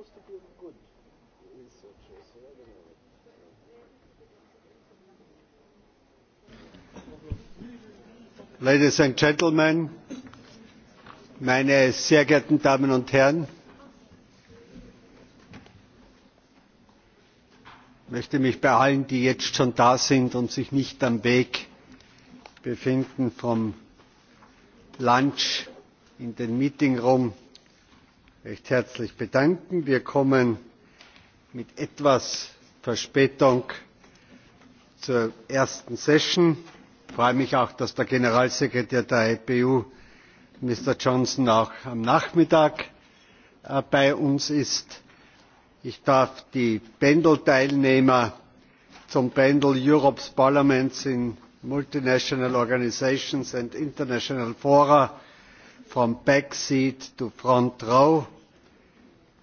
supposed to be good so I don't know. Ladies and Gentlemen, meine sehr geehrten Damen und Herren, ich möchte mich bei allen, die jetzt schon da sind und sich nicht am Weg befinden vom Lunch in den Meeting Room recht herzlich bedanken. wir kommen mit etwas verspätung zur ersten session. ich freue mich auch dass der generalsekretär der ipu mister johnson auch am nachmittag äh, bei uns ist. ich darf die panel teilnehmer zum panel europe's parliaments in multinational organisations and international fora from back seat to front row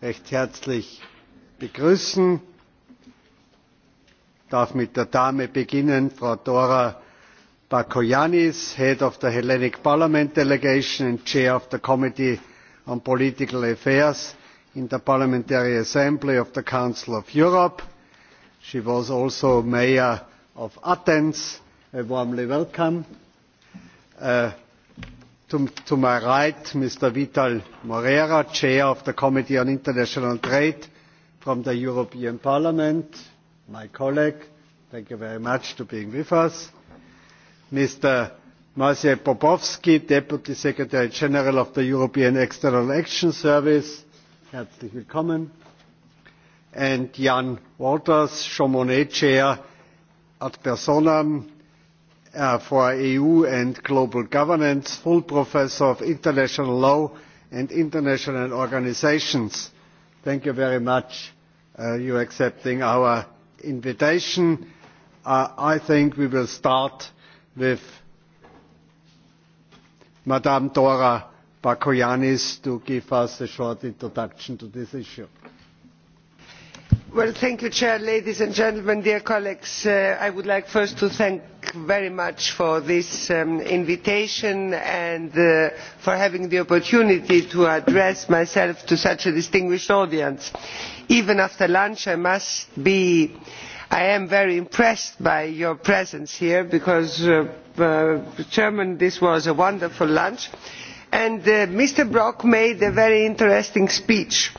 recht herzlich begrüßen. Ich darf mit der Dame beginnen, Frau Dora Bakoyannis, Head of the Hellenic Parliament Delegation and Chair of the Committee on Political Affairs in the Parliamentary Assembly of the Council of Europe. She was also Mayor of Athens. A warmly welcome. Uh, to, my right mr vital moreira chair of the committee on international trade from the european parliament my colleague thank you very much for being with us mr maciej popovski deputy secretary general of the european external action service herzlich willkommen and jan Walters chaumont chair ad personam Uh, for eu and global governance full professor of international law and international organisations. thank you very much for uh, accepting our invitation. Uh, i think we will start with madam dora bakoyannis to give us a short introduction to this issue you, ladies and gentlemen dear colleagues uh, i would like first to thank very much for this um, invitation and uh, for having the opportunity to address myself to such a distinguished audience. even after lunch i must be i am very impressed by your presence here because uh, this was a wonderful lunch and mr brok made a very interesting speech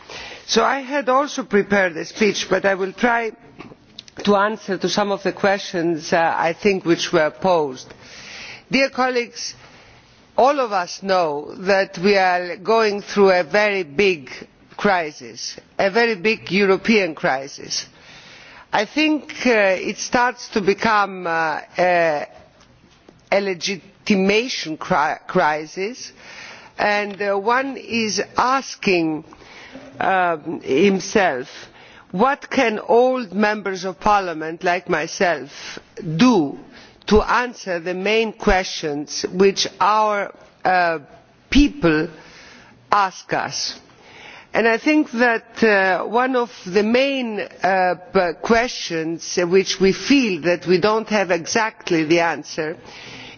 so i had also prepared a speech but i will try to answer some of the questions uh, which were posed. dear colleagues all of us know that we are going through a very big crisis a very big european crisis. i think uh, it starts to become uh, a, legitimation crisis and one is asking Um, himself what can old members of parliament like myself do to answer the main questions which our uh, people ask us? i think that uh, one of the main uh, questions which we feel that we do not have exactly the answer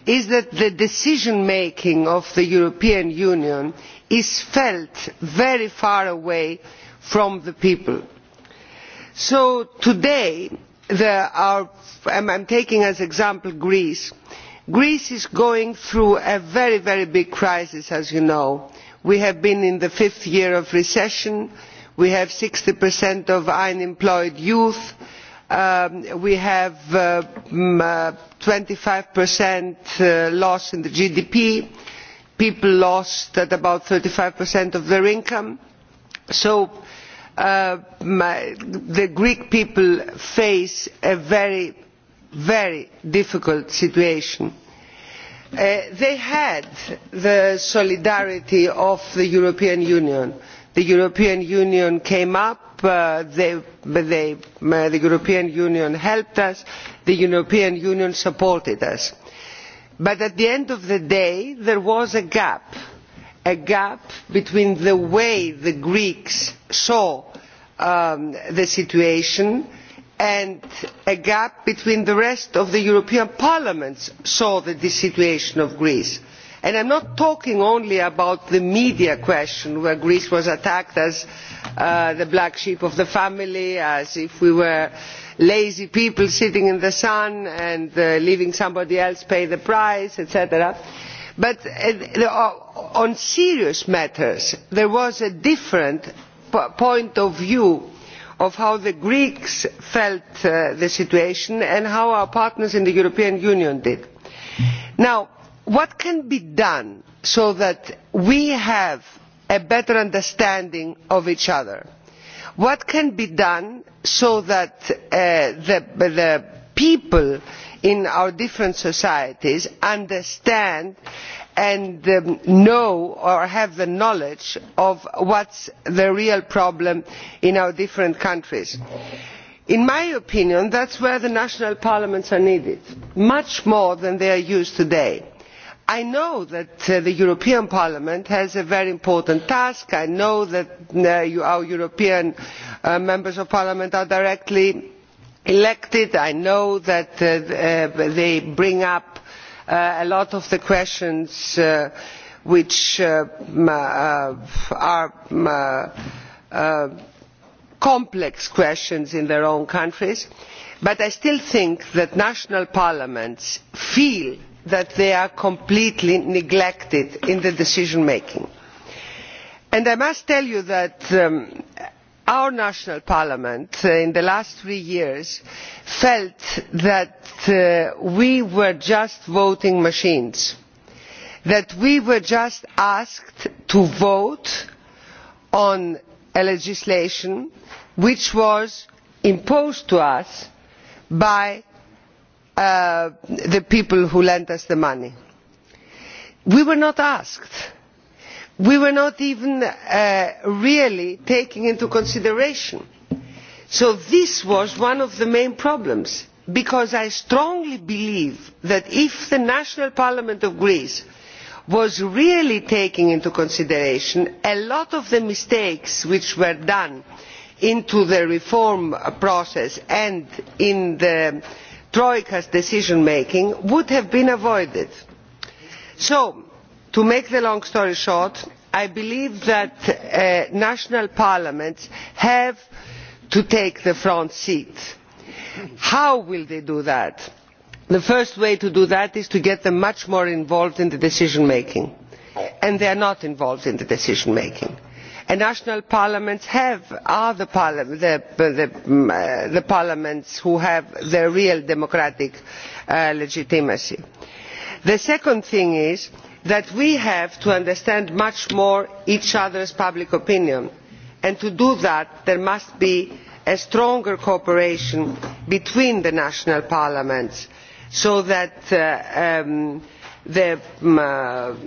is that the decision making of the european union is felt very far away from the people. so today i am taking as an example greece greece is going through a very very big crisis as you know. we have been in the fifth year of recession we have sixty of unemployed youth um, we have uh, mm, uh, twenty five uh, loss in the gdp people lost about thirty five of their income so uh, the greek people face a very very difficult situation. Uh, they had the solidarity of the european union. the european union came up uh, the european union helped us the european union supported us but at the end of the day there was a gap a gap between the way the greeks saw um, the situation and a gap between the rest of the european parliament saw the situation of greece i am not talking only about the media question where greece was attacked as uh, the black sheep of the family as if we were lazy people sitting in the sun and uh, leaving somebody else pay the price etc. but uh, on serious matters there was a different point of view of how the greeks felt the situation and how our partners in the european union did. now what can be done so that we have a better understanding of each other? what can be done so that uh, the, people in our different societies understand and um, know or have the knowledge of what is the real problem in our different countries. in my opinion that is where the national parliaments are needed much more than they are used today i know that uh, the european parliament has a very important task i know that uh, our european uh, members of parliament are directly elected i know that they bring up a lot of the questions which are complex questions in their own countries but i still think that national parliaments feel that they are completely neglected in the decision making. i must tell you that um, our national parliament uh, in the last three years felt that uh, we were just voting machines that we were just asked to vote on a legislation which was imposed on us by Uh, the people who lent us the money. we were not asked. we were not even uh, really taken into consideration. so this was one of the main problems because i strongly believe that if the national parliament of greece was really taking into consideration a lot of the mistakes which were done in the reform process and in the troika's decision making would have been avoided. so to make a long story short i believe that uh, national parliaments have to take the front seat. how will they do that? the first way to do that is to get them much more involved in the decision making and they are not involved in the decision making national parliaments are mm, uh, the, parliaments who have the real democratic uh, legitimacy. the second thing is that we have to understand much more each other's public opinion and to do that there must be stronger cooperation between the national parliaments so that uh, um, the mm,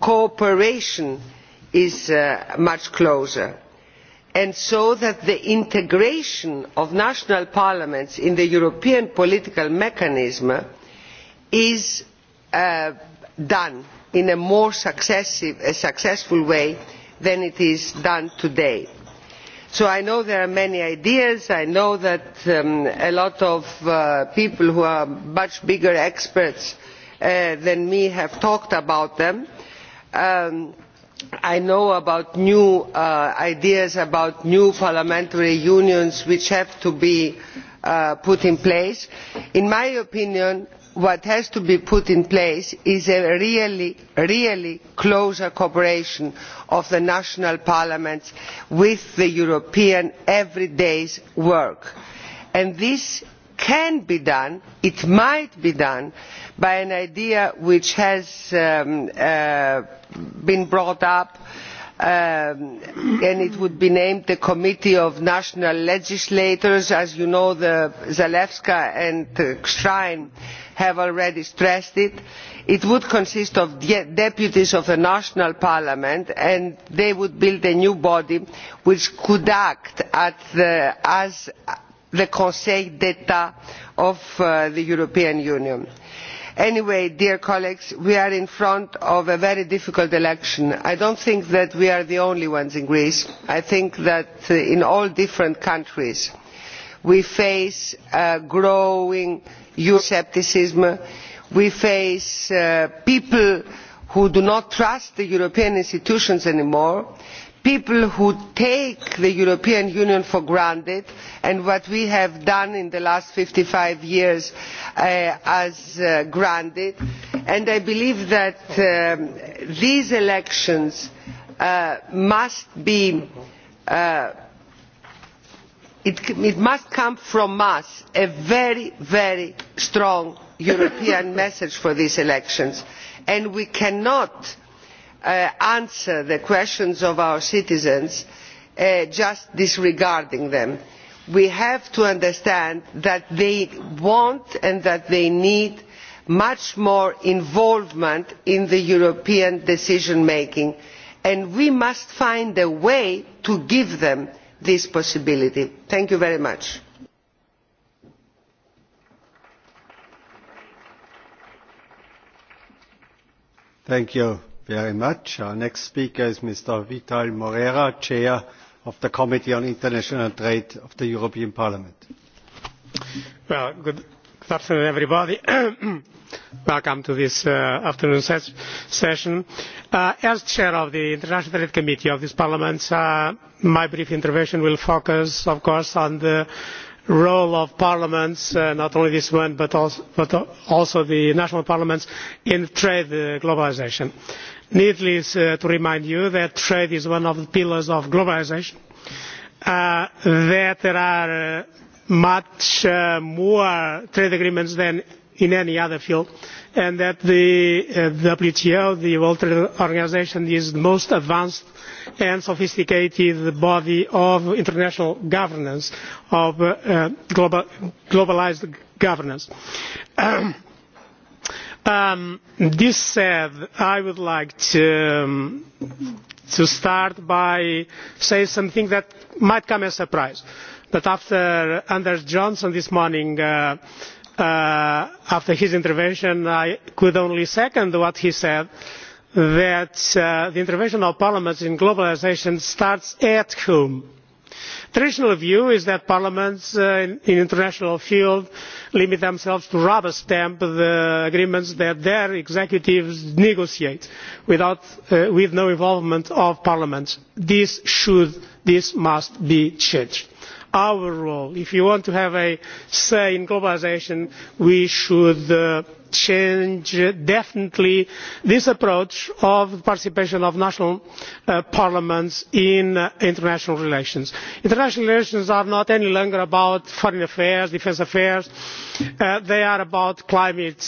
cooperation is uh, much closer and so that the integration of national parliaments in the european political mechanism is uh, done in a more successful way than it is done today. so i know there are many ideas i know that um, a lot of uh, people who are much bigger experts than me have talked about them Um, i know about new uh, ideas about new parliamentary unions which have to be uh, put in place. in my opinion what has to be put in place is a really, closer cooperation of the national parliaments with the european everyday work and this can be done it might be done by by an idea which has um, uh, been brought up um, and it would be named the committee of national legislators. as you know zalewska and uh, schrein have already stressed it it would consist of deputies of the national parliament and they would build a new body which could act as the conseil d'etat of uh, the european union anyway dear colleagues we are in front of a very difficult election. i do not think that we are the only ones in greece. i think that uh, in all different countries we face uh, growing euroscepticism we face uh, people who do not trust the european institutions any more and people who take the european union for granted and what we have done in the last fifty five years uh, as uh, granted and i believe that um, these elections uh, must be it must come from us a very very strong european message for these elections and we cannot Uh, answer the questions of our citizens uh, just disregarding them. we have to understand that they want and that they need much more involvement in european decision making and we must find a way to give them this possibility. thank you very much very much. Our next speaker is Mr. Vital Moreira, Chair of the Committee on International Trade of the European Parliament. good, afternoon, everybody. Welcome to this uh, afternoon ses session. Uh, as Chair of the International Trade Committee of this Parliament, uh, my brief intervention will focus, of course, on the role of parliaments uh, not only this one but also, but also the national parliaments in trade uh, globalisation needless uh, to remind you that trade is one of the pillars of globalisation uh, that there are uh, much more trade agreements than in any other field and that the wto the world trade organisation is the most advanced and sophisticated body of international governance of globalised governance. Um, this said, I would like to, um, to start by saying something that might come as a surprise. But after Anders Johnson this morning, uh, uh, after his intervention, I could only second what he said that uh, the intervention of parliaments in globalisation starts at home traditional view is that parliaments uh, in the international field limit themselves to rubber stamping the agreements that their executives negotiate without, uh, with no involvement of parliaments. this should this must be changed our role. If you want to have a say in globalisation, we should uh, change definitely this approach of the participation of national uh, parliaments in uh, international relations. international relations are not any longer about foreign affairs defence affairs uh, they are about climate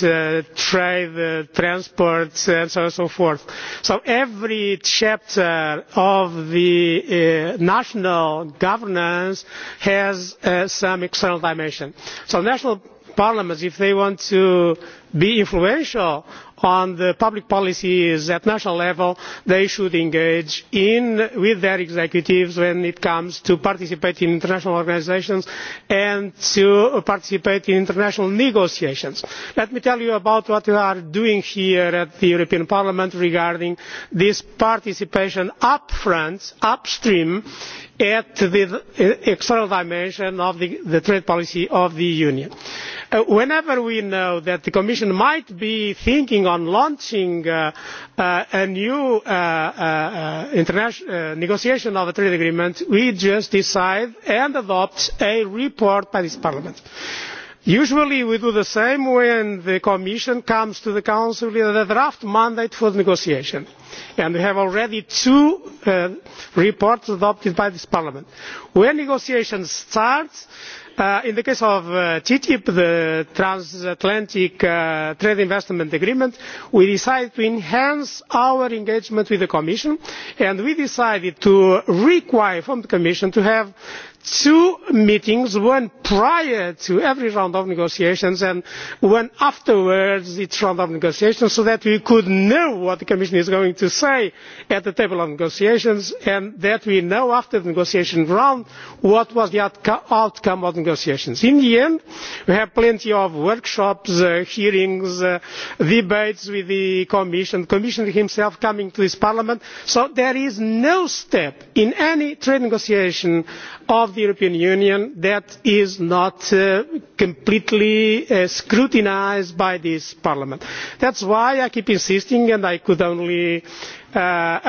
trade transport and so on and so forth. so every chapter of the national governance has some external dimension. so national parliaments if they want to be influential on the public policies at national level they should engage with their executives when it comes to participating in international organisations and to participate in international negotiations. let me tell you about what we are doing here at the european parliament regarding this participation up front upstream at the external dimension of the, trade policy of the union. Uh, whenever we know that the commission might be thinking of launching uh, uh, a new negotiation of a trade agreement we just decide and adopt a report by this parliament usually we do the same when the commission comes to the council with a draft mandate for negotiation and we have already two uh, reports adopted by this parliament. when negotiations start uh, in the case of uh, ttip the transatlantic trade investment agreement we decided to enhance our engagement with the commission and we decided to require from the commission to have two meetings one prior to every round of negotiations and one afterwards each round of negotiations so that we could know what the commission is going to say at the table of negotiations and that we know after the negotiation round what was the outcome of the negotiations. in the end we have plenty of workshops uh, hearings uh, debates with the commission the commissioner himself coming to this parliament so there is no step in any trade negotiation of the european union that is not uh, completely uh, scrutinised by this parliament. that is why i keep insisting and i could only uh,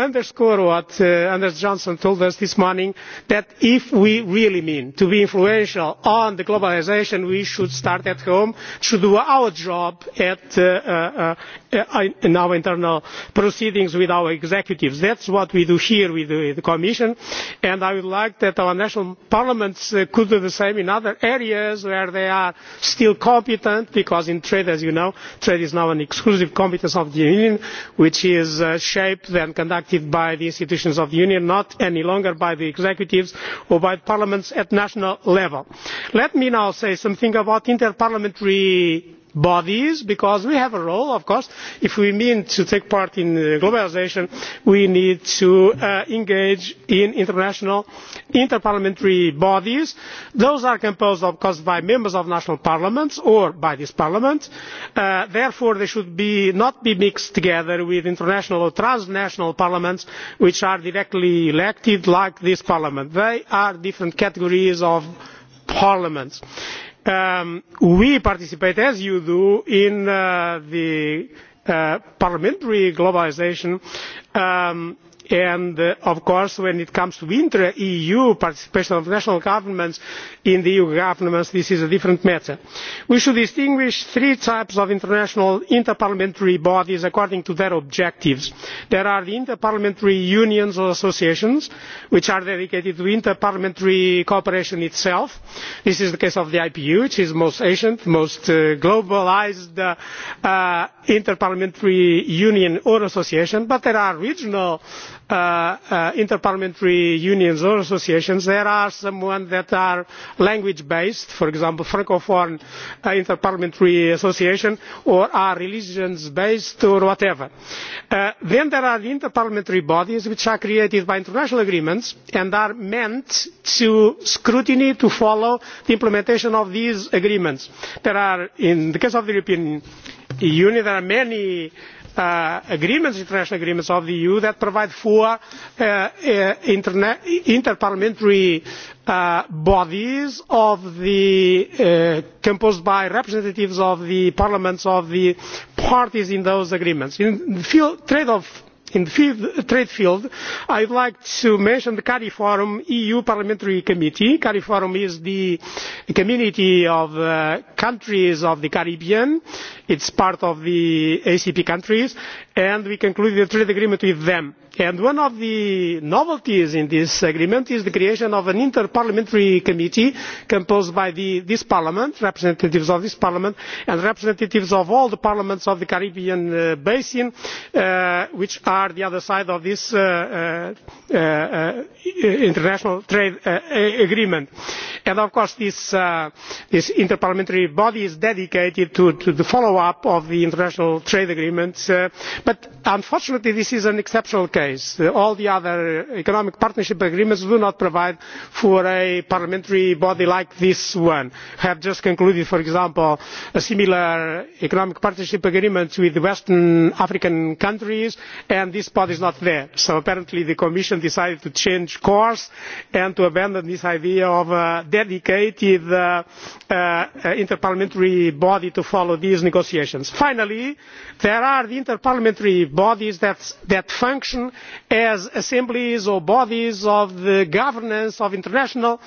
underscore what anders johnson told us this morning that if we really mean to be influential on globalisation we should start at home should do our job at Uh, in our internal proceedings with our executives. that is what we do here with the commission and i would like that our national parliaments uh, could do the same in other areas where they are still competent because in trade as you know trade is now an exclusive competence of the union which is uh, shaped and conducted by the institutions of the union not any longer by the executives or by parliaments at national level. let me now say something about interparliamentary bodies because we have a role of course if we mean to take part in uh, globalisation we need to uh, engage in international interparliamentary bodies. those are composed of course by members of national parliaments or by this parliament uh, therefore they should be, not be mixed together with international or transnational parliaments which are directly elected like this parliament. they are different categories of parliaments. Um, we participate as you do in uh, the uh, parliamentary globalisation um, and uh, of course when it comes to intra eu participation of national governments in the eu governments this is a different matter. we should distinguish three types of international interparliamentary bodies according to their objectives. there are the interparliamentary unions or associations which are dedicated to interparliamentary cooperation itself. this is the case of the ipu which is the most ancient most uh, globalised inter uh, interparliamentary union or association but there are regional Uh, uh, interparliamentary unions or associations there are some that are language based for example the francophone uh, interparliamentary association or are religion based or whatever. then there are the interparliamentary bodies which are created by international agreements and are meant to scrutiny to follow the implementation of these agreements. there are in the case of the european union there are many uh, agreements, international agreements of the EU that provide for uh, uh interparliamentary uh, bodies of the, uh, composed by representatives of the parliaments of the parties in those agreements. In the field trade of in the trade field i would like to mention the cariforum eu parliamentary committee. cariforum is the community of uh, countries of the caribbean it is part of the acp countries and we concluded a trade agreement with them and one of the novelties in this agreement is the creation of an inter parliamentary committee composed by this parliament representatives of this parliament and representatives of all the parliaments of the caribbean uh, basin uh, which are the other side of this uh, international trade agreement. and of course this, interparliamentary inter parliamentary body is dedicated to, to the follow up of the international trade agreements but unfortunately this is an exceptional case place. all the other economic partnership agreements do not provide for a parliamentary body like this one. we have just concluded for example a similar economic partnership agreement with western african countries and this body is not there. so apparently the commission decided to change course and to abandon this idea of a dedicated uh, uh, uh, interparliamentary body to follow these negotiations. finally there are the interparliamentary bodies that function as assemblies or bodies of the governance of international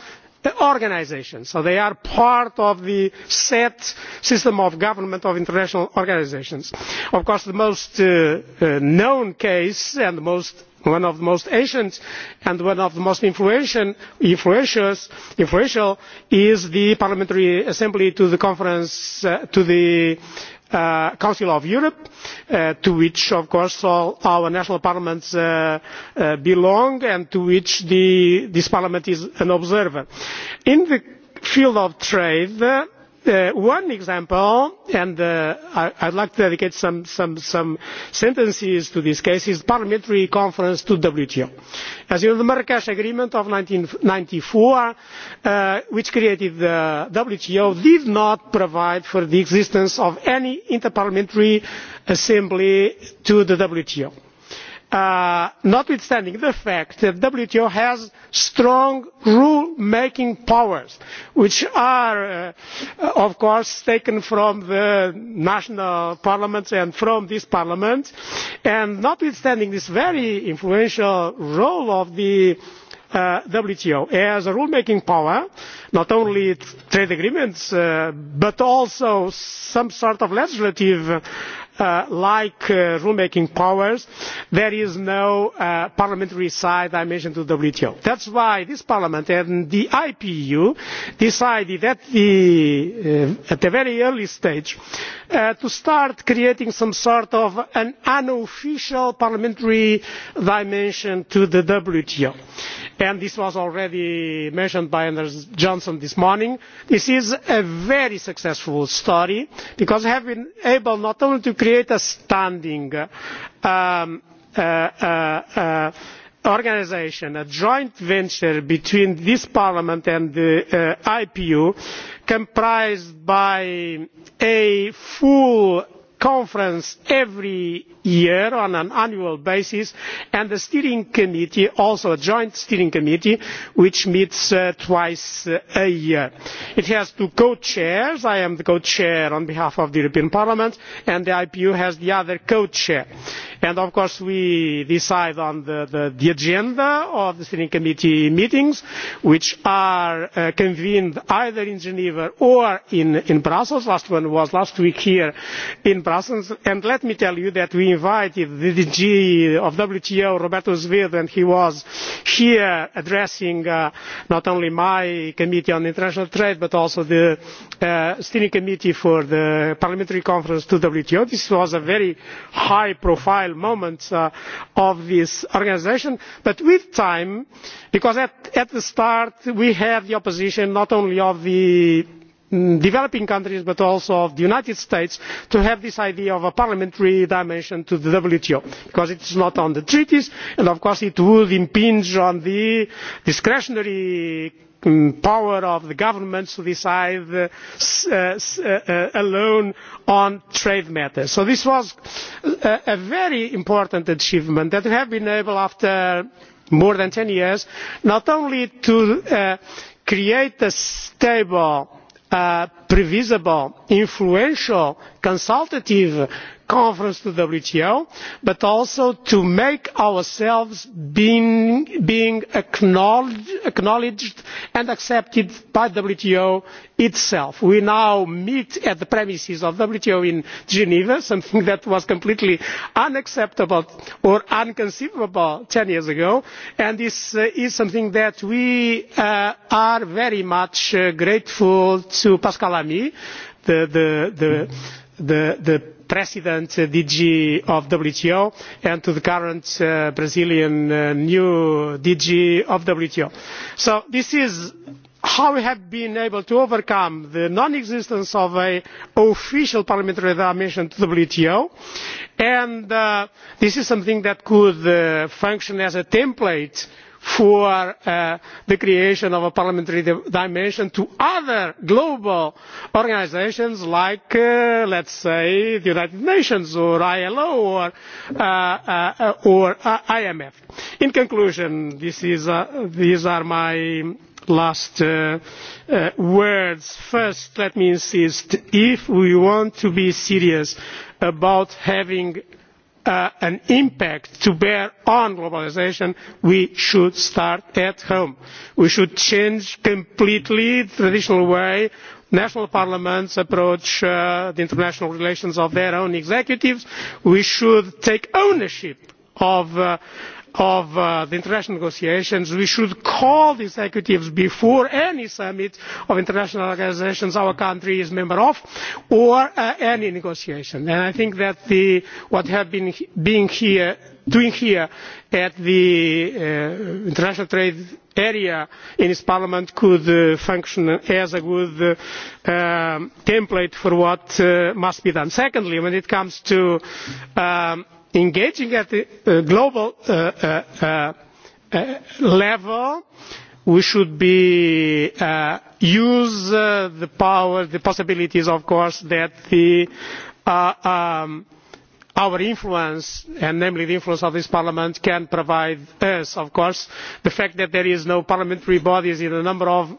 organisations so they are part of the set system of government of international organisations. of course the most uh, uh, known case and one of the most ancient and one of the most influential is the parliamentary assembly to the conference uh, to the Uh, council of europe uh, to which of course all our national parliaments uh, belong and to which this parliament is an observer. in the field of trade Uh, one example and uh, i would like to dedicate some, some sentences to this case is the parliamentary conference to the wto. as you know the marrakesh agreement of one thousand nine hundred and ninety four uh, which created the wto did not provide for the existence of any interparliamentary assembly to the wto Uh, notwithstanding the fact that the wto has strong rule making powers which are uh, of course taken from the national parliaments and from this parliament and notwithstanding this very influential role of the uh, wto as a rule making power not only trade agreements but also some sort of legislative Uh, like uh, rulemaking powers there is no uh, parliamentary side dimension to the wto. that is why this parliament and the ipu decided at the, uh, at the very early stage uh, to start creating some sort of an unofficial parliamentary dimension to the wto and this was already mentioned by anders johnson this morning this is a very successful story because we have been able not only to create a standing um, uh, uh, uh organisation a joint venture between this parliament and the uh, ipu comprised by a full conference every year on an annual basis and the steering committee also a joint steering committee which meets uh, twice uh, a year. it has two co chairs i am the co chair on behalf of the european parliament and the ipu has the other co chair and of course we decide on the, agenda of the steering committee meetings which are uh, convened either in geneva or in, brussels the last one was last week here in brussels and let me tell you that we invited the dg of the wto roberto zwiefka and he was here addressing uh, not only my committee on international trade but also the uh, steering committee for the parliamentary conference to the wto. this was a very high profile moment uh, of this organisation but with time because at the start we had the opposition not only of the Mm, developing countries but also of the united states to have this idea of a parliamentary dimension to the wto because it is not on the treaties and of course it would impinge on the discretionary mm, power of the governments to decide uh, uh, uh, alone on trade matters. so this was a very important achievement that we have been able after more than ten years not only to create a stable Uh, previsible influential consultative conference to the wto but also to make ourselves being, being acknowledged, and accepted by the wto itself. we now meet at the premises of the wto in geneva something that was completely unacceptable or inconceivable ten years ago and this uh, is something that we uh, are very much uh, grateful to pascal lamy the, the, the, the president uh, dg of the wto and to the current uh, brazilian uh, new dg of the wto. so this is how we have been able to overcome the non existence of an official parliamentary dimension to the wto and this is something that could function as a template for uh, the creation of a parliamentary dimension to other global organisations like uh, let us say the united nations or ilo or, uh, uh or uh, imf. in conclusion is, uh, these are my last words. first let me insist if we want to be serious about having Uh, an impact to bear on globalisation we should start at home. we should change completely the traditional way national parliaments approach uh, the international relations of their own executives. we should take ownership of uh, of uh, the international negotiations we should call the executives before any summit of international organisations our country is a member of or uh, any negotiation i think that what we have been doing here at the uh, international trade area in this parliament could function as a good um, template for what must be done. secondly when it comes to um, engaging at the uh, global uh, uh, level we should use the power the possibilities of course that um, our influence and namely the influence of this parliament can provide us of course the fact that there are no parliamentary bodies in a number of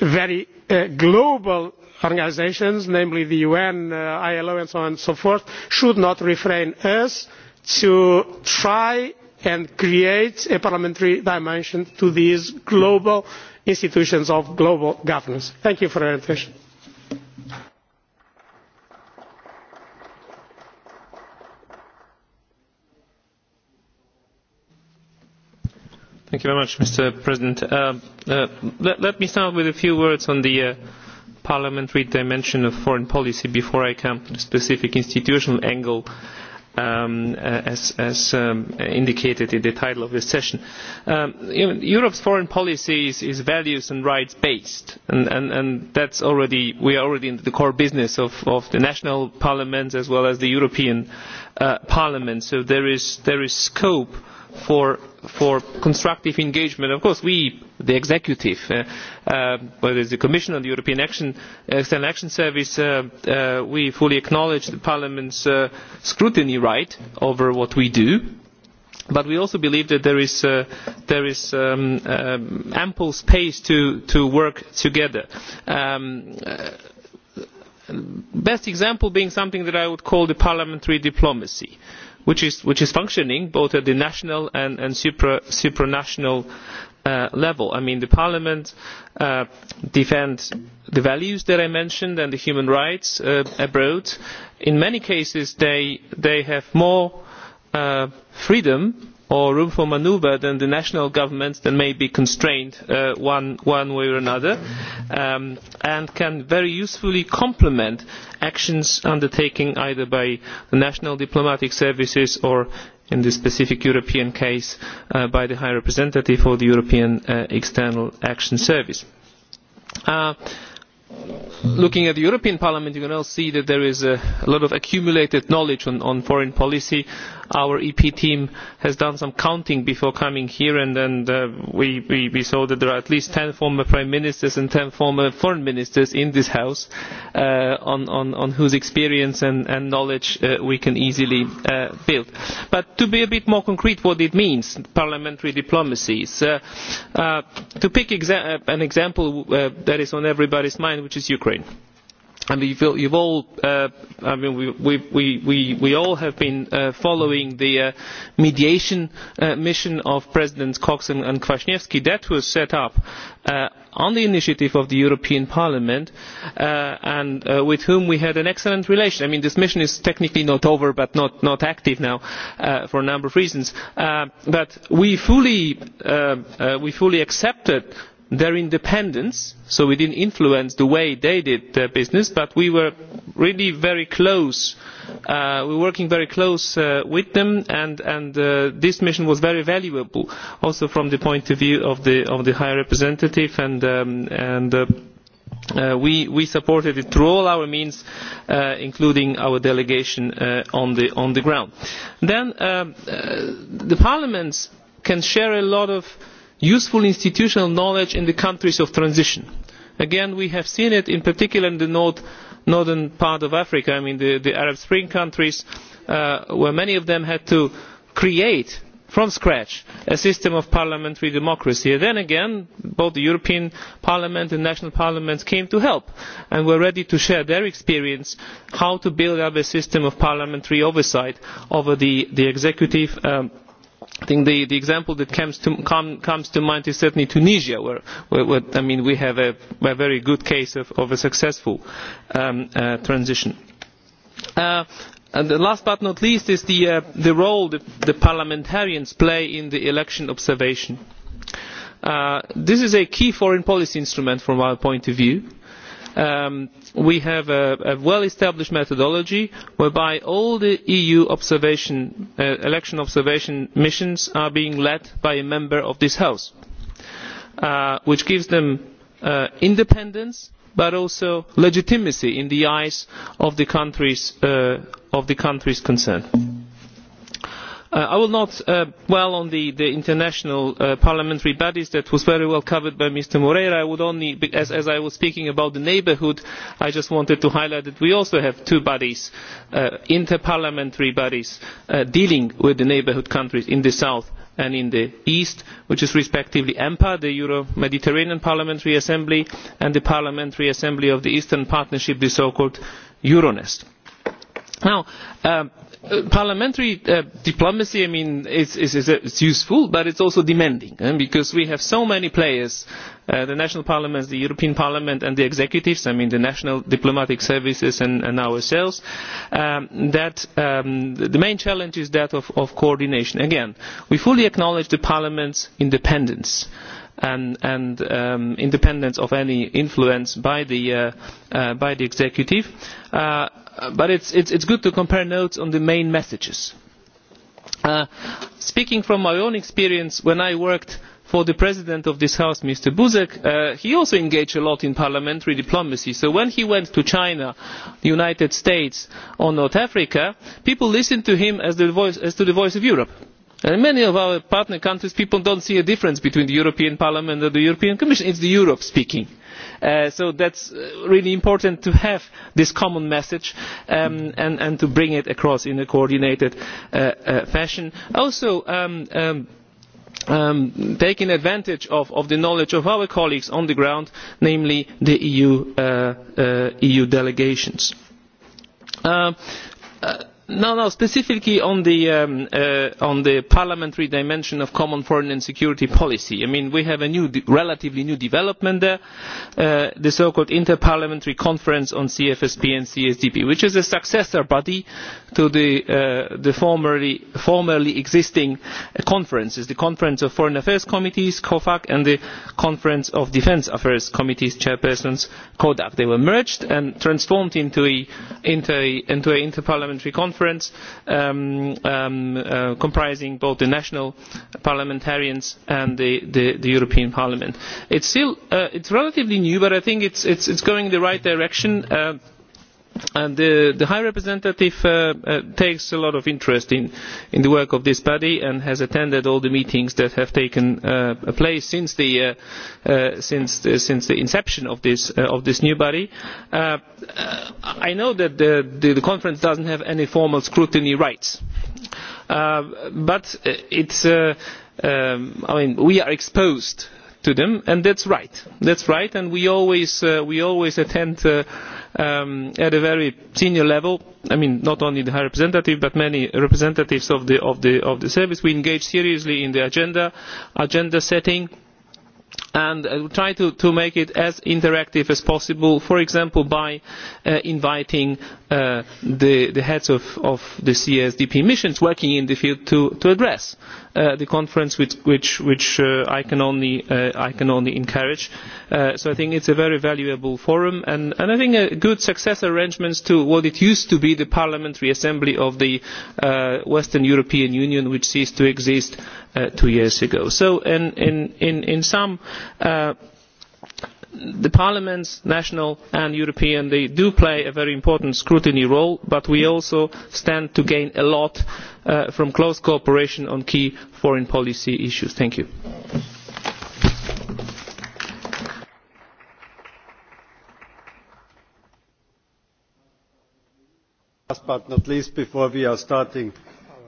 very uh, global organisations namely the un uh, ilo and so on and so forth should not refrain us from trying to create a parliamentary dimension to these global institutions of global governance. thank you for your attention. Thank you very much, Mr. President. Uh, uh, let, let me start with a few words on the uh, parliamentary dimension of foreign policy before I come to the specific institutional angle um, uh, as, as um, indicated in the title of this session. Um, you know, Europe's foreign policy is, is values and rights based, and, and, and that's already, we are already in the core business of, of the national parliaments as well as the European uh, Parliament, so there is, there is scope for for constructive engagement. Of course, we, the executive, uh, uh, whether it's the Commission or the European Action, External Action Service, uh, uh, we fully acknowledge the Parliament's uh, scrutiny right over what we do. But we also believe that there is, uh, there is um, um, ample space to, to work together. Um, uh, best example being something that I would call the parliamentary diplomacy. Uh, which is, which is functioning both at the national and, and supra, supranational uh, level. I mean, the Parliament uh, defends the values that I mentioned and the human rights uh, abroad. In many cases, they, they have more uh, freedom or room for manoeuvre then the national governments that may be constrained uh, one, one way or another um, and can very usefully complement actions undertaken either by the national diplomatic services or in this specific European case uh, by the High Representative or the European uh, External Action Service. Uh, looking at the European Parliament, you can also see that there is a, a lot of accumulated knowledge on, on foreign policy. Our EP team has done some counting before coming here, and, uh, we, we, we saw that there are at least 10 former prime ministers and 10 former foreign ministers in this House uh, on, on, on whose experience and, and knowledge uh, we can easily uh, build. But to be a bit more concrete what it means, parliamentary diplomacy. Uh, uh, to pick exa uh, an example uh, that is on everybody's mind, which is Ukraine. you've, you've all, uh, I mean, we, we, we, we all have been uh, following the uh, mediation uh, mission of Presidents Cox and, and Kwasniewski. That was set up uh, on the initiative of the European Parliament uh, and uh, with whom we had an excellent relation. I mean, this mission is technically not over but not, not active now uh, for a number of reasons. Uh, but we fully, uh, uh, we fully accepted their independence so we did not influence the way they did their business but we were really very close uh, we were working very close uh, with them and, uh, this mission was very valuable also from the point of view of the, of the high representative and, um, we, supported it through all our means including our delegation on, the, on the ground. then the parliaments can share a lot of useful institutional knowledge in the countries of transition. again we have seen it in particular in the north, northern part of africa i mean the, the arab spring countries uh, where many of them had to create from scratch a system of parliamentary democracy. And then again both the european parliament and national parliaments came to help and were ready to share their experience on how to build up a system of parliamentary oversight over the, the executive um, i think the, the example that comes to, com, comes to mind is certainly Tunisia, where, where, where I mean, we have a, a very good case of, of a successful um, uh, transition. Uh, and the last but not least is the, uh, the role that the parliamentarians play in the election observation. Uh, this is a key foreign policy instrument from our point of view Um, we have a, well established methodology whereby all the eu observation, uh, election observation missions are being led by a member of this house uh, which gives them uh, independence but also legitimacy in the eyes of the countries concerned Uh, i will not dwell uh, on the, international uh, parliamentary bodies that was very well covered by mr moreira. i would only as, as i was speaking about the neighbourhood i just wanted to highlight that we also have two bodies inter parliamentary bodies dealing with the neighbourhood countries in the south and in the east which is respectively empa the euro mediterranean parliamentary assembly and the parliamentary assembly of the eastern partnership the so called euronest. now um, Uh, parliamentary uh, diplomacy is, uh, useful but it is also demanding eh? because we have so many players the national parliaments the european parliament and the executives i mean the national diplomatic services and, ourselves um, that um, the main challenge is that of, coordination. again we fully acknowledge the parliament's independence and, um, independence of any influence by the executive but it is good to compare notes on the main messages. Uh, speaking from my own experience when i worked for the president of this house mr buzek uh, he also engaged a lot in parliamentary diplomacy so when he went to china the united states or north africa people listened to him as, to the voice of europe. in many of our partner countries people do not see a difference between the european parliament and the european commission it is europe speaking Uh, so that is uh, really important to have this common message um, and, to bring it across in a coordinated uh, fashion. also um, um, taking advantage of, the knowledge of our colleagues on the ground namely the eu, e delegations. No, no, specifically on the, um, uh, on the parliamentary dimension of common foreign and security policy. I mean, we have a new, relatively new development there, uh, the so-called Interparliamentary Conference on CFSP and CSDP, which is a successor body to the, uh, the formerly, formerly existing conferences, the Conference of Foreign Affairs Committees, COFAC, and the Conference of Defence Affairs Committees Chairpersons, CODAC. They were merged and transformed into an into a, into a interparliamentary conference conference um, um, uh, comprising both the national parliamentarians and the, european parliament. it is uh, relatively new but i think it is going in the right direction. Uh, And the, the high representative uh, uh, takes a lot of interest in, the work of this body and has attended all the meetings that have taken uh, place since the, since, the, inception of this, of this new body. i know that the conference does not have any formal scrutiny rights but um, I mean, we are exposed to them and that's right that's right and we always uh, we always attend uh, um, at a very senior level i mean not only the high representative but many representatives of the of the of the service we engage seriously in the agenda agenda setting and uh, try to, to make it as interactive as possible for example by inviting the, the heads of, of the csdp missions working in the field to, to address Uh, the conference which, which, which uh, I, can only, uh, I can only encourage. Uh, so I think it's a very valuable forum and, and I think a good success arrangements to what it used to be the Parliamentary Assembly of the uh, Western European Union which ceased to exist uh, two years ago. So in, in, in, in some uh, the parliaments national and european do play a very important scrutiny role but we also stand to gain a lot uh, from close cooperation on key foreign policy issues. thank you. last but not least before we are starting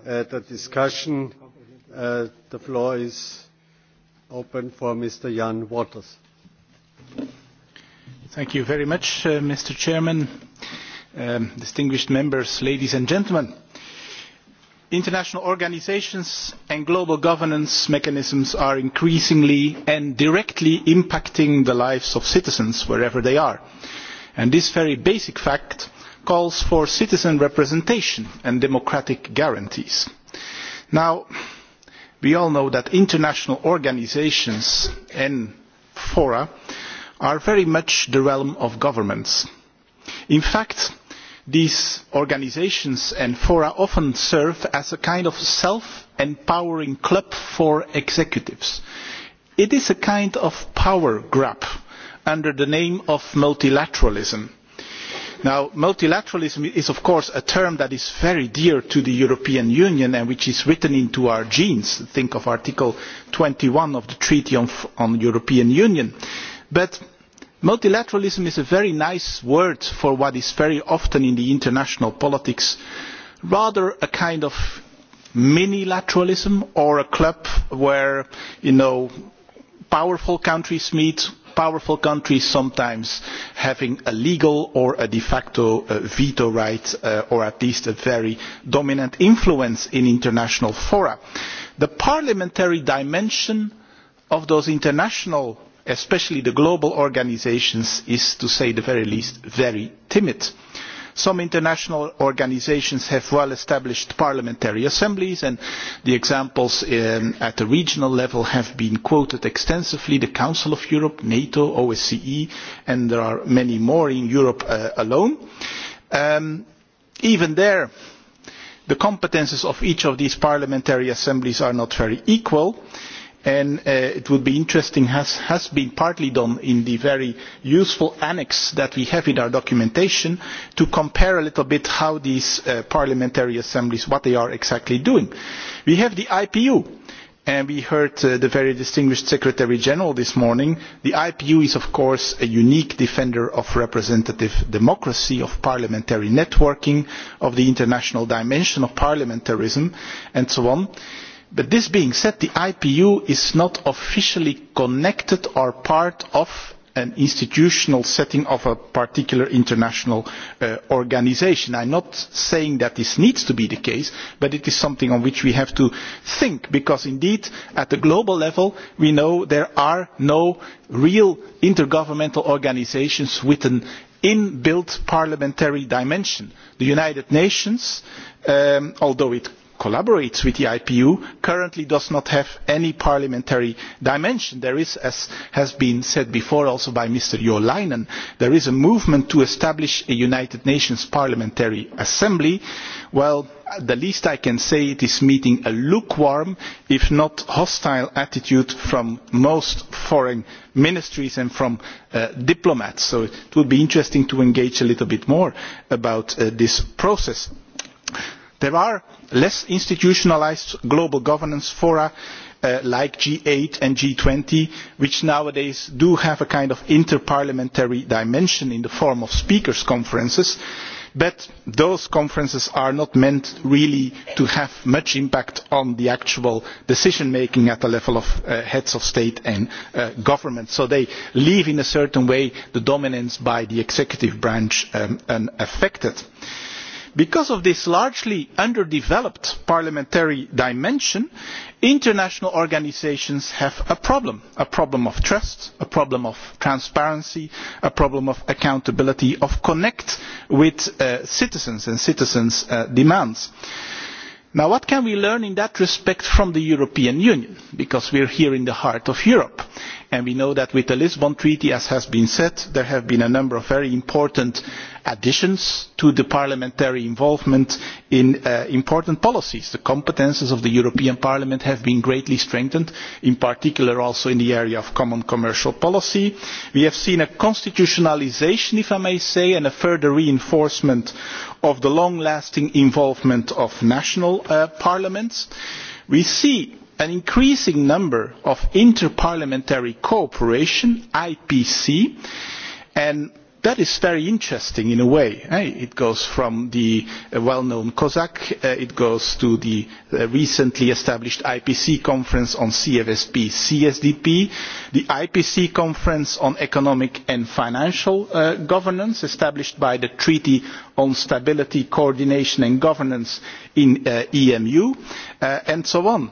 uh, the discussion uh, the floor is open for mr jan waters. Thank you very much, uh, Mr. Chairman, um, distinguished members, ladies and gentlemen. International organisations and global governance mechanisms are increasingly and directly impacting the lives of citizens wherever they are. And this very basic fact calls for citizen representation and democratic guarantees. Now, we all know that international organisations and fora are very much the realm of governments. In fact, these organisations and fora often serve as a kind of self-empowering club for executives. It is a kind of power grab under the name of multilateralism. Now, multilateralism is of course a term that is very dear to the European Union and which is written into our genes. Think of Article twenty one of the Treaty on, on European Union. But multilateralism is a very nice word for what is very often in international politics rather a kind of mini lateralism or a club where you know powerful countries meet powerful countries sometimes having a legal or a de facto uh, veto right uh, or at least a very dominant influence in international fora. The parliamentary dimension of those international especially the global organisations is to say the very least very timid. some international organisations have well established parliamentary assemblies and the examples um, at the regional level have been quoted extensively the council of europe nato osce and there are many more in europe uh, alone. Um, even there the competences of each of these parliamentary assemblies are not very equal and and uh, it would be interesting has, has been partly done in the very useful annex that we have in our documentation to compare a little bit how these uh, parliamentary assemblies are exactly doing we have the ipu and we heard uh, the very distinguished secretary general this morning the ipu is of course a unique defender of representative democracy of parliamentary networking of the international dimension of parliamentarism and so on but this being said the ipu is not officially connected or part of an institutional setting of a particular international uh, organisation. i am not saying that this needs to be the case but it is something on which we have to think because indeed at the global level we know there are no real intergovernmental organisations with an inbuilt parliamentary dimension. the united nations um, although it collaborates with the IPU currently does not have any parliamentary dimension. There is, as has been said before also by Mr. Jo Leinen, there is a movement to establish a United Nations Parliamentary Assembly. Well, the least I can say it is meeting a lukewarm, if not hostile attitude from most foreign ministries and from uh, diplomats. So it would be interesting to engage a little bit more about uh, this process there are less institutionalised global governance fora uh, like g eight and g twenty which nowadays do have a kind of inter parliamentary dimension in the form of speakers' conferences but those conferences are not meant really to have much impact on the actual decision making at the level of uh, heads of state and uh, government so they leave in a certain way the dominance by the executive branch um, unaffected because of this largely underdeveloped parliamentary dimension international organisations have a problem a problem of trust a problem of transparency a problem of accountability of connecting with uh, citizens and citizens' uh, demands. what can we learn in that respect from the European Union? Because we are here in the heart of Europe. And we know that with the Lisbon Treaty, as has been said, there have been a number of very important additions to the parliamentary involvement in uh, important policies. The competences of the European Parliament have been greatly strengthened, in particular also in the area of common commercial policy. We have seen a constitutionalisation, if I may say, and a further reinforcement of the long-lasting involvement of national uh, parliaments. We see an increasing number of interparliamentary cooperation, IPC, and that is very interesting in a way. Eh? It goes from the uh, well-known COSAC, uh, it goes to the uh, recently established IPC conference on CFSP, CSDP, the IPC conference on economic and financial uh, governance established by the Treaty on Stability, Coordination and Governance in uh, EMU, uh, and so on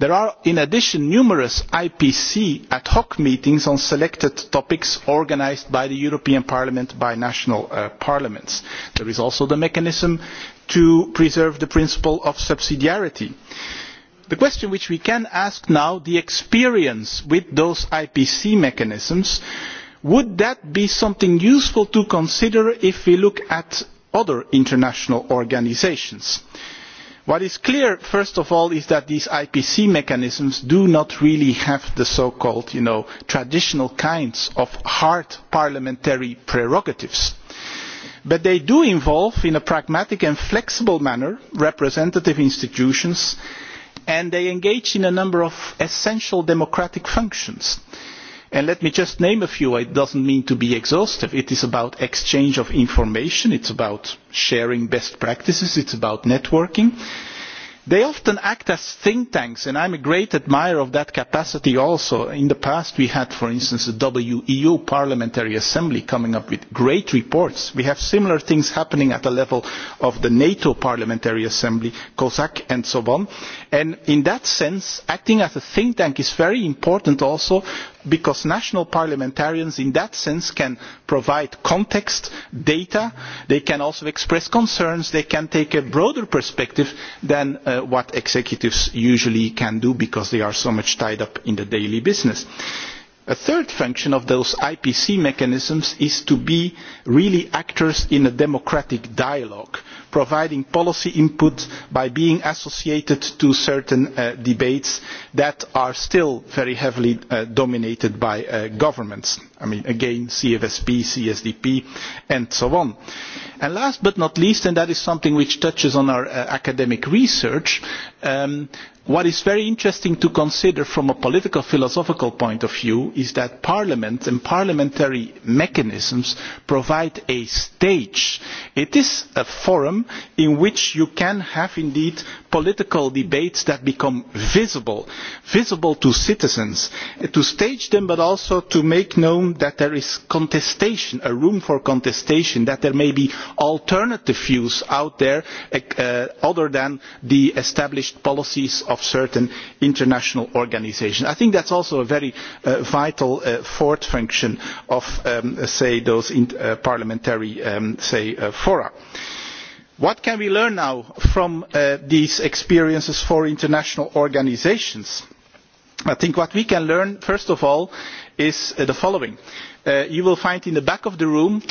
there are in addition numerous ipc ad hoc meetings on selected topics organised by the european parliament by national uh, parliaments. there is also the mechanism to preserve the principle of subsidiarity. the question which we can ask now is the experience with those ipc mechanisms would that be something useful to consider if we look at other international organisations? what is clear first of all is that these ipc mechanisms do not really have the so called traditional kinds of hard parliamentary prerogatives but they do involve in a pragmatic and flexible manner representative institutions and they engage in a number of essential democratic functions. And let me just name a few. It not mean to be exhaustive. It is about exchange of information. it is about sharing best practices. it is about networking. They often act as think tanks, and I am a great admirer of that capacity also. In the past, we had, for instance, the WEU Parliamentary Assembly coming up with great reports. We have similar things happening at the level of the NATO Parliamentary Assembly, COSAC, and so on. And in that sense, acting as a think tank is very important also because national parliamentarians in that sense can provide context, data, they can also express concerns, they can take a broader perspective than uh, what executives usually can do because they are so much tied up in the daily business. A third function of those IPC mechanisms is to be really actors in a democratic dialogue providing policy input by being associated to certain uh, debates that are still very heavily uh, dominated by uh, governments. I mean, again, CFSP, CSDP, and so on. And last but not least, and that is something which touches on our academic research, um, what is very interesting to consider from a political philosophical point of view is that parliament and parliamentary mechanisms provide a stage. It is a forum in which you can have indeed political debates that become visible, visible to citizens, to stage them but also to make known that there is contestation, a room for contestation, that there may be alternative views out there uh, other than the established policies of of certain international organisations. i think that is also a very uh, vital uh, fourth function of um, those uh, parliamentary um, fora. what can we learn now from these experiences for international organisations? i think what we can learn first of all is the following Uh, you will find in the back of the room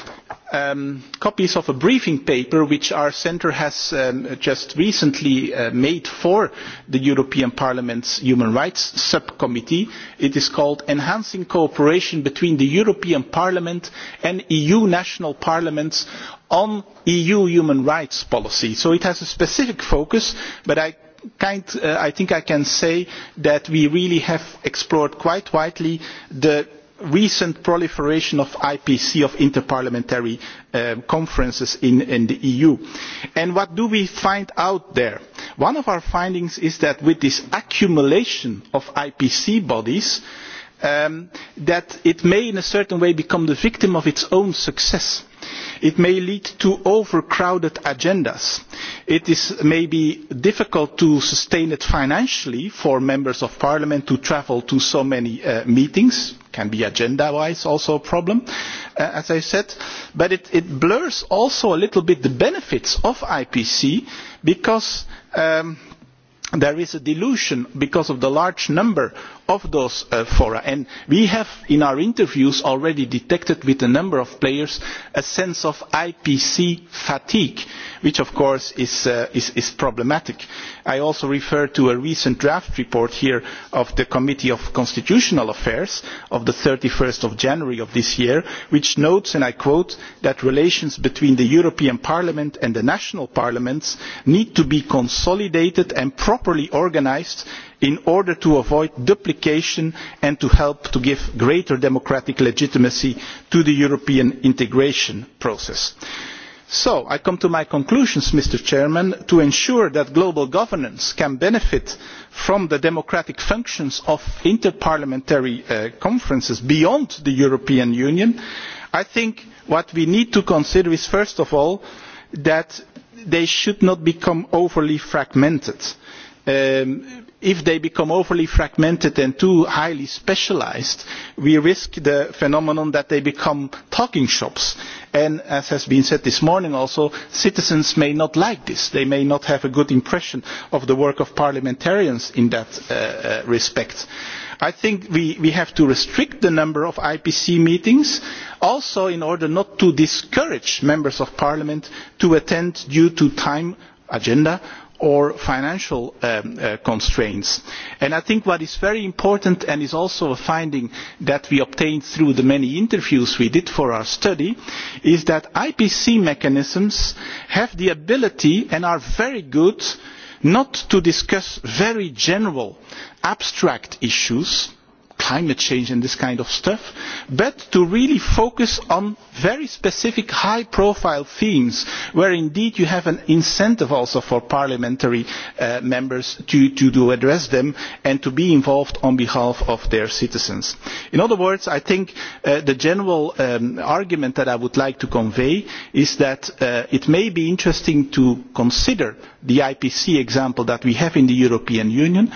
um, copies of a briefing paper which our centre has um, just recently uh, made for the European Parliament's Human Rights Subcommittee. It is called Enhancing Cooperation Between the European Parliament and EU National Parliaments on EU Human Rights Policy. So it has a specific focus, but uh, I think I can say that we really have explored quite widely the recent proliferation of IPC, of interparliamentary parliamentary um, conferences in, the EU. And what do we find out there? One of our findings is that with this accumulation of IPC bodies, um, that it may in a certain way become the victim of its own success. It may lead to overcrowded agendas. It is, may be difficult to sustain it financially for members of parliament to travel to so many uh, meetings. Can be agenda-wise also a problem, uh, as I said. But it, it blurs also a little bit the benefits of IPC because um, there is a dilution because of the large number of those uh, fora and we have in our interviews already detected with a number of players a sense of ipc fatigue which of course is, uh, is, is problematic. i also refer to a recent draft report here of the committee on constitutional affairs of thirty one january of this year which notes and i quote that relations between the european parliament and the national parliaments need to be consolidated and properly organised in order to avoid duplication and to help to give greater democratic legitimacy to the european integration process. so i come to my conclusions to ensure that global governance can benefit from the democratic functions of interparliamentary uh, conferences beyond the european union i think what we need to consider is first of all that they should not become overly fragmented. Um, if they become overly fragmented and too highly specialised we risk the phenomenon that they become talking shops and as has been said this morning also citizens may not like this they may not have a good impression of the work of parliamentarians in that uh, uh respect i think we, we have to restrict the number of ipc meetings also in order not to discourage members of parliament from attending due to time agenda or financial um, uh, constraints. And I think what is very important and is also a finding that we obtained through the many interviews we did for our study is that IPC mechanisms have the ability and are very good not to discuss very general abstract issues climate change and this kind of stuff, but to really focus on very specific high profile themes where indeed you have an incentive also for parliamentary uh, members to, to, address them and to be involved on behalf of their citizens. In other words, I think uh, the general um, argument that I would like to convey is that uh, it may be interesting to consider the IPC example that we have in the European Union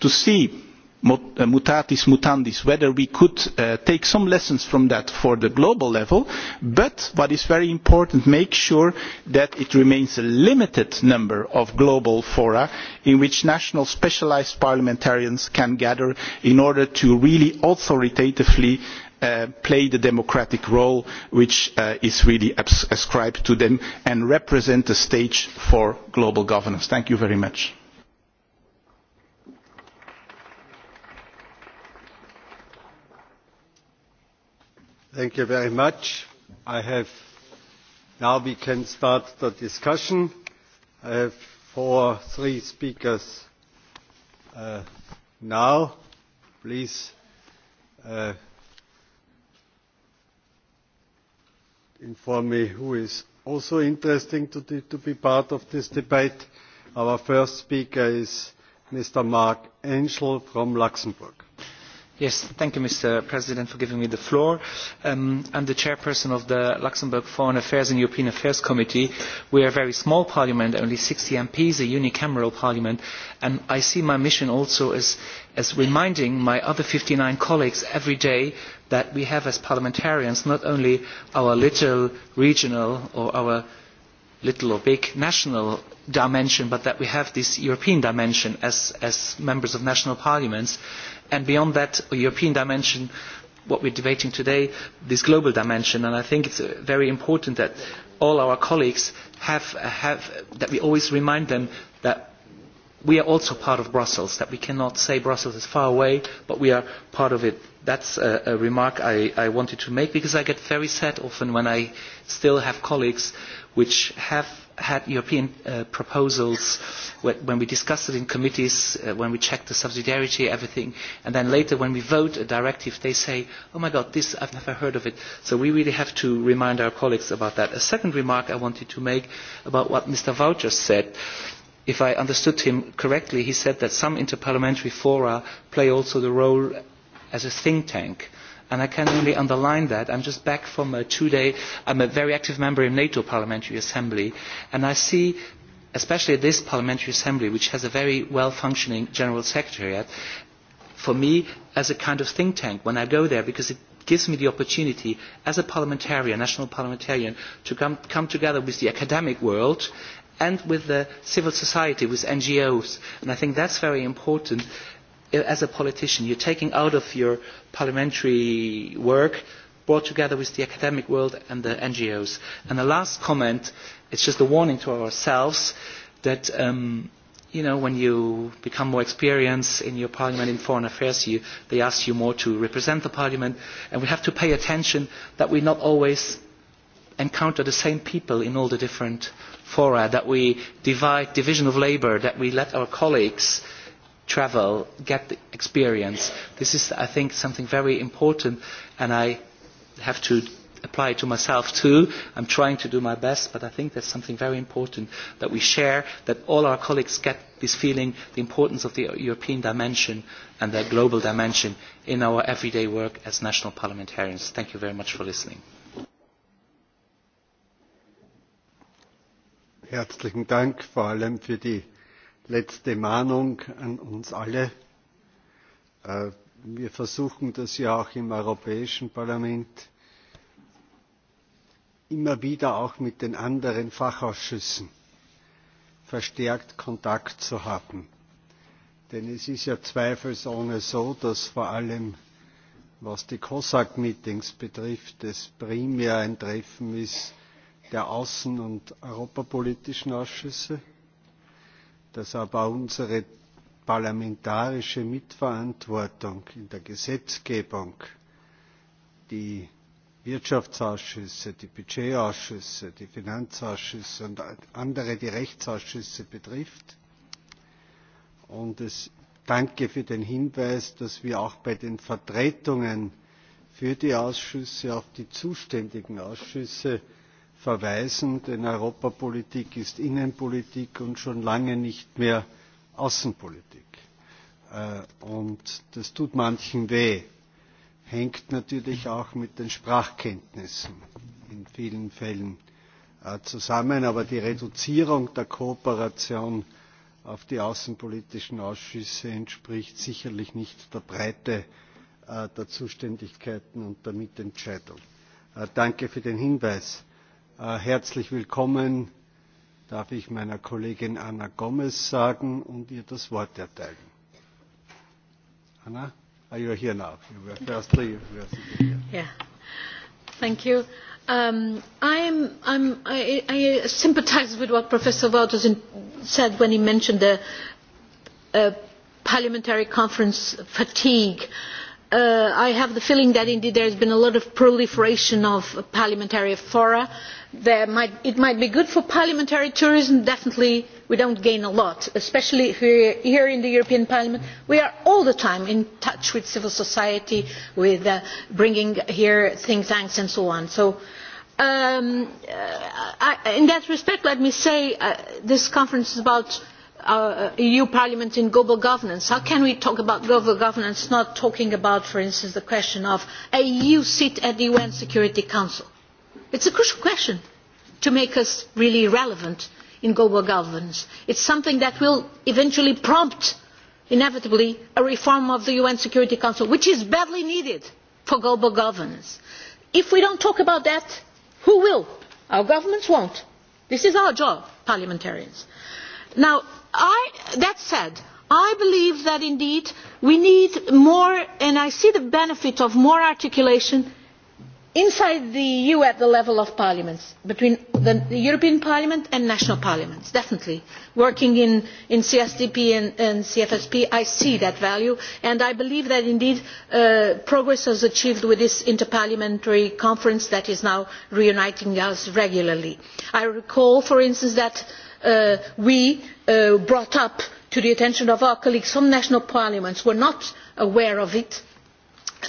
to see Uh, mutatis mutandis whether we could uh, take some lessons from that for the global level but what is very important is to make sure that it remains a limited number of global fora in which national specialised parliamentarians can gather in order to really authoritatively Uh, play the democratic role which uh, is really ascribed to them and represent the stage for global governance. Thank you very much. Thank you very much. I have now we can start the discussion. I have four, three speakers uh, now. Please uh, inform me who is also interesting to, to be part of this debate. Our first speaker is Mr. Mark Angel from Luxembourg thank you, Mr. President, for giving me the floor. I am um, the chairperson of the Luxembourg Foreign Affairs and European Affairs Committee. We are a very small parliament, only sixty MPs, a unicameral parliament, and I see my mission also as, reminding my other fifty nine colleagues every day that we have as parliamentarians not only our little regional or our little or big national dimension, but that we have this European dimension as, as members of national parliaments. And beyond that a European dimension, what we are debating today, this global dimension. And I think it is uh, very important that all our colleagues have, uh, have, that we always remind them that we are also part of Brussels, that we cannot say Brussels is far away, but we are part of it. That's a, a remark I, I wanted to make because I get very sad often when I still have colleagues which have had European uh, proposals when we discussed it in committees, uh, when we checked the subsidiarity, and everything, and then later when we vote a directive, they say, oh my god, this, have never heard of it. So we really have to remind our colleagues about that. A second remark I wanted to make about what Mr. Voucher said if I understood him correctly, he said that some interparliamentary fora play also the role as a think tank. And I can only underline that. I am just back from a two-day, I am a very active member in NATO Parliamentary Assembly, and I see, especially this Parliamentary Assembly, which has a very well-functioning General Secretariat, for me, as a kind of think tank when I go there, because it gives me the opportunity as a parliamentarian, national parliamentarian, to come, come together with the academic world and with civil society, with NGOs. And I think that is very important uh, as a politician. You are taking out of your parliamentary work brought together with the academic world and the NGOs. And the last comment, is just a warning to ourselves that um, you know, when you become more experienced in your parliament in foreign affairs, you, they ask you more to represent the parliament, and we have to pay attention that we not always encounter the same people in all the different fora, that we divide division of labour, that we let our colleagues travel, get the experience. This is, I think, something very important, and I have to apply it to myself too. I'm trying to do my best, but I think is something very important that we share, that all our colleagues get this feeling, the importance of the European dimension and the global dimension in our everyday work as national parliamentarians. Thank you very much for listening. herzlichen dank vor allem für die letzte mahnung an uns alle. Äh, wir versuchen das ja auch im europäischen parlament immer wieder auch mit den anderen fachausschüssen verstärkt kontakt zu haben. denn es ist ja zweifelsohne so dass vor allem was die cosac meetings betrifft es primär ein treffen ist der Außen- und Europapolitischen Ausschüsse, dass aber unsere parlamentarische Mitverantwortung in der Gesetzgebung, die Wirtschaftsausschüsse, die Budgetausschüsse, die Finanzausschüsse und andere, die Rechtsausschüsse betrifft. Und es danke für den Hinweis, dass wir auch bei den Vertretungen für die Ausschüsse auf die zuständigen Ausschüsse verweisen denn europapolitik ist innenpolitik und schon lange nicht mehr außenpolitik. Äh, und das tut manchen weh hängt natürlich auch mit den sprachkenntnissen in vielen fällen äh, zusammen. aber die reduzierung der kooperation auf die außenpolitischen ausschüsse entspricht sicherlich nicht der breite äh, der zuständigkeiten und der mitentscheidung. danke für den hinweis. Äh, herzlich willkommen darf ich meiner Kollegin Anna gomes sagen und ihr das Wort erteilen. Anna, are you here now? You were firstly, you were here. Yeah. Thank you. Um, I'm, I'm, I, I sympathize with what Professor Wouters said when he mentioned the uh, parliamentary conference fatigue. Uh, Uh, i have the feeling that indeed there has been a lot of proliferation of parliamentary fora. Might, it might be good for parliamentary tourism definitely we do not gain a lot especially here, here in the european parliament we are all the time in touch with civil society with uh, bringing here think tanks and so on. so um, uh, I, in that respect let me say uh, this conference is about our uh, uh, eu parliament in global governance how can we talk about global governance not talking about for instance the question of a eu seat at the un security council? it is a crucial question to make us really relevant in global governance. it is something that will eventually prompt inevitably a reform of the un security council which is badly needed for global governance. if we do not talk about that who will? our governments will not. this is our job parliamentarians. now that said i believe that indeed we need more and i see the benefit of more articulation inside the eu at the level of parliaments between the european parliament and national parliaments definitely working in, csdp and, cfsp i see that value and i believe that indeed uh, progress was achieved with this interparliamentary conference that is now reuniting us regularly. i recall for instance that Uh, we uh, brought up to the attention of our colleagues from national parliaments were not aware of it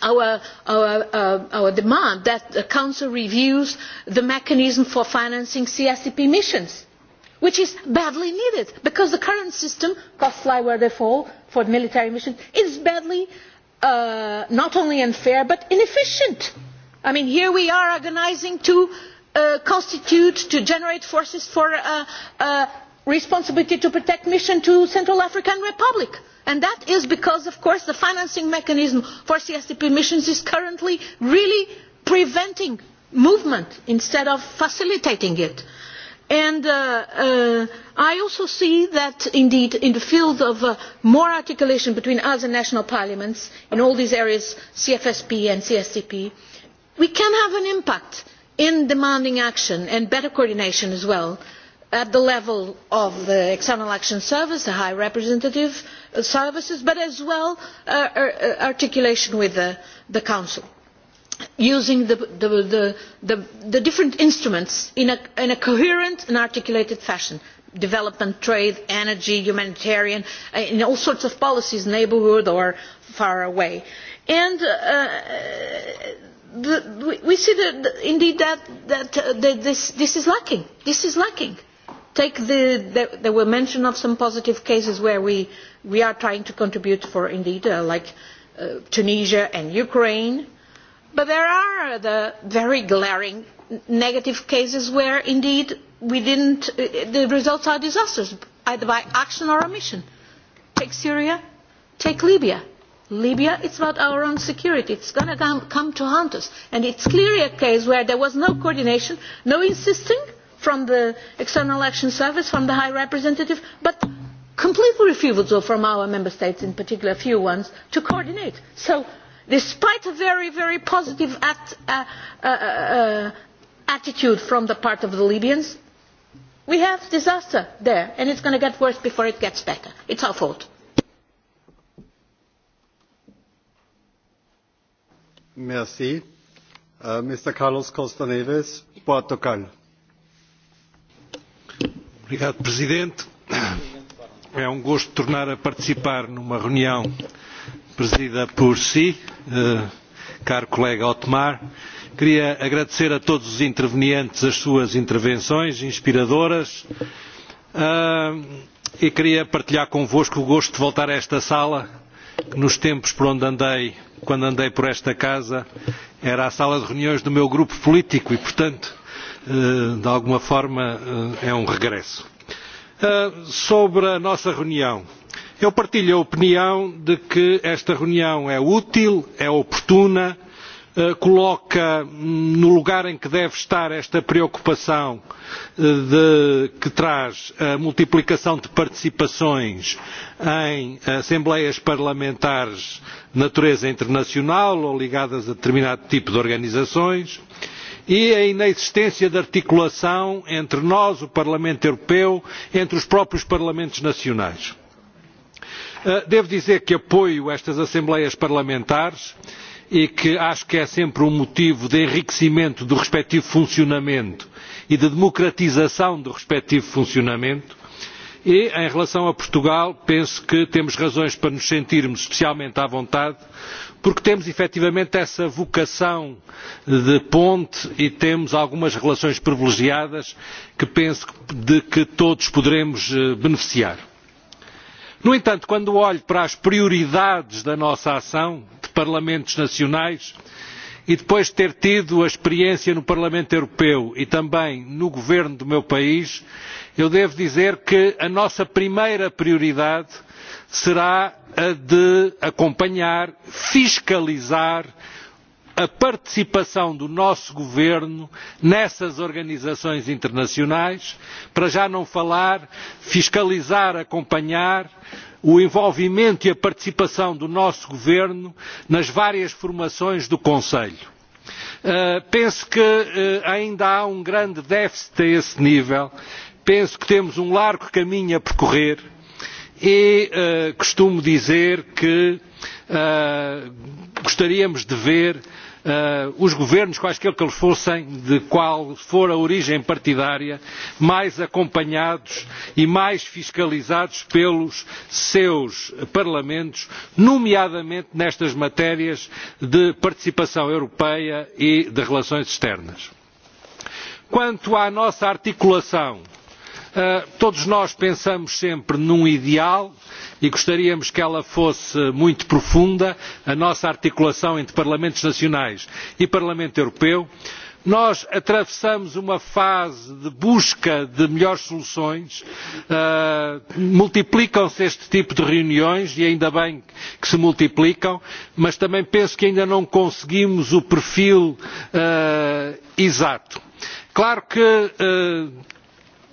our, uh, demand that the council reviews the mechanism for financing csdp missions which is badly needed because the current system costs fly where they fall for military missions is badly not only unfair but inefficient. i mean here we are organising two Uh, constitute to generate forces for a uh, uh, responsibility to protect mission to the central african republic and that is because of course the financing mechanism for csdp missions is currently really preventing movement instead of facilitating it. i also see that indeed in the field of more articulation between us and national parliaments in all these areas cfsp and csdp we can have an impact in demanding action and better coordination as well at the level of the external action service the high representative services but as well uh, uh, articulation with the, council using the, different instruments in a, in a coherent and articulated fashion development trade energy humanitarian uh, in all sorts of policies neighbourhood or far away and the, we see that indeed that, that, uh, the this, this is lacking. This is lacking. Take the, the, there were mention of some positive cases where we, we are trying to contribute for indeed, uh, like uh, Tunisia and Ukraine. But there are the very glaring negative cases where indeed we didn't, uh, the results are disastrous, either by action or omission. Take Syria, take Libya libya it is about our own security it is going to come, come to haunt us and it is clearly a case where there was no coordination no insisting from the external action service from the high representative but complete refusal from our member states in particular a few ones to coordinate. so despite a very very positive uh, uh, uh, attitude from the part of the libyans we have disaster there and it is going to get worse before it gets better. it is our fault. Uh, Obrigado, Presidente. É um gosto tornar a participar numa reunião presidida por si, uh, caro colega Otmar. Queria agradecer a todos os intervenientes as suas intervenções inspiradoras uh, e queria partilhar convosco o gosto de voltar a esta sala, que nos tempos por onde andei quando andei por esta casa, era a sala de reuniões do meu grupo político e, portanto, eh, de alguma forma, eh, é um regresso. Eh, sobre a nossa reunião, eu partilho a opinião de que esta reunião é útil, é oportuna Eh, coloca no lugar em que deve estar esta preocupação eh, que traz a multiplicação de participações em assembleias parlamentares de natureza internacional ou ligadas a determinado tipo de organizações e a inexistência de articulação entre nós, o Parlamento Europeu, entre os próprios Parlamentos Nacionais. Eh, devo dizer que apoio estas assembleias parlamentares e que acho que é sempre um motivo de enriquecimento do respectivo funcionamento e de democratização do respectivo funcionamento. E, em relação a Portugal, penso que temos razões para nos sentirmos especialmente à vontade, porque temos efetivamente essa vocação de ponte e temos algumas relações privilegiadas que penso de que todos poderemos eh, beneficiar. No entanto, quando olho para as prioridades da nossa ação, parlamentos nacionais e depois de ter tido a experiência no Parlamento Europeu e também no governo do meu país, eu devo dizer que a nossa primeira prioridade será a de acompanhar, fiscalizar a participação do nosso governo nessas organizações internacionais, para já não falar, fiscalizar, acompanhar o envolvimento e a participação do nosso governo nas várias formações do Conselho. Eh, penso que eh, ainda há um grande déficit a esse nível, penso que temos um largo caminho a percorrer e uh, costumo dizer que gostaríamos de ver Eh, os governos, quaisquer que eles fossem, de qual for a origem partidária, mais acompanhados e mais fiscalizados pelos seus parlamentos, nomeadamente nestas matérias de participação europeia e de relações externas. Quanto à nossa articulação Eh, todos nós pensamos sempre num ideal e gostaríamos que ela fosse muito profunda a nossa articulação entre parlamentos nacionais e parlamento europeu nós atravessamos uma fase de busca de melhores soluções uh, eh, multiplicam se este tipo de reuniões e ainda bem que se multiplicam mas também penso que ainda não conseguimos o perfil uh, exato. claro que uh,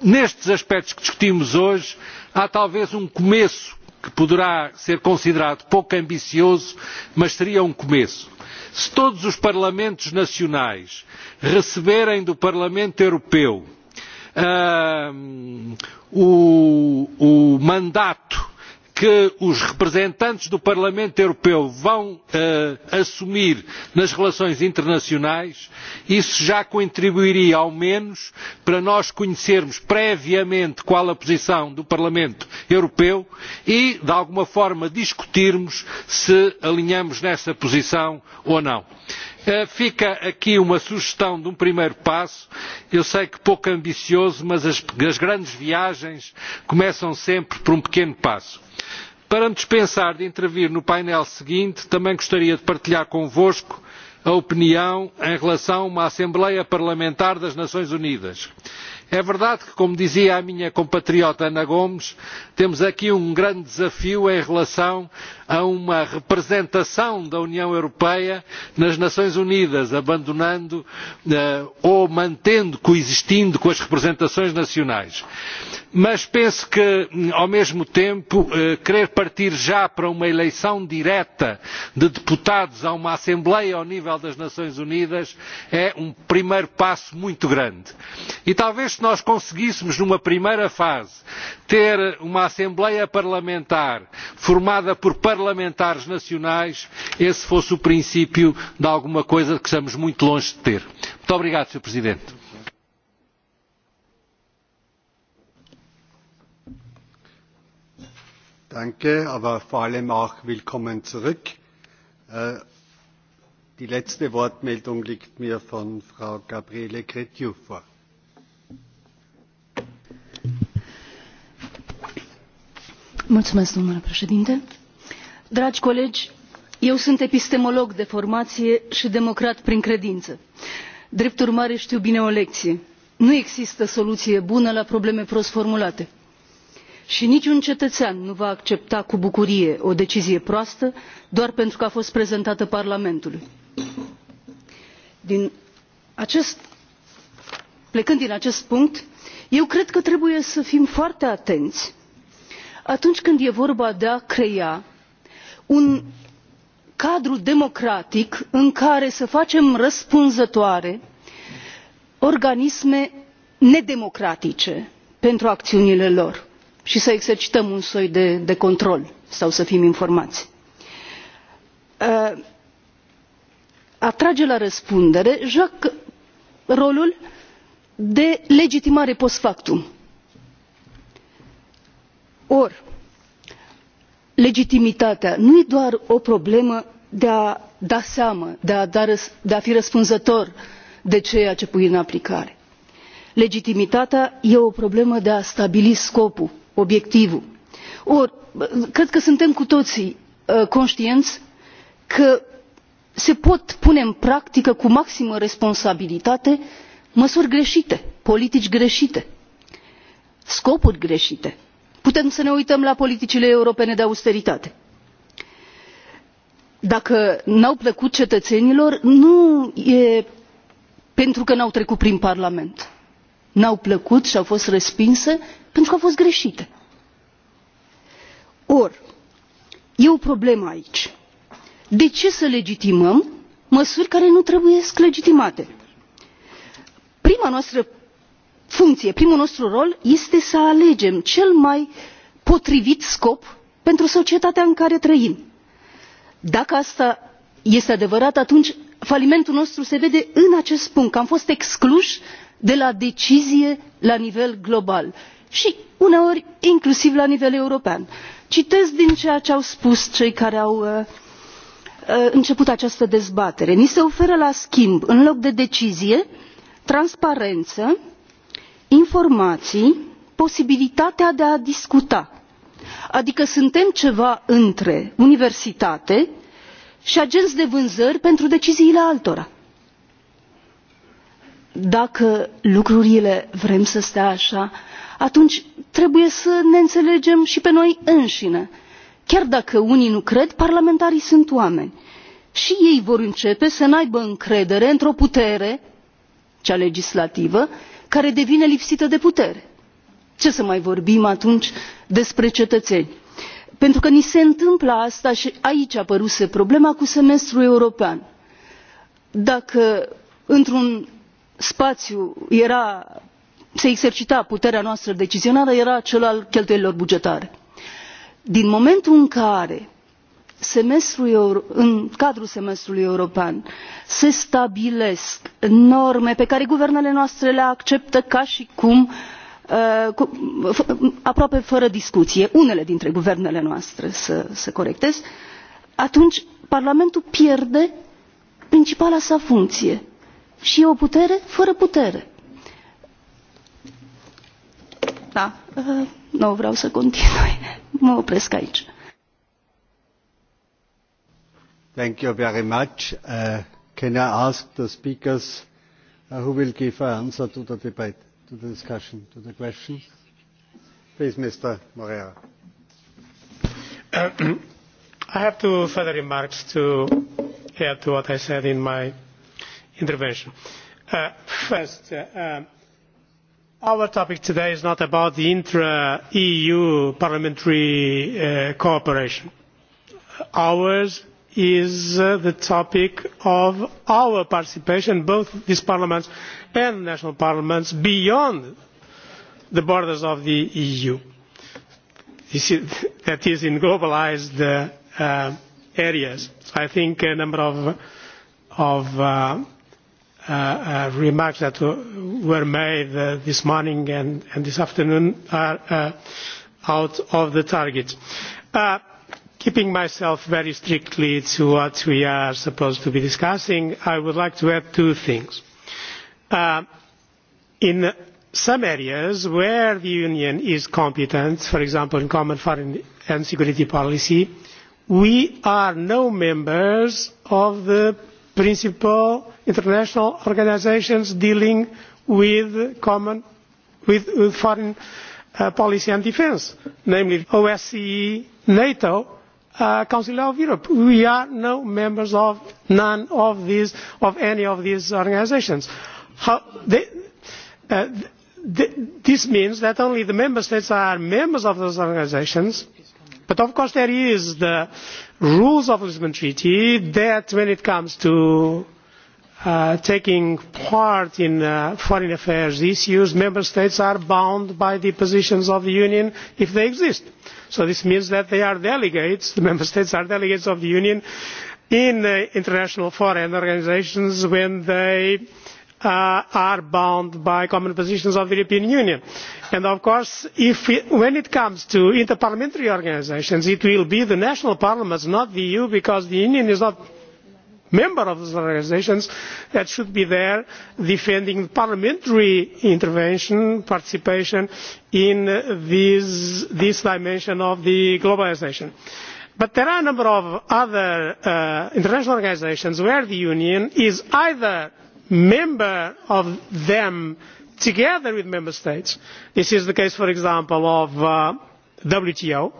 nestes aspectos que discutimos hoje há talvez um começo que poderá ser considerado pouco ambicioso mas seria um começo. se todos os parlamentos nacionais receberem do parlamento europeu uh, o, o mandato que os representantes do Parlamento Europeu vão uh, assumir nas relações internacionais, isso já contribuiria ao menos para nós conhecermos previamente qual a posição do Parlamento Europeu e, de alguma forma, discutirmos se alinhamos nessa posição ou não. Eh, fica aqui uma sugestão de um primeiro passo eu sei que pouco ambicioso mas as, grandes viagens começam sempre por um pequeno passo. para me dispensar de intervir no painel seguinte também gostaria de partilhar convosco a opinião em relação a uma assembleia parlamentar das nações unidas é verdade que como dizia a minha compatriota ana gomes temos aqui um grande desafio em relação a uma representação da união europeia nas nações unidas abandonando eh, ou mantendo coexistindo com as representações nacionais mas penso que ao mesmo tempo eh, querer partir já para uma eleição direta de deputados a uma assembleia ao nível das nações unidas é um primeiro passo muito grande e talvez se nós conseguíssemos numa primeira fase ter uma assembleia parlamentar formada por parlamentares nacionais esse fosse o princípio de alguma coisa que estamos muito longe de ter. muito obrigado sr presidente. Danke, aber vor allem auch willkommen zurück. Äh, die letzte Wortmeldung liegt mir von Frau Gabriele Cretu vor. domnule președinte. Dragi colegi, eu sunt epistemolog de formație și democrat prin credință. Drept urmare știu bine o lecție. Nu există soluție bună la probleme prost formulate și niciun cetățean nu va accepta cu bucurie o decizie proastă doar pentru că a fost prezentată parlamentului. plecând din acest punct eu cred că trebuie să fim foarte atenți atunci când e vorba de a crea un cadru democratic în care să facem răspunzătoare organisme nedemocratice pentru acțiunile lor și să exercităm un soi de, de control sau să fim informați. A trage la răspundere joacă rolul de legitimare post factum. Or, legitimitatea nu e doar o problemă de a da seamă, de a, da, de a fi răspunzător de ceea ce pui în aplicare. Legitimitatea e o problemă de a stabili scopul obiectivul. Or, cred că suntem cu toții uh, conștienți că se pot pune în practică cu maximă responsabilitate măsuri greșite politici greșite scopuri greșite. putem să ne uităm la politicile europene de austeritate. dacă nu au plăcut cetățenilor nu e pentru că nu au trecut prin parlament n au plăcut și au fost respinse pentru că au fost greșite. Ori, e o problemă aici. De ce să legitimăm măsuri care nu trebuie legitimate? Prima noastră funcție, primul nostru rol este să alegem cel mai potrivit scop pentru societatea în care trăim. Dacă asta este adevărat, atunci falimentul nostru se vede în acest punct, că am fost excluși de la decizie la nivel global și uneori inclusiv la nivel european. citez din ceea ce au spus cei care au uh, uh, început această dezbatere ni se oferă la schimb în loc de decizie transparență informații posibilitatea de a discuta adică suntem ceva între universitate și agenți de vânzări pentru deciziile altora dacă lucrurile vrem să stea așa, atunci trebuie să ne înțelegem și pe noi înșine. Chiar dacă unii nu cred, parlamentarii sunt oameni. Și ei vor începe să n-aibă încredere într-o putere, cea legislativă, care devine lipsită de putere. Ce să mai vorbim atunci despre cetățeni? Pentru că ni se întâmplă asta și aici apăruse problema cu semestrul european. Dacă într-un spațiu se exercita puterea noastră decizională era cel al cheltuielilor bugetare. din momentul în care în cadrul semestrului european se stabilesc norme pe care guvernele noastre le acceptă ca și cum uh, aproape fără discuție unele dintre guvernele noastre să, să corectez atunci parlamentul pierde principala sa funcție și e o putere fără putere. Da, uh, nu vreau să continui. Mă opresc aici. Thank you very much. Uh, can I ask the speakers uh, who will give an answer to the debate, to the discussion, to the question? Please, Mr. Moreira. Uh, I have two further remarks to add to what I said in my intervention. Uh, first, uh, uh, our topic today is not about the intra eu parliamentary cooperation. ours is the topic of our participation both this parliament and national parliaments beyond the borders of the eu that is in globalised areas. i think a number of, Uh, uh, remarks that were made uh, this morning and, and this afternoon are out of the target. keeping myself very strictly to what we are supposed to be discussing, I would like to add two things. in some areas where the Union is competent, for example in common foreign and security policy, we are no members of the principal international organisations dealing with common with, with foreign uh, policy and defence namely osce nato uh, council of europe. we are no members of none of these of any of these organisations. Uh, this means that only the member states are members of those organisations but of course there is the rules of the lisbon treaty that when it comes to Uh, taking part in uh, foreign affairs issues member states are bound by the positions of the union if they exist. so this means that they are delegates the member states are delegates of the union in uh, international foreign organisations when they uh, are bound by common positions of the european union. and of course if when it comes to interparliamentary organisations it will be the national parliaments not the eu because the union is not member of those organisations that should be there defending parliamentary intervention participation in this, dimension of globalisation. but there are a number of other uh, international organisations where the union is either a member of them together with member states this is the case for example of the uh, wto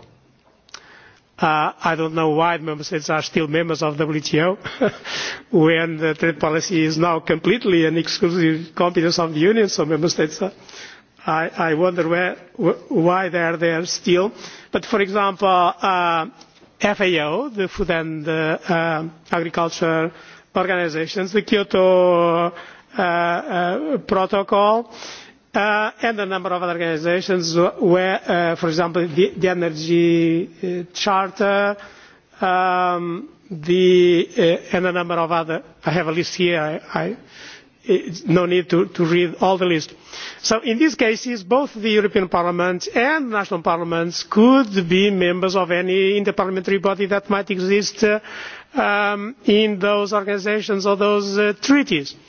Uh, I don't know why member states are still members of the WTO when the trade policy is now completely and exclusive competence of the Union. So member states, I, I wonder where, why they are there still. But for example, uh, FAO, the Food and uh, Agriculture Organizations, the Kyoto Protocol, Uh, and a number of other organisations where, uh, for example, the, Energy uh, Charter, um, the, uh, and a number of other. I have a list here. I, I, it's no need to, to read all the list. So in these cases, both the European Parliament and national parliaments could be members of any interparliamentary body that might exist uh, um, in those organisations or those uh, treaties. Uh,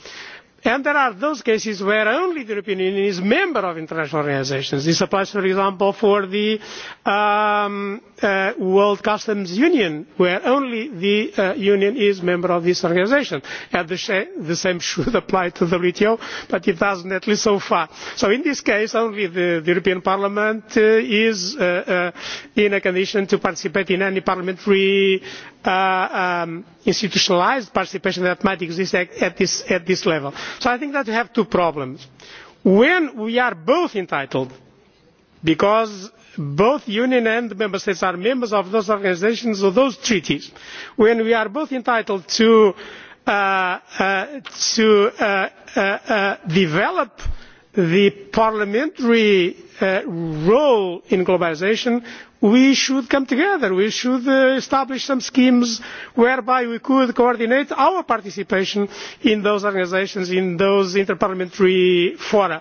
and there are those cases where only the european union is a member of international organisations. this applies for example for the um, uh, world customs union where only the uh, union is a member of this organisation and the, the same should apply to the wto but it does not at least so far. so in this case only the, the european parliament uh, is uh, uh, in a condition to participate in any parliamentary uh, um, institutionalised participation that might exist at, at, this, at this level. so i think that we have two problems. when we are both entitled because both the union and the member states are members of those organisations or those treaties when we are both entitled to uh, uh, uh, develop the parliamentary role in globalisation we should come together we should uh, establish some schemes whereby we could coordinate our participation in those organisations in those interparliamentary fora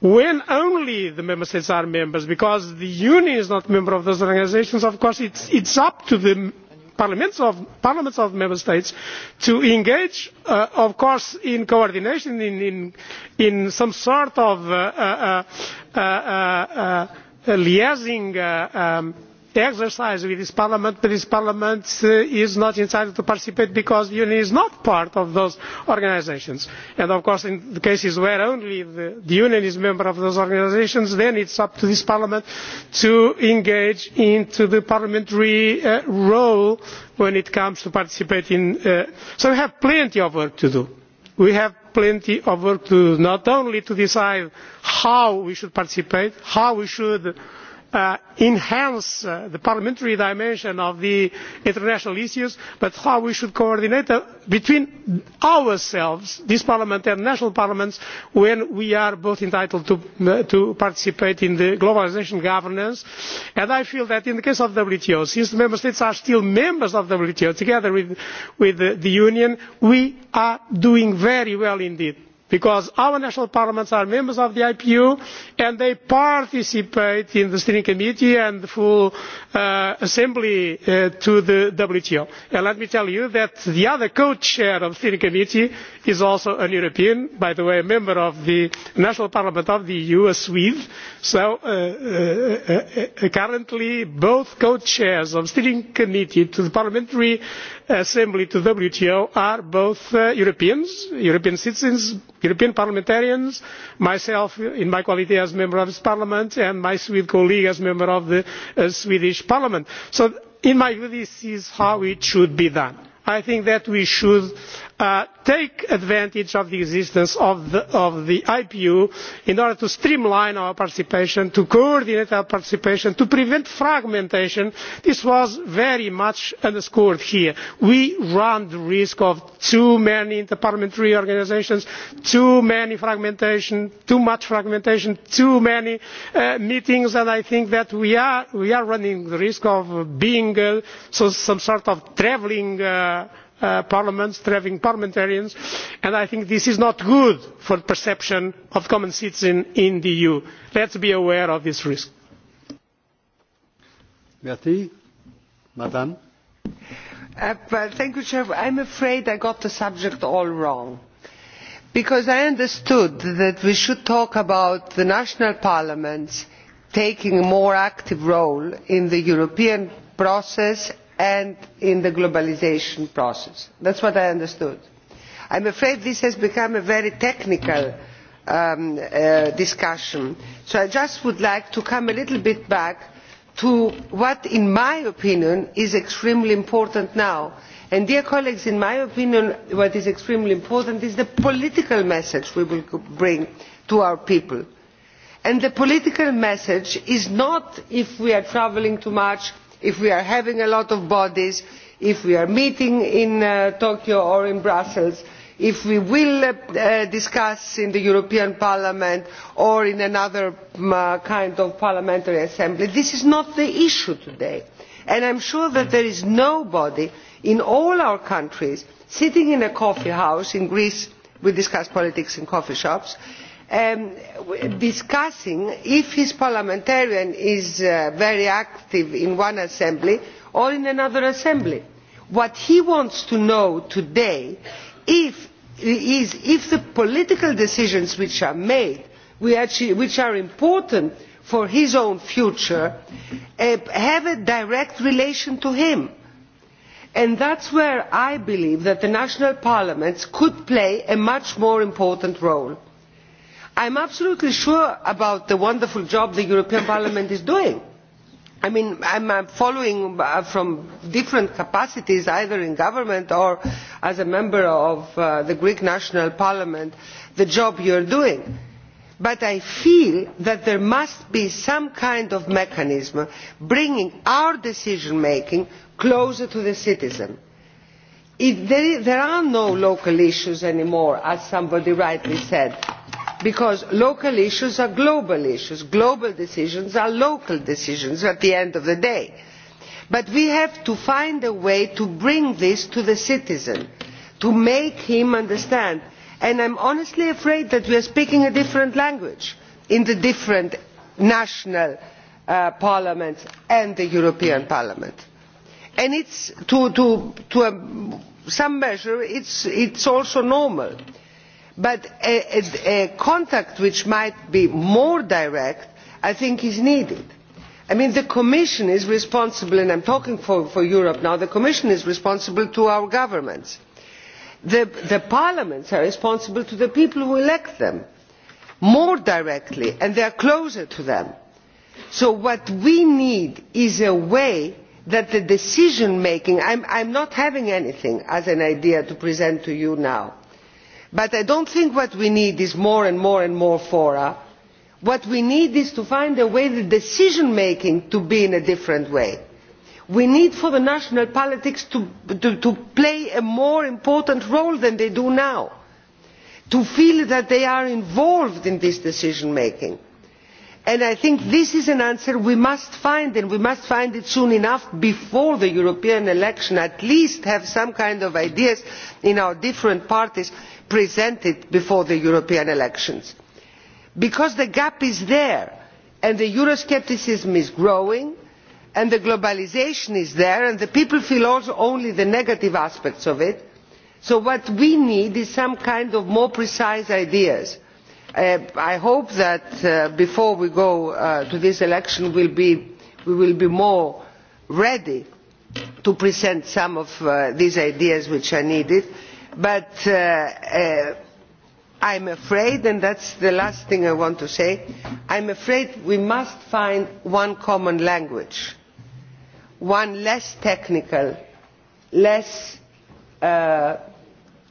when only the member states are members because the union is not a member of those organisations of course it is up to the parliaments of the member states to engage uh, of course in coordination in, some sort of uh, liaising uh, um, exercise with this parliament but this parliament uh, is not entitled to participate because the union is not part of those organisations and of course in the cases where only the, the union is a member of those organisations then it is up to this parliament to engage in the parliamentary uh, role when it comes to participating. Uh, so we have plenty of work to do. we have plenty of work to do not only to decide how we should participate how we should Uh, enhance uh, the parliamentary dimension of the international issues but how we should coordinate uh, between ourselves this parliament and national parliaments when we are both entitled to, participate in the globalisation governance i feel that in the case of the wto since the member states are still members of the wto together with, the union we are doing very well indeed because our national parliaments are members of the ipu and they participate in the steering committee and the full uh, assembly uh, to the wto. let me tell you that the other co chair of the steering committee is also a european by the way a member of the national parliament of the eu a swede so uh, currently both co chairs of the steering committee to the parliamentary assembly to the wto are both uh, europeans european citizens european parliamentarians myself in my quality as member of this parliament and my swede colleague as member of the uh, swedish parliament. so in my view this is how it should be done. i think that we should Uh, take advantage of the existence of the, of the ipu in order to streamline our participation to coordinate our participation to prevent fragmentation. this was very much underscored here. we run the risk of too many interparliamentary organisations too many fragmentation too much fragmentation too many uh, meetings and i think that we are, running the risk of being uh, some sort of travelling Uh, parliaments traveling parliamentarians and i think this is not good for the perception of common citizens in the eu. let us be aware of this risk. i am uh, thank you, Chair. afraid I got the subject all wrong. Because I understood that we should talk about the national parliaments taking a more active role in the European process and in the globalisation process. that is what i understood. i am afraid this has become a very technical um, uh, discussion so i just would like to come a little bit back to what in my opinion is extremely important now and dear colleagues in my opinion what is extremely important is the political message we will bring to our people and the political message is not if we are travelling too much if we are having a lot of bodies if we are meeting in uh, tokyo or in brussels if we will uh, discuss in the european parliament or in another mm, uh, kind of parliamentary assembly this is not the issue today and i am sure that there is nobody in all our countries sitting in a coffee house in greece we discuss politics in coffee shops Um, discussing if his parliamentarian is uh, very active in one assembly or in another assembly. what he wants to know today is if the political decisions which are made which are important for his own future uh, have a direct relation to him that is where i believe that the national parliaments could play a much more important role i am absolutely sure about the wonderful job the european parliament is doing. i mean i am following uh, from different capacities either in government or as a member of uh, the greek national parliament the job you are doing but i feel that there must be some kind of mechanism bringing our decision making closer to the citizen. there, there are no local issues any more as somebody rightly said because local issues are global issues global decisions are local decisions at the end of the day but we have to find a way to bring this to the citizen to make him understand and i am honestly afraid that we are speaking a different language in the different national uh, parliaments and the european parliament. And to, um, some extent it is also normal but a, contact which might be more direct i think is needed. the commission is responsible and i am talking for, europe now the commission is responsible to our governments. The, the parliaments are responsible to the people who elect them more directly and they are closer to them. so what we need is a way that the decision making i am not having anything as an idea to present to you now but i do not think what we need is more and more and more fora. what we need is to find a way for decision making to be in a different way. we need for the national politics to, play a more important role than they do now to feel that they are involved in this decision making. And i think this is an answer we must find and we must find it soon enough before the european election at least have some kind of ideas in our different parties presented before the european elections because the gap is there and the euroscepticism is growing and globalisation is there and people feel only the negative aspects of it so what we need is some kind of more precise ideas. Uh, i hope that uh, before we go uh, to this election we will be more ready to present some of these ideas which are needed but uh, uh, i am afraid and that is the last thing i want to say i am afraid we must find one common language one less technical less uh,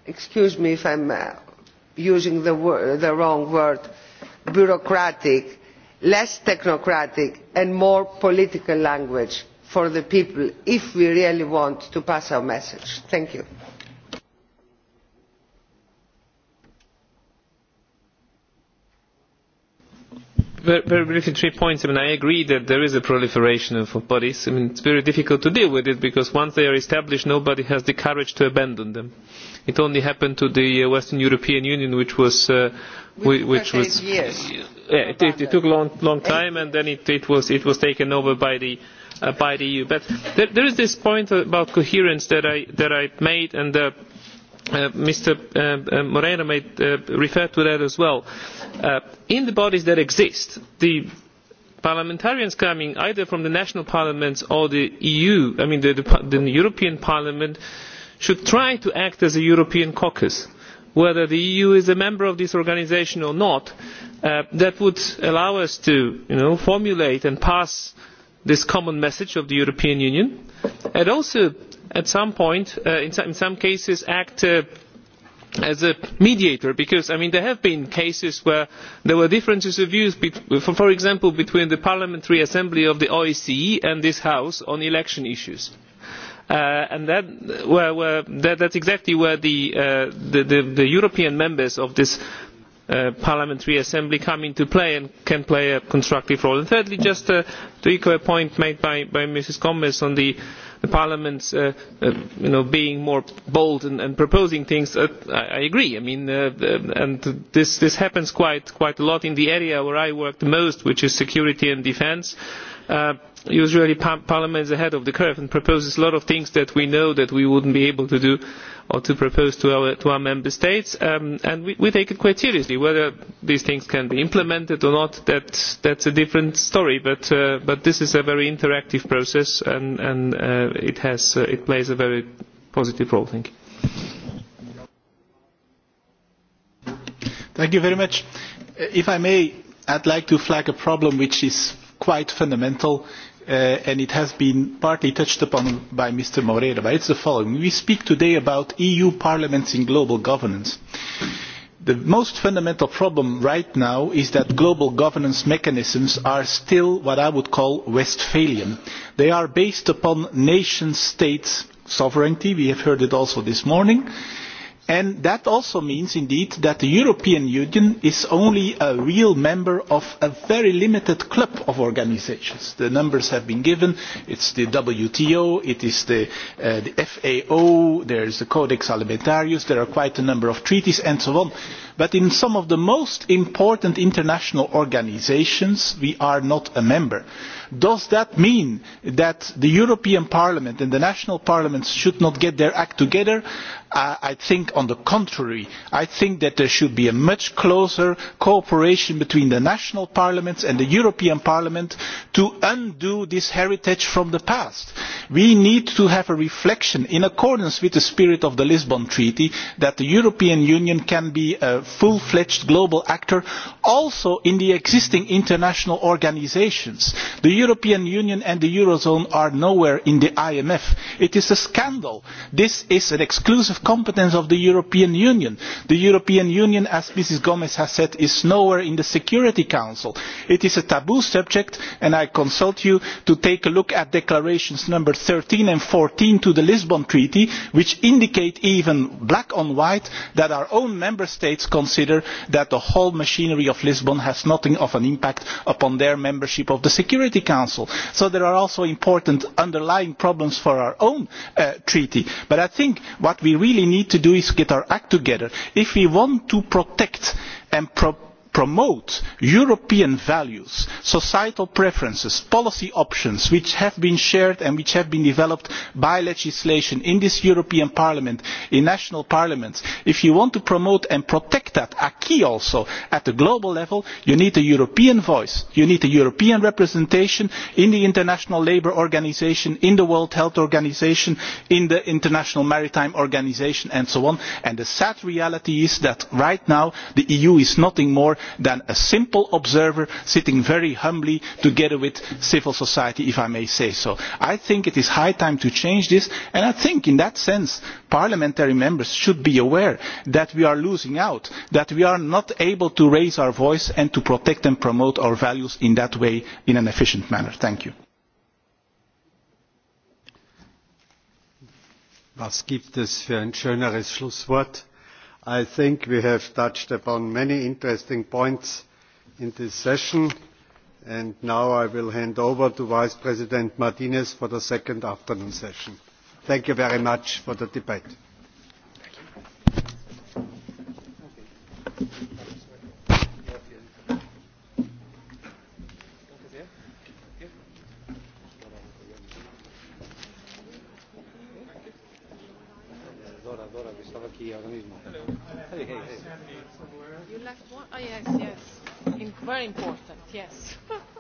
excuse me if i am using the, the wrong word bureaucratic less technocratic and more political language for the people if we really want to pass our message. thank you. very briefly three points. I, mean, I agree that there is a proliferation of bodies. I mean, it's very difficult to deal with it because once they are established, nobody has the courage to abandon them. It only happened to the uh, Western European Union, which was, uh, which, which was years. Yeah, it, it, it took a long, long time, and then it, it, was, it was taken over by the, uh, by the EU. But there, there is this point about coherence that I, that I made, and. Uh, mr moreira made, refer referred to that as well uh, in the bodies that exist the parliamentarians coming either from the national parliaments or the eu i mean the, european parliament should try to act as a european caucus whether the eu is a member of this organisation or not uh, that would allow us to formulate and pass this common message of the european union and also at some point uh, in, some, cases act uh, as a mediator because there have been cases where there were differences of views for example between the parliamentary assembly of the osce e and this house on election issues. Uh, and that, is that, exactly where the European members of this Uh, parliamentary assembly come into play and can play a constructive role. And thirdly just uh, to echo a point made by, mrs gomes on parliament uh, being more bold and, proposing things I, i agree and this, this happens quite a lot in the area where i work the most which is security and defence usually parliament is ahead of the curve and proposes a lot of things that we know that we would not be able to do or to propose to our, to our member states um, and we, we take it quite seriously. whether these things can be implemented or not that is a different story but, uh, but this is a very interactive process and, and uh, it, has, uh, it plays a very positive role. Thank you. Thank you very much. Uh, if I may, I'd like to flag a problem which is quite fundamental Uh, and it has been partly touched upon by Mr. Moreira, but it is the following. We speak today about EU parliaments in global governance. The most fundamental problem right now is that global governance mechanisms are still what I would call Westphalian. They are based upon nation states sovereignty, we have heard it also this morning, and And that also means indeed that the European Union is only a real member of a very limited club of organisations. The numbers have been given. It is the WTO, it is the, the FAO, there is the Codex Alimentarius, there are quite a number of treaties and so on but in some of the most important international organisations we are not a member. does that mean that the european parliament and the national parliaments should not get their act together? i think on the contrary i think that there should be a much closer cooperation between the national parliaments and the european parliament to undo this heritage from the past. we need to have a reflection in accordance with the spirit of the lisbon treaty that the european union can be a full fledged global actor also in the existing international organisations. The European Union and the Eurozone are nowhere in the IMF. It is a scandal. This is an exclusive competence of the European Union. The European Union, as Mrs Gomes has said, is nowhere in the Security Council. It is a taboo subject and I consult you to take a look at declarations number thirteen and fourteen to the Lisbon Treaty which indicate even black on white that our own member states consider that the whole machinery of Lisbon has nothing of an impact upon their membership of the Security Council. So there are also important underlying problems for our own uh, treaty. But I think what we really need to do is get our act together. If we want to protect and promote promote European values, societal preferences, policy options which have been shared and which have been developed by legislation in this European Parliament, in national parliaments, if you want to promote and protect that acquis also at the global level, you need a European voice. You need a European representation in the International Labour Organisation, in the World Health Organisation, in the International Maritime Organisation and so on. And the sad reality is that right now the EU is nothing more than a simple observer sitting very humbly together with civil society, if I may say so. I think it is high time to change this, and I think in that sense parliamentary members should be aware that we are losing out, that we are not able to raise our voice and to protect and promote our values in that way in an efficient manner. Thank you. Was gibt es für ein schöneres Schlusswort? I think we have touched upon many interesting points in this session. And now I will hand over to Vice President Martinez for the second afternoon session. Thank you very much for the debate. Dora, Dora, que estaba aquí ahora mismo. Hey, hey, hey. You left one? Oh, yes, yes. In, very important, yes.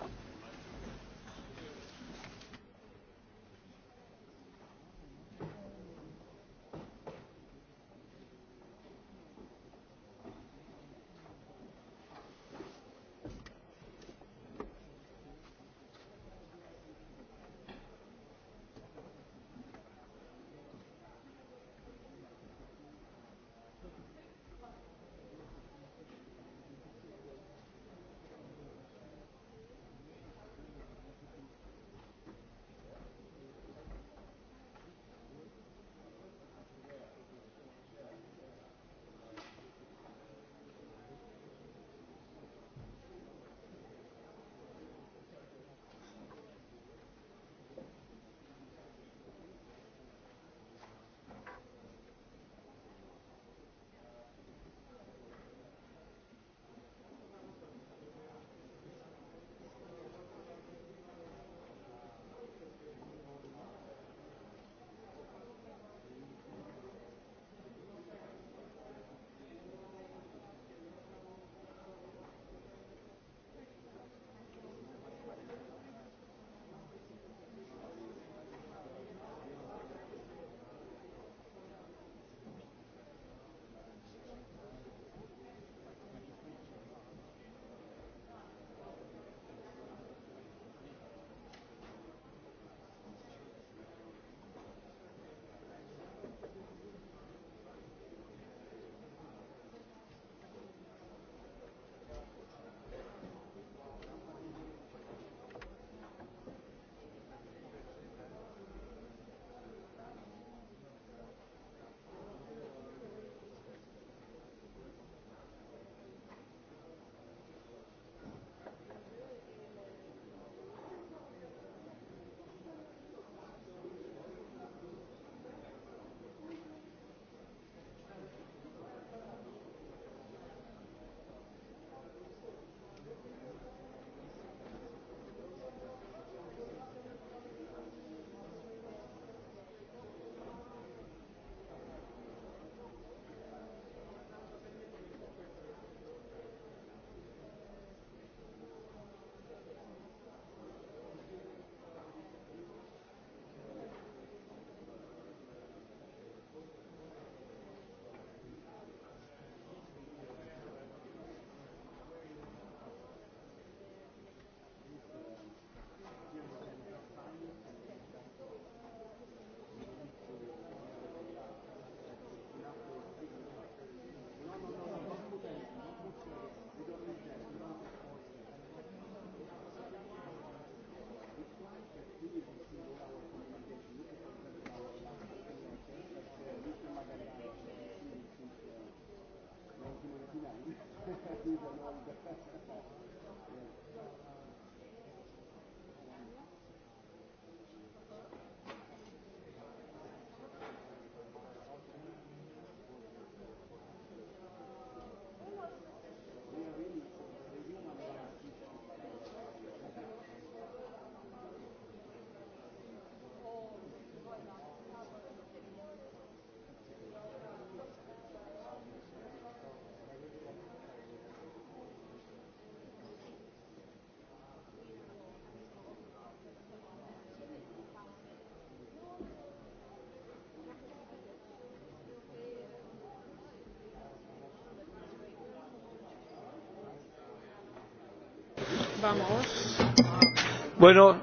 Bueno,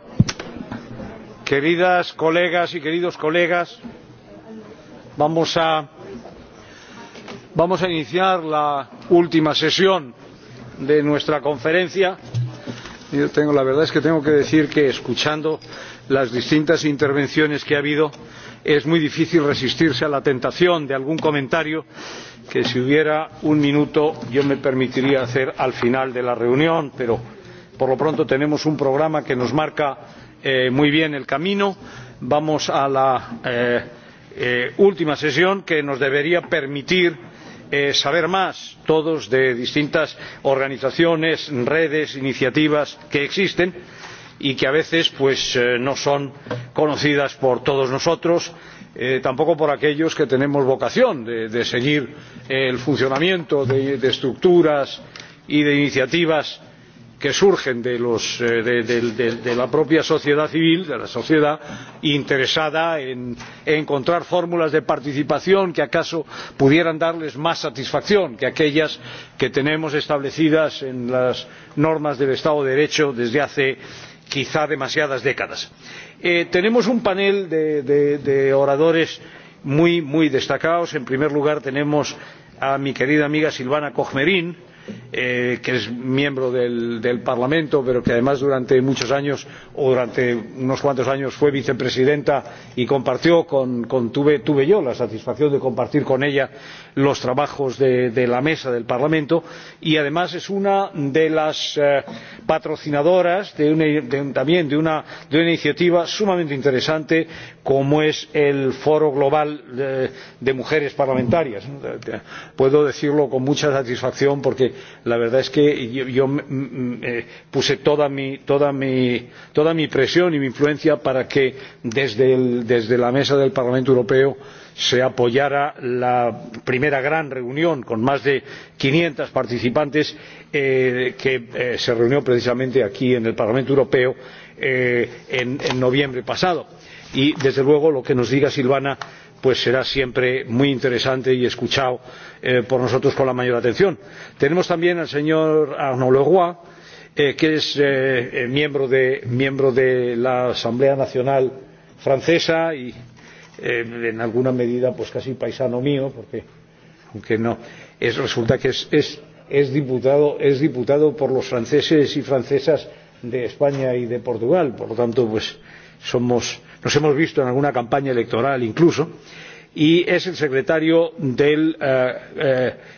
queridas colegas y queridos colegas, vamos a, vamos a iniciar la última sesión de nuestra conferencia. Yo tengo, la verdad es que tengo que decir que escuchando las distintas intervenciones que ha habido, es muy difícil resistirse a la tentación de algún comentario que si hubiera un minuto yo me permitiría hacer al final de la reunión pero por lo pronto tenemos un programa que nos marca eh, muy bien el camino. vamos a la eh, eh, última sesión que nos debería permitir saber más todos de distintas organizaciones redes iniciativas que existen y que a veces no son conocidas por todos nosotros tampoco por aquellos que tenemos vocación de, seguir el funcionamiento de, de estructuras y de iniciativas que surgen eh, de, la propia sociedad civil de la sociedad interesada en encontrar fórmulas de participación que acaso pudieran darles más satisfacción que aquellas que tenemos establecidas en las normas del estado de derecho desde hace quizá demasiadas décadas. Eh, tenemos un panel de oradores muy, muy destacados. en primer lugar tenemos a mi querida amiga silvana kohmerin Eh, que es miembro del, parlamento pero que además durante muchos años o durante unos cuantos años fue vicepresidenta y compartió con, tuve, yo la satisfacción de compartir con ella los trabajos de, la mesa del parlamento y además es una de las eh, patrocinadoras también de una, iniciativa sumamente interesante como es el foro global de mujeres parlamentarias. ¿no? puedo decirlo con mucha satisfacción porque la verdad es que yo, eh, puse toda mi, presión y mi influencia para que desde, la mesa del Parlamento Europeo se apoyara la primera gran reunión con más de quinientos participantes eh, que eh, se reunió precisamente aquí en el Parlamento Europeo en, noviembre pasado. Y desde luego lo que nos diga Silvana será siempre muy interesante y escuchado Eh, por nosotros con la mayor atención. tenemos también al señor arnaud leroi eh, que es eh, miembro, de, la asamblea nacional francesa y en alguna medida pues casi paisano mío porque aunque no resulta que es, diputado, es diputado por los franceses y francesas de españa y de portugal por lo tanto pues nos hemos visto en alguna campaña electoral incluso y y es el secretario del eh,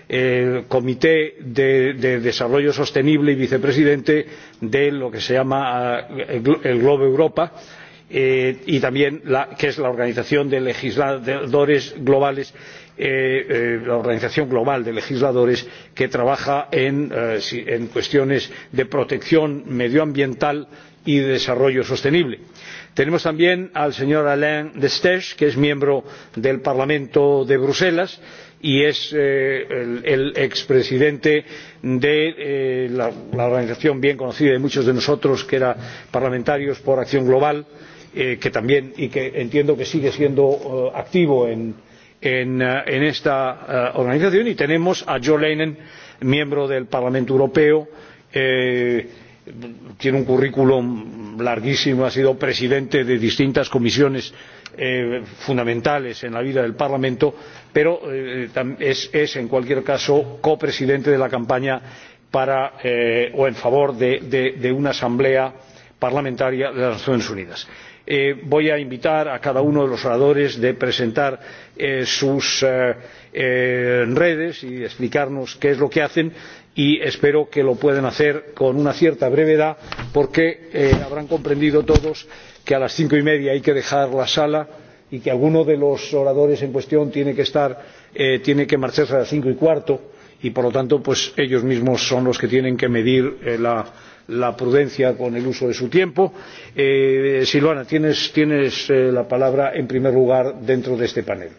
eh, comité de, desarrollo sostenible y vicepresidente de lo que se llama eh, el globo europa y también la, que es la organización de legisladores globales la organización global de legisladores que trabaja en cuestiones de protección medioambiental y de desarrollo sostenible tenemos también al señor alain destache que es miembro del parlamento de bruselas y es eh, el, expresidente de eh, la, organización bien conocida de muchos de nosotros que era parlamentarios por acción global eh, que también y que entiendo que sigue siendo activo en, esta organización y tenemos a jo leinen miembro del parlamento europeo que tiene un currículum larguísimo ha sido presidente de distintas comisiones eh, fundamentales en la vida del parlamento pero eh, es, en cualquier caso copresidente de la campaña eh, o en favor de, una asamblea parlamentaria de las naciones unidas. voy a invitar a cada uno de los oradores a presentar sus redes y explicarnos qué es lo que hacen y espero que lo puedan hacer con una cierta brevedad porque eh, habrán comprendido todos que a las cinco y media hay que dejar la sala y que alguno de los oradores en cuestión tiene que, eh, marcharse a las cinco y cuarto y por lo tanto ellos mismos son los que tienen que medir eh, la, prudencia con el uso de su tiempo. silvana tienes, la palabra en primer lugar dentro de este panel.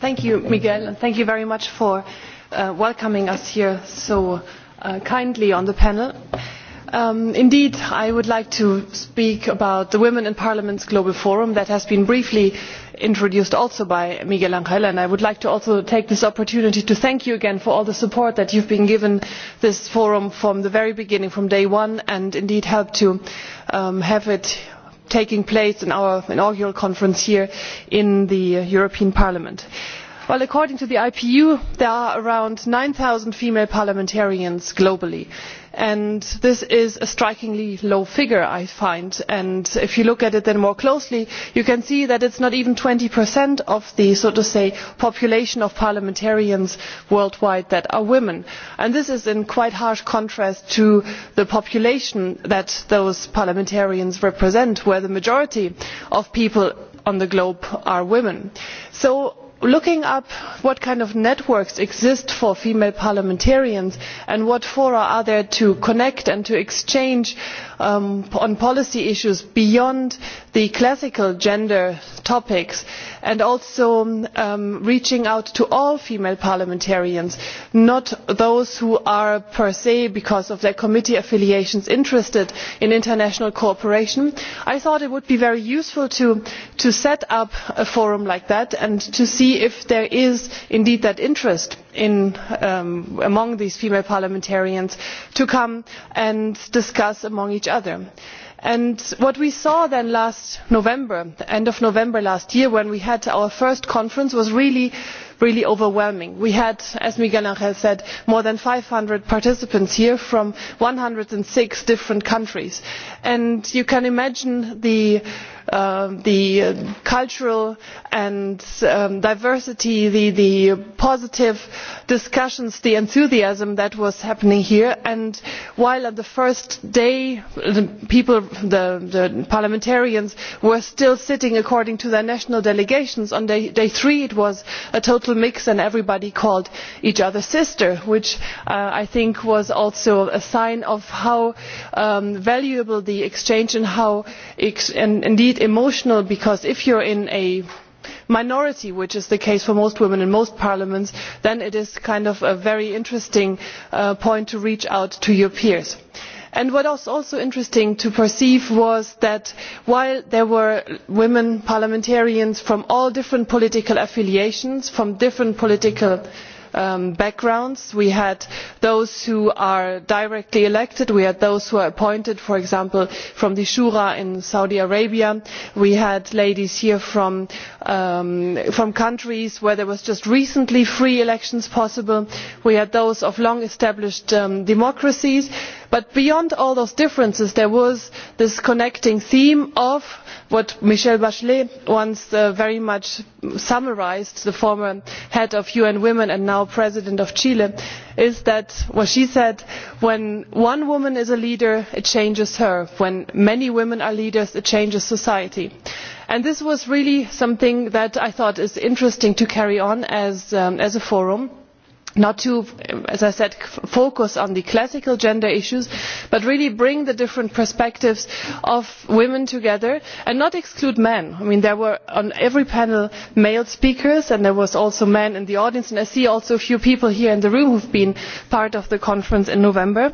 Thank you, Miguel, and thank you very much for uh, welcoming us here so uh, kindly on the panel. Um, indeed, I would like to speak about the Women in Parliament's Global Forum that has been briefly introduced also by miguel angel and i would like to also take this opportunity to thank you again for all the support that you have been giving this forum from the very beginning from day one and indeed helped to um, have it taking place in our inaugural conference here in the uh, european parliament. according to the ipu there are around nine zero female parliamentarians globally and this is a strikingly low figure i find and if you look at it then more closely you can see that it is not even twenty of the so to say population of parliamentarians worldwide that are women and this is in quite harsh contrast to the population that those parliamentarians represent where the majority of people on the globe are women. so looking up what kind of networks exist for female parliamentarians and what fora there are to connect and to exchange ideas Um, on policy issues beyond the classical gender topics and also um, reaching out to all female parliamentarians not those who are per se because of their committee affiliations interested in international cooperation i thought it would be very useful to set up a forum like that and to see if there is indeed that interest in, um, among these female parliamentarians to come and discuss among each other. And what we saw then last november the end of november last year when we had our first conference was really really overwhelming. we had as miguel angel said more than five hundred participants here from one hundred and six different countries and you can imagine the Um, the cultural and um, diversity the, positive discussions the enthusiasm that was happening here and while on the first day the people the, parliamentarians were still sitting according to their national delegations on day, three it was a total mix and everybody called each other sister which uh, i think was also a sign of how um, valuable the exchange and how and, indeed emotional because if you are in a minority which is the case for most women in most parliaments then it is kind of a very interesting uh, point to reach out to your peers. what was also interesting to perceive was that while there were women parliamentarians from all different political affiliations from different political Um, backgrounds we had those who are directly elected we had those who are appointed for example from the shura in saudi arabia we had ladies here from, um, from countries where there were just recently free elections possible we had those of long established um, democracies and but beyond all those differences there was this connecting theme of what michelle bachelet once uh, very much summarised the former head of un women and now president of chile is that what she said when one woman is a leader it changes her when many women are leaders it changes society this was really something that i thought is interesting to carry on as um, a forum not to as i said focus on the classical gender issues but really bring the different perspectives of women together and not exclude men. there were on every panel male speakers and there were also men in the audience and i see also a few people here in the room who have been part of the conference in november.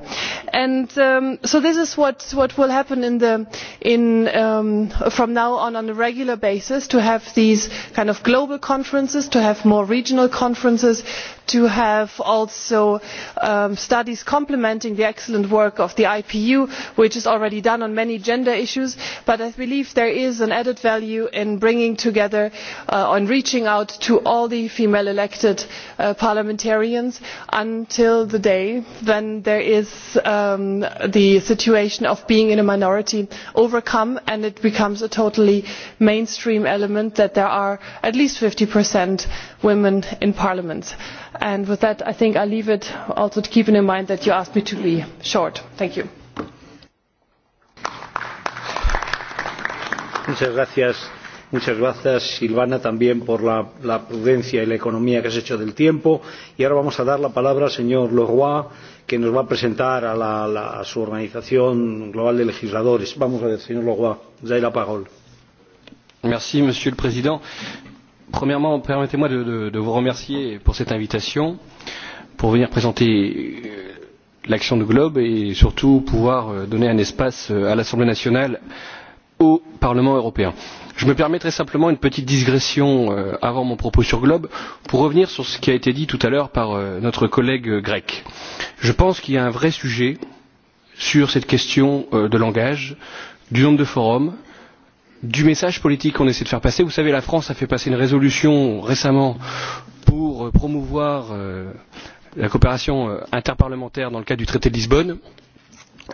Um, so this is what, will happen um, from now on on a regular basis to have these kind of global conferences to have more regional conferences to have also um, studies complementing the excellent work of the ipu which is already done on many gender issues but i believe there is an added value in bringing together and uh, reaching out to all the female elected uh, parliamentarians until the day when there is um, the situation of being in a minority overcome and it becomes a totally mainstream element that there are at least fifty women in parliament and with that i think i leave it also keeping in mind that you asked me to be short. thank you. Muchas gracias, muchas gracias Silvana también por la, prudencia y la economía que has hecho del tiempo. Y ahora vamos a dar la palabra al señor Leroy, que nos va a presentar a, la, la, a su organización global de legisladores. Vamos a ver, señor Leroy, la Merci, Monsieur le Président premièrement permettez moi de, de, de vous remercier pour cette invitation pour venir présenter l'action de globe et surtout pouvoir euh, donner un espace euh, à l'assemblée nationale au parlement européen. je me permets très simplement une petite digression euh, avant mon propos sur globe pour revenir sur ce qui a été dit tout à l'heure par notre collègue grec. je pense qu'il y a un vrai sujet sur cette question de langage du nombre de forums du message politique qu'on essaie de faire passer. Vous savez, la France a fait passer une résolution récemment pour euh, promouvoir euh, la coopération euh, interparlementaire dans le cadre du traité de Lisbonne.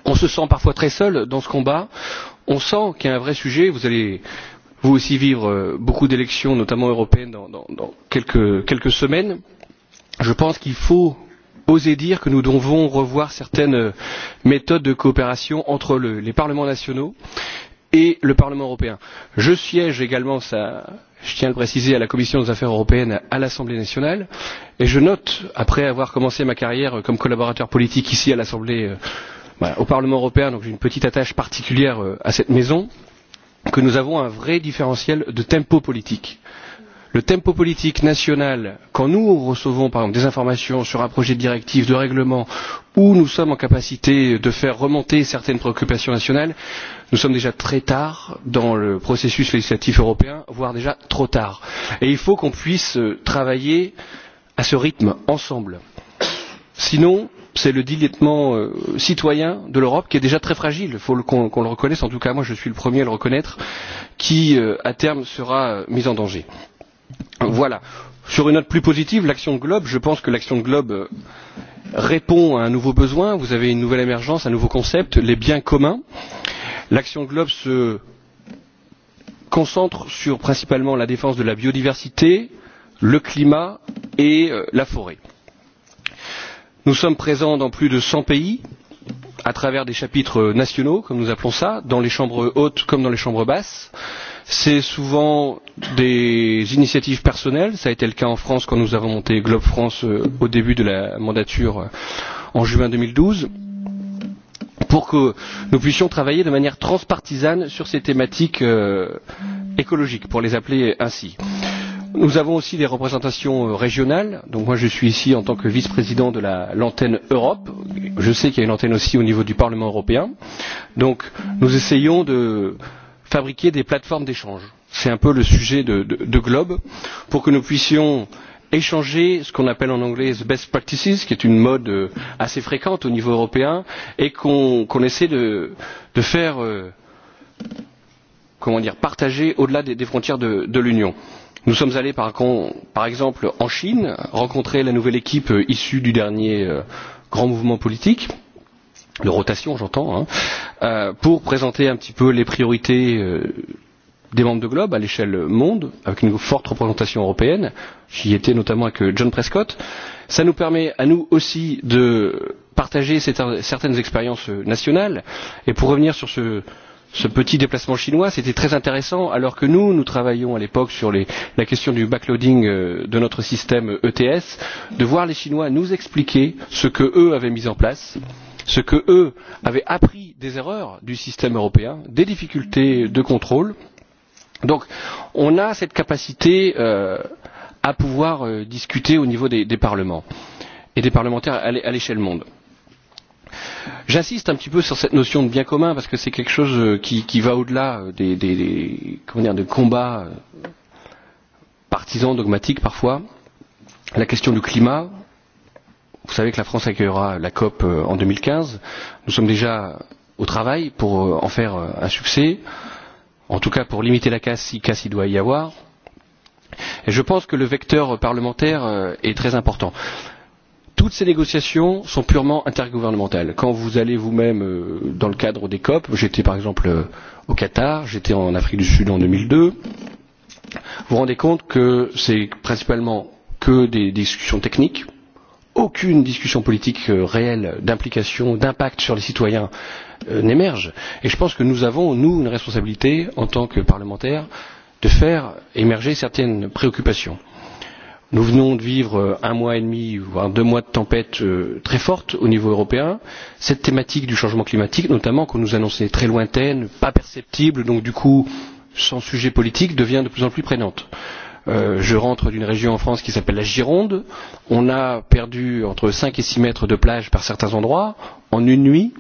On se sent parfois très seul dans ce combat. On sent qu'il y a un vrai sujet. Vous allez vous aussi vivre euh, beaucoup d'élections, notamment européennes, dans, dans, dans quelques, quelques semaines. Je pense qu'il faut oser dire que nous devons revoir certaines méthodes de coopération entre le, les parlements nationaux et le Parlement européen. Je siège également, je tiens à le préciser, à la Commission des affaires européennes à l'Assemblée nationale et je note, après avoir commencé ma carrière comme collaborateur politique ici euh, au Parlement européen, donc j'ai une petite attache particulière euh, à cette maison, que nous avons un vrai différentiel de tempo politique le tempo politique national quand nous recevons par exemple des informations sur un projet de directive de règlement où nous sommes en capacité de faire remonter certaines préoccupations nationales nous sommes déjà très tard dans le processus législatif européen voire déjà trop tard et il faut qu'on puisse euh, travailler à ce rythme ensemble sinon c'est le dilettement euh, citoyen de l'Europe qui est déjà très fragile, il faut qu'on le reconnaisse, en tout cas moi je suis le premier à le reconnaître, qui euh, à terme sera mis en danger voilà. sur une note plus positive l'action globe je pense que l'action globe euh, répond à un nouveau besoin vous avez une nouvelle émergence un nouveau concept les biens communs. l'action globe se concentre sur principalement la défense de la biodiversité le climat et euh, la forêt. nous sommes présents dans plus de cent pays à travers des chapitres nationaux, comme nous appelons ça, dans les chambres hautes comme dans les chambres basses. C'est souvent des initiatives personnelles. Ça a été le cas en France quand nous avons monté Globe France euh, au début de la mandature euh, en juin 2012 pour que nous puissions travailler de manière transpartisane sur ces thématiques euh, écologiques, pour les appeler ainsi. Euh, Nous avons aussi des représentations euh, régionales. Donc moi je suis ici en tant que vice-président de l'antenne Europe. Je sais qu'il y a une antenne aussi au niveau du Parlement européen. Donc nous essayons de fabriquer des plateformes d'échange. C'est un peu le sujet de, de, de Globe pour que nous puissions échanger ce qu'on appelle en anglais the best practices qui est une mode euh, assez fréquente au niveau européen et qu'on qu essaie de, de faire euh, comment dire partager au delà des, des frontières de, de l'union nous sommes allés par, par exemple en chine rencontrer la nouvelle équipe euh, issue du dernier euh, grand mouvement politique de rotation j'entends euh, pour présenter un petit peu les priorités des membres de globe à l'échelle monde avec une forte représentation européenne j'y étais notamment avec john prescott cela nous permet à nous aussi de partager certaines expériences nationales et pour revenir sur ce ce petit déplacement chinois, c'était très intéressant, alors que nous, nous travaillions à l'époque sur les, la question du backloading euh, de notre système ETS, de voir les Chinois nous expliquer ce que eux avaient mis en place, ce que eux avaient appris des erreurs du système européen, des difficultés de contrôle. Donc, on a cette capacité euh, à pouvoir euh, discuter au niveau des, des parlements et des parlementaires à l'échelle monde. J'insiste un petit peu sur cette notion de bien commun parce que c'est quelque chose euh, qui, qui va au-delà euh, des, des, des, comment dire, de combats euh, partisans, dogmatiques parfois. La question du climat, vous savez que la France accueillera la COP en 2015. Nous sommes déjà au travail pour en faire un succès, en tout cas pour limiter la casse si casse il doit y avoir. Et je pense que le vecteur parlementaire est très important. Euh, toutes ces négociations sont purement intergouvernementales. Quand vous allez vous-même euh, dans le cadre des COP, j'étais par exemple euh, au Qatar, j'étais en Afrique du Sud en 2002, vous vous rendez compte que c'est principalement que des discussions techniques, aucune discussion politique euh, réelle d'implication, d'impact sur les citoyens n'émerge. Et je pense que nous avons, nous, une responsabilité en tant que parlementaires de faire émerger certaines préoccupations Nous venons de vivre euh, un mois et demi, voire deux mois de tempête euh, très forte au niveau européen. Cette thématique du changement climatique, notamment, qu'on nous annonçait très lointaine, pas perceptible, donc du coup sans sujet politique, devient de plus en plus prégnante. Euh, je rentre d'une région en France qui s'appelle la Gironde. On a perdu entre cinq et six mètres de plage par certains endroits en une nuit.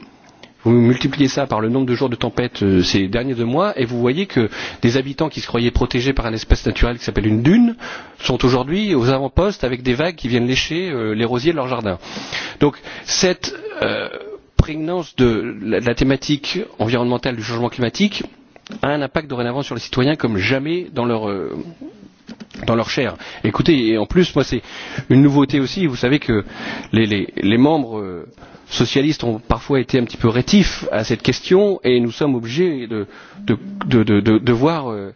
Vous multipliez ça par le nombre de jours de tempête euh, ces derniers deux mois et vous voyez que des habitants qui se croyaient protégés par un espace naturel qui s'appelle une dune sont aujourd'hui aux avant-postes avec des vagues qui viennent lécher euh, les rosiers de leur jardin. Donc cette euh, prégnance de la, de la thématique environnementale du changement climatique a un impact dorénavant sur les citoyens comme jamais dans leur euh, dans leur chair. Écoutez, et en plus, moi, c'est une nouveauté aussi. Vous savez que les, les, les membres euh, socialistes ont parfois été un petit peu rétifs à cette question et nous sommes obligés de, de, de, de, de, de voir euh,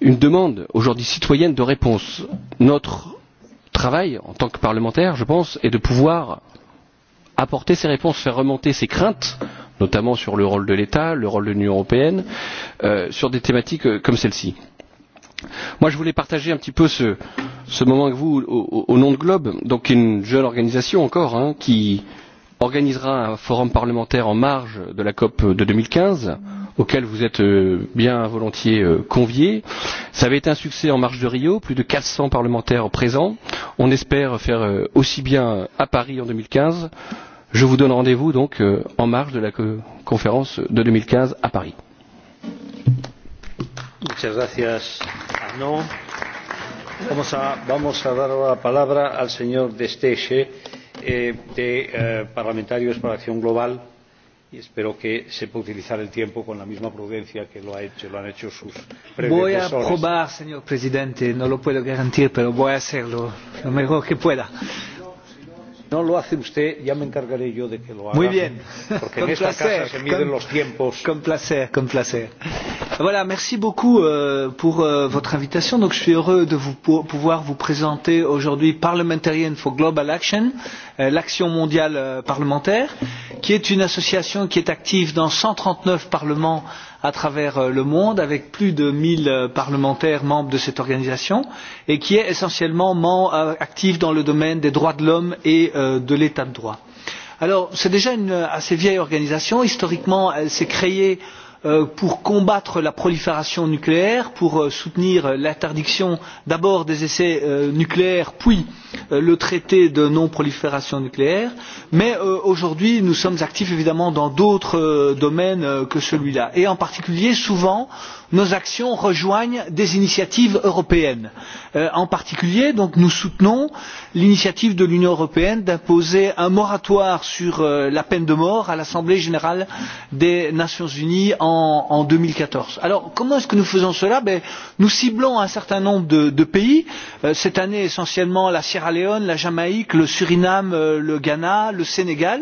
une demande aujourd'hui citoyenne de réponse. Notre travail en tant que parlementaires, je pense, est de pouvoir apporter ces réponses, faire remonter ces craintes, notamment sur le rôle de l'État, le rôle de l'Union européenne, euh, sur des thématiques euh, comme celle-ci. Moi, je voulais partager un petit peu ce, ce moment avec vous au, au, au nom de Globe, donc une jeune organisation encore, hein, qui, euh, organisera un forum parlementaire en marge de la COP de deux mille quinze auquel vous êtes euh, bien volontiers euh, conviés. Cela avait été un succès en marge de Rio, plus de quatre cents parlementaires présents. On espère faire euh, aussi bien à Paris en deux mille quinze. Je vous donne rendez-vous donc en marge de la conférence de deux mille quinze à Paris. Vamos a, vamos a dar la palabra al señor Desteche Eh, de eh, parlamentarios para acción global y espero que sepa utilizar el tiempo con la misma prudencia que lo, han hecho sus predecesores. Voy a probar, señor presidente, no lo puedo garantizar, pero voy a hacerlo lo mejor que pueda no lo hace usted, ya me encargaré yo de que lo haga. Muy bien. Porque con en esta placer, casa se miden con, los tiempos. Con placer, con placer. Voilà, merci beaucoup euh, pour euh, votre invitation. Donc, je suis heureux de vous pour, pouvoir vous présenter aujourd'hui Parliamentarian for Global Action, euh, l'action mondiale euh, parlementaire, qui est une association qui est active dans 139 parlements à travers euh, le monde avec plus de 1000 euh, parlementaires membres de cette organisation et qui est essentiellement euh, active dans le domaine des droits de l'homme et de l'état de droit. Alors, c'est déjà une assez vieille organisation. Historiquement, elle s'est créée euh, Euh, pour combattre la prolifération nucléaire pour euh, soutenir l'interdiction d'abord des essais euh, nucléaires puis le traité de non prolifération nucléaire mais aujourd'hui nous sommes actifs évidemment dans d'autres domaines que celui là et en particulier souvent dans nos actions rejoignent des initiatives européennes. Euh, en particulier nous soutenons l'initiative de l'union européenne d'imposer un moratoire sur euh, la peine de mort à l'assemblée générale des nations unies en. deux mille quatorze alors comment -ce nous faisons cela? nous ciblons un certain nombre de, pays euh, cette année essentiellement la sierra leone la jamaïque le suriname le ghana le sénégal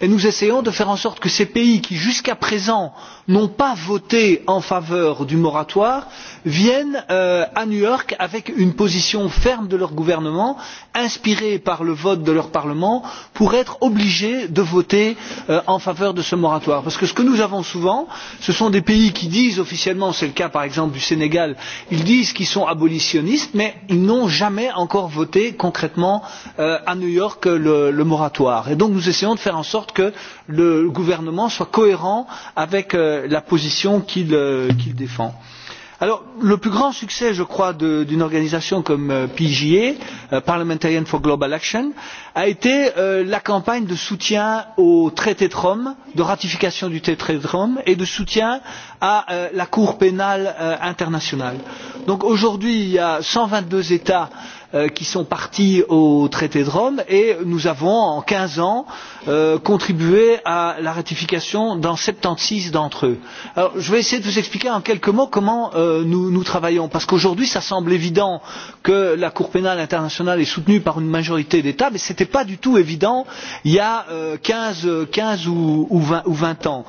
et nous essayons de faire en sorte que ces pays qui jusqu'à présent n'ont pas voté en faveur du moratoire viennent euh, à new york avec une position ferme de leur gouvernement inspirée par le vote de leur parlement pour être obligés de voter euh, en faveur de ce moratoire. parce que ce que nous avons souvent ce sont des pays qui disent officiellement c'est le cas par exemple du sénégal qu'ils sont abolitionnistes mais ils n'ont jamais encore voté concrètement euh, à new york le, le moratoire. Et donc, nous essayons de faire en sorte que le gouvernement soit cohérent avec Euh, la position qu'il euh, qu défend. Alors, le plus grand succès, je crois, d'une organisation comme euh, PGA, euh, Parliamentarian for Global Action, a été euh, la campagne de soutien au traité de Rome, de ratification du traité de Rome et de soutien à euh, la Cour pénale internationale. Donc aujourd'hui, il y a 122 États Euh, qui sont partis au traité de Rome et nous avons en quinze ans euh, contribué à la ratification dans soixante six d'entre eux. Alors, je vais essayer de vous expliquer en quelques mots comment euh, nous, nous travaillons parce qu'aujourd'hui ça semble évident que la Cour pénale internationale est soutenue par une majorité d'États mais ce n'était pas du tout évident il y a quinze ou vingt ans.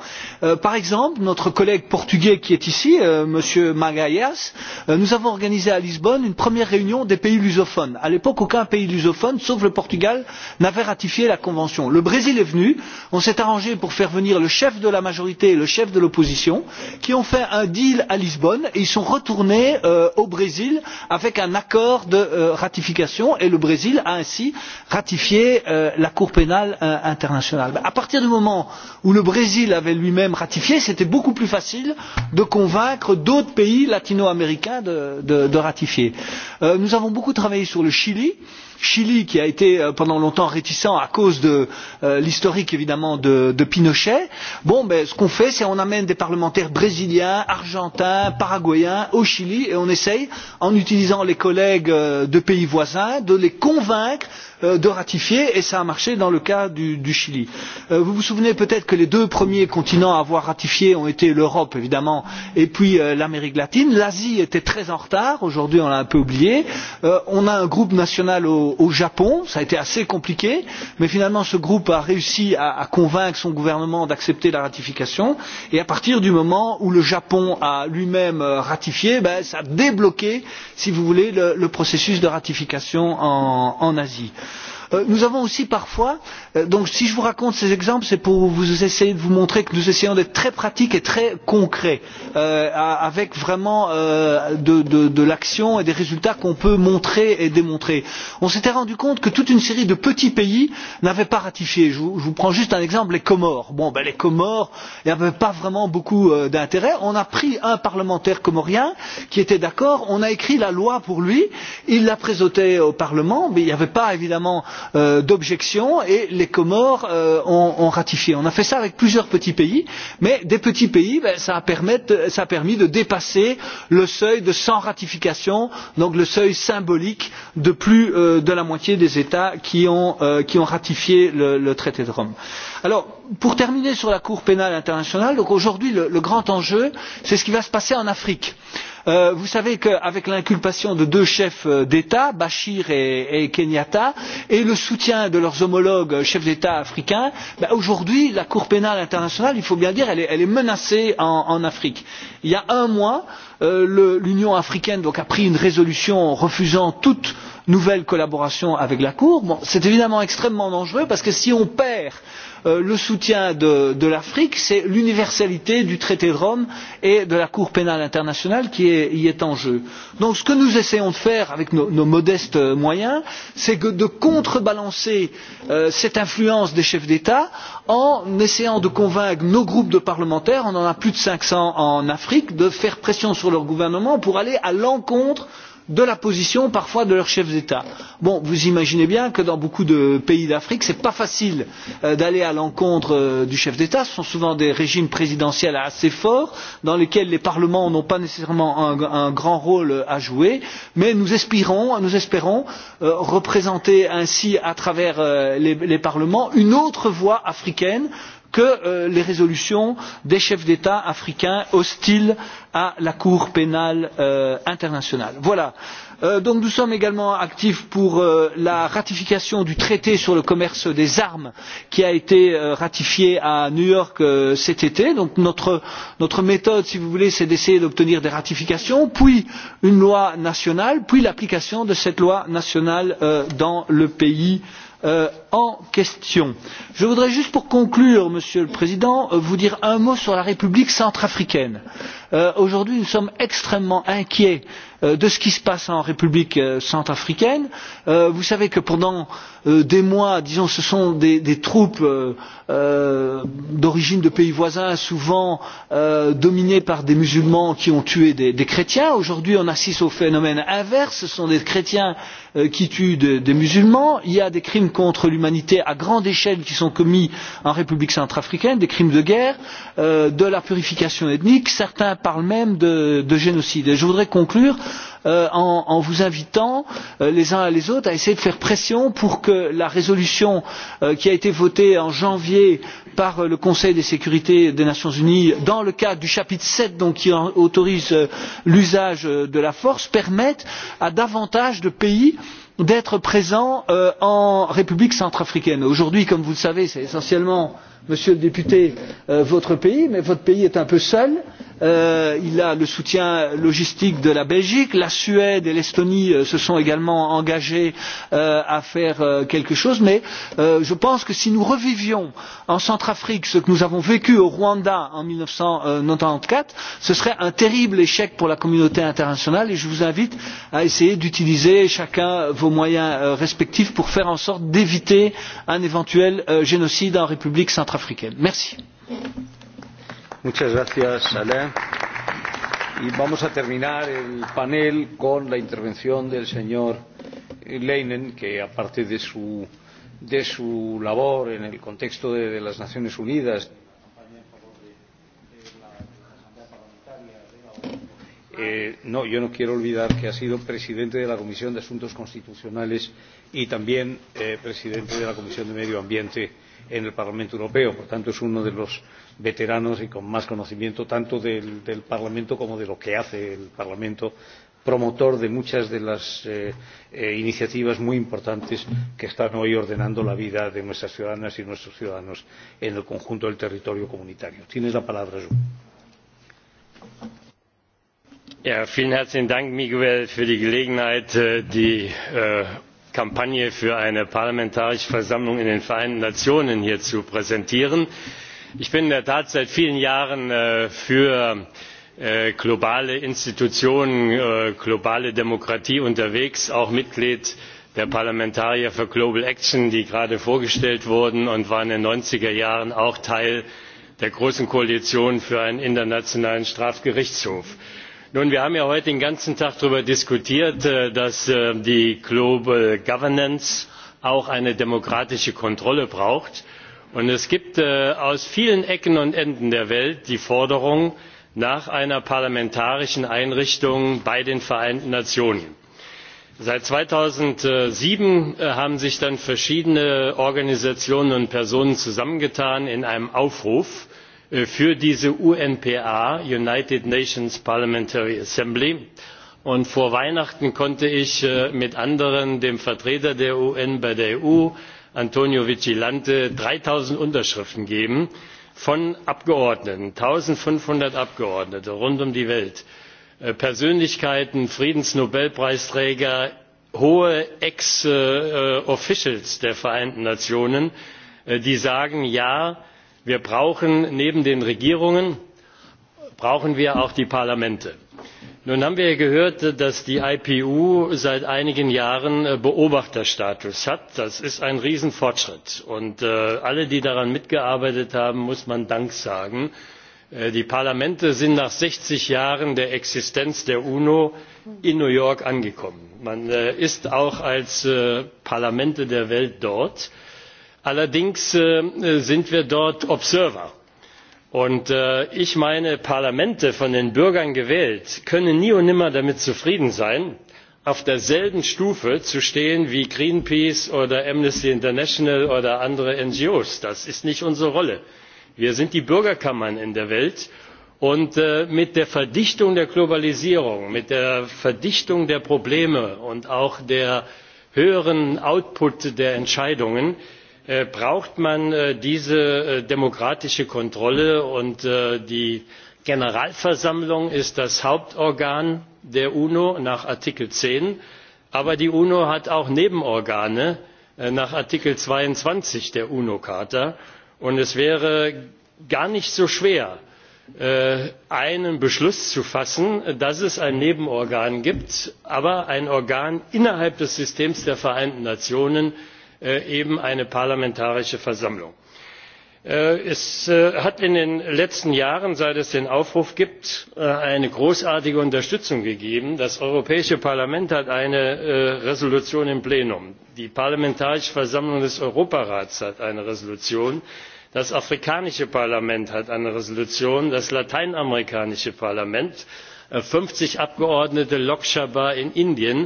Par exemple, notre collègue portugais qui est ici, M. Magalhães, nous avons organisé à Lisbonne une première réunion des pays lusophones lusophone. à l'époque aucun pays lusophone sauf le portugal n'avait ratifié la convention. le brésil est venu on s'est arrangé pour faire venir le chef de la majorité et le chef de l'opposition qui ont fait un deal à lisbonne et ils sont retournés euh, au brésil avec un accord de euh, ratification et le brésil a ainsi ratifié euh, la cour pénale internationale. à partir du moment où le brésil avait lui même ratifié c'était beaucoup plus facile de convaincre d'autres pays latino américains de, de, de ratifier. nous avons beaucoup travaillé sur le Chili. Chili qui a été euh, pendant longtemps réticent à cause de euh, l'historique évidemment de, Pinochet. Bon, ben, ce qu'on fait, c'est qu'on amène des parlementaires brésiliens, argentins, paraguayens au Chili et on essaye, en utilisant les collègues euh, de pays voisins, de les convaincre de ratifier et cela a marché dans le cas du, Chili. vous vous souvenez peut-être que les deux premiers continents à avoir ratifié ont été l'Europe évidemment et puis l'Amérique latine. L'Asie était très en retard, aujourd'hui on l'a un peu oublié. on a un groupe national au au, Japon. cela a été assez compliqué, mais finalement ce groupe a réussi à, convaincre son gouvernement d'accepter la ratification. Et à partir du moment où le Japon a lui-même euh, ratifié, ben, a débloqué, si vous voulez, le, le processus de ratification en, en Asie. Euh, nous avons aussi parfois euh, donc si je vous raconte ces exemples c'est pour vous essayer de vous montrer que nous essayons d'être très pratiques et très concrets euh, avec vraiment de, de, de l'action et des résultats qu'on peut montrer et démontrer. on s'était rendu compte que toute une série de petits pays n'avaient pas ratifié. je vous, je vous prends juste un exemple les comores. Bon, ben, les comores il n'y avait pas vraiment beaucoup d'intérêt. on a pris un parlementaire comorien qui était d'accord on a écrit la loi pour lui il l'a présentée au parlement mais il n'y avait pas évidemment Euh, d'objection et les Comores euh, ont, ont ratifié. On a fait ça avec plusieurs petits pays, mais des petits pays, ben, ça, a ça a permis de dépasser le seuil de 100 ratifications, donc le seuil symbolique de plus euh, de la moitié des États qui ont, euh, qui ont ratifié le, le traité de Rome. Alors, pour terminer sur la Cour pénale internationale, aujourd'hui le, le grand enjeu, c'est ce qui va se passer en Afrique. Euh, vous savez qu'avec l'inculpation de deux chefs euh, d'état bachir et, kenyatta et le soutien de leurs homologues euh, chefs d'état africains ben aujourd'hui la cour pénale internationale il faut bien le dire elle est, elle est menacée en, en afrique. il y a un mois l'union africaine donc, a pris une résolution refusant toute nouvelle collaboration avec la cour. Bon, c'est évidemment extrêmement dangereux parce que si on perd Euh, le soutien de, l'afrique c'est l'universalité du traité de rome et de la cour pénale internationale qui y est en jeu. donc ce que nous essayons de faire avec nos, modestes moyens c'est de contrebalancer euh, cette influence des chefs d'état en essayant de convaincre nos groupes de parlementaires on en a plus de cinq cents en afrique de faire pression sur leur gouvernement pour aller à l'encontre de de la position parfois de leurs chefs d'état. Bon, vous imaginez bien que dans beaucoup de pays d'afrique ce n'est pas facile euh, d'aller à l'encontre euh, du chef d'état ce sont souvent des régimes présidentiels assez forts dans lesquels les parlements n'ont pas nécessairement un, un, grand rôle à jouer mais nous espérons, nous espérons euh, représenter ainsi à travers les, les parlements une autre voix africaine que euh, les résolutions des chefs d'état africains hostiles à la cour pénale euh, internationale. voilà. Euh, donc, nous sommes également actifs pour euh, la ratification du traité sur le commerce des armes qui a été euh, ratifié à new york euh, cet été. Donc, notre, notre méthode si vous voulez c'est d'essayer d'obtenir des ratifications puis une loi nationale puis l'application de cette loi nationale dans le pays en question. je voudrais juste pour conclure monsieur le président euh, vous dire un mot sur la république centrafricaine. Euh, aujourd'hui nous sommes extrêmement inquiets euh, de ce qui se passe en république centrafricaine. vous savez que pendant des mois disons ce sont des, troupes d'origine de pays voisins souvent dominées par des musulmans qui ont tué des, chrétiens. aujourd'hui on assiste au phénomène inverse ce sont des chrétiens qui tuent des, des musulmans. il y a des crimes contre l'humanité l'humanité à grande échelle qui sont commis en république centrafricaine des crimes de guerre euh, de la purification ethnique certains parlent même de, de génocide. Et je voudrais conclure euh, en, en vous invitant euh, les uns et les autres à essayer de faire pression pour que la résolution euh, qui a été votée en janvier par euh, le conseil de sécurité des nations unies dans le cadre du chapitre sept qui autorise euh, l'usage de la force permette à davantage de pays euh, d'être présent euh, en république centrafricaine. aujourd'hui comme vous le savez c'est essentiellement monsieur le député euh, votre pays mais votre pays est un peu seul Euh, il a le soutien logistique de la belgique la suède et l'estonie euh, se sont également engagées euh, à faire euh, quelque chose mais euh, je pense que si nous revivions en centrafrique ce que nous avons vécu au rwanda en mille neuf cent quatre vingt quatre ce serait un terrible échec pour la communauté internationale et je vous invite à essayer d'utiliser chacun vos moyens respectifs pour faire en sorte d'éviter un éventuel génocide en république centrafricaine. merci. Muchas gracias, Alain. Y vamos a terminar el panel con la intervención del señor Leinen, que aparte de su, de su labor en el contexto de, de las Naciones Unidas, Eh, no, yo no quiero olvidar que ha sido presidente de la Comisión de Asuntos Constitucionales y también eh, presidente de la Comisión de Medio Ambiente en el Parlamento Europeo. Por tanto, es uno de los veteranos y con más conocimiento tanto del, del parlamento como de lo que hace el parlamento promotor de muchas de las eh, eh, iniciativas muy importantes que están hoy ordenando la vida de nuestras ciudadanas y nuestros ciudadanos en el conjunto del territorio comunitario. Tienes la palabra, Ju. Ja, vielen herzlichen Dank, Miguel, für die Gelegenheit, äh, die äh, Kampagne für eine parlamentarische Versammlung in den Vereinten Nationen hier zu präsentieren. Äh, ich bin in der tat seit vielen jahren äh, für äh, globale institutionen äh, globale demokratie unterwegs auch mitglied der parlamentarier für global action die gerade vorgestellt wurden und war in den neunzig er jahren auch teil der großen koalition für einen internationalen strafgerichtshof. nun wir haben ja heute den ganzen tag darüber diskutiert dass die global governance auch eine demokratische kontrolle braucht und es gibt äh, aus vielen ecken und enden der welt die forderung nach einer parlamentarischen einrichtung bei den vereinten nationen. seit zweitausendsieben äh, haben sich dann verschiedene organisationen und personen zusammengetan in einem aufruf äh, für diese unpa united nations parliamentary assembly und vor weihnachten konnte ich mit anderen dem vertreter der un bei der eu antonio vigilante drei null unterschriften geben von abgeordneten eins fünfhundert abgeordnete rund um die welt äh, persönlichkeiten friedensnobelpreisträger hohe ex officials der vereinten nationen äh, die sagen ja wir brauchen neben den regierungen brauchen wir auch die parlamente nun haben wir ja gehört dass die ipu seit einigen jahren äh, beobachterstatus hat. das ist ein riesenfortschritt und äh, allen die daran mitgearbeitet haben muss man dank sagen. Äh, die parlamente sind nach sechzig jahren der existenz der uno in new york angekommen. man ist auch als parlamente der welt dort allerdings sind wir dort observer und äh, ich meine parlamente von den bürgern gewählt können nie und nimmer damit zufrieden sein auf derselben stufe zu stehen wie greenpeace oder amnesty international oder andere ngos. das ist nicht unsere rolle. wir sind die bürgerkammern in der welt und äh, mit der verdichtung der globalisierung mit der verdichtung der probleme und auch der höheren output der entscheidungen Äh, braucht man äh, diese äh, demokratische kontrolle und die generalversammlung ist das hauptorgan der uno nach artikel zehn aber die uno hat auch nebenorgane nach artikel zweiundzwanzig der uno charta und es wäre gar nicht so schwer einen beschluss zu fassen dass es ein nebenorgan gibt aber ein organ innerhalb des systems der vereinten nationen Äh, eben eine parlamentarische versammlung. Äh, es äh, hat in den letzten jahren seit es den aufruf gibt eine großartige unterstützung gegeben. das europäische parlament hat eine entschließung im plenum die parlamentarische versammlung des europarats hat eine entschließung das afrikanische parlament hat eine entschließung das lateinamerikanische parlament fünfzig abgeordnete lok sabha in indien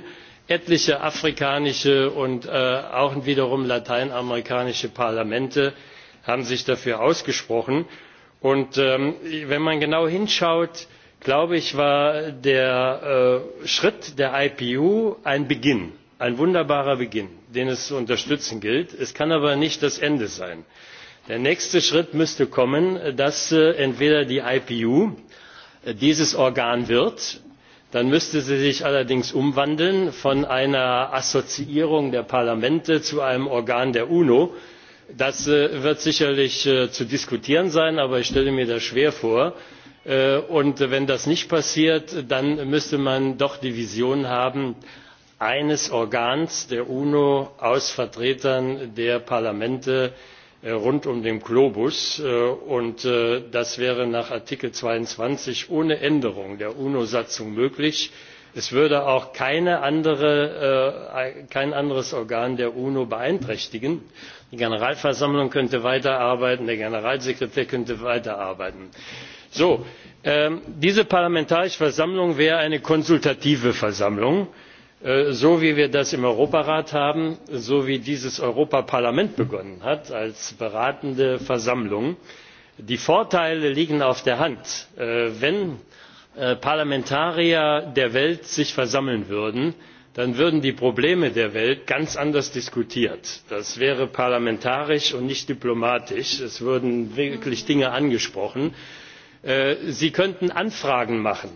etliche afrikanische und äh, auch wiederum lateinamerikanische parlamente haben sich dafür ausgesprochen. und ähm, wenn man genau hinschaut glaube ich war der äh, schritt der ipu ein beginn ein wunderbarer beginn den es zu unterstützen gilt. es kann aber nicht das ende sein. der nächste schritt müsste kommen dass äh, entweder die ipu dieses organ wird dann müsste sie sich allerdings umwandeln von einer assoziierung der parlamente zu einem organ der uno. das äh, wird sicherlich äh, zu diskutieren sein aber ich stelle mir das schwer vor. Äh, und wenn das nicht passiert dann müsste man doch die vision haben eines organs der uno aus vertretern der parlamente Äh, rund um den globus äh, und äh, das wäre nach artikel zweiundzwanzig ohne änderung der uno satzung möglich. es würde auch kein anderes organ der uno beeinträchtigen. die generalversammlung könnte weiterarbeiten der generalsekretär könnte weiterarbeiten. Ähm, diese parlamentarische versammlung wäre eine konsultative versammlung Äh, so wie wir das im europarat haben so wie dieses europäische parlament begonnen hat als beratende versammlung die vorteile liegen auf der hand äh, wenn äh, parlamentarier der welt sich versammeln würden dann würden die probleme der welt ganz anders diskutiert. das wäre parlamentarisch und nicht diplomatisch es würden wirklich dinge angesprochen. sie könnten anfragen machen.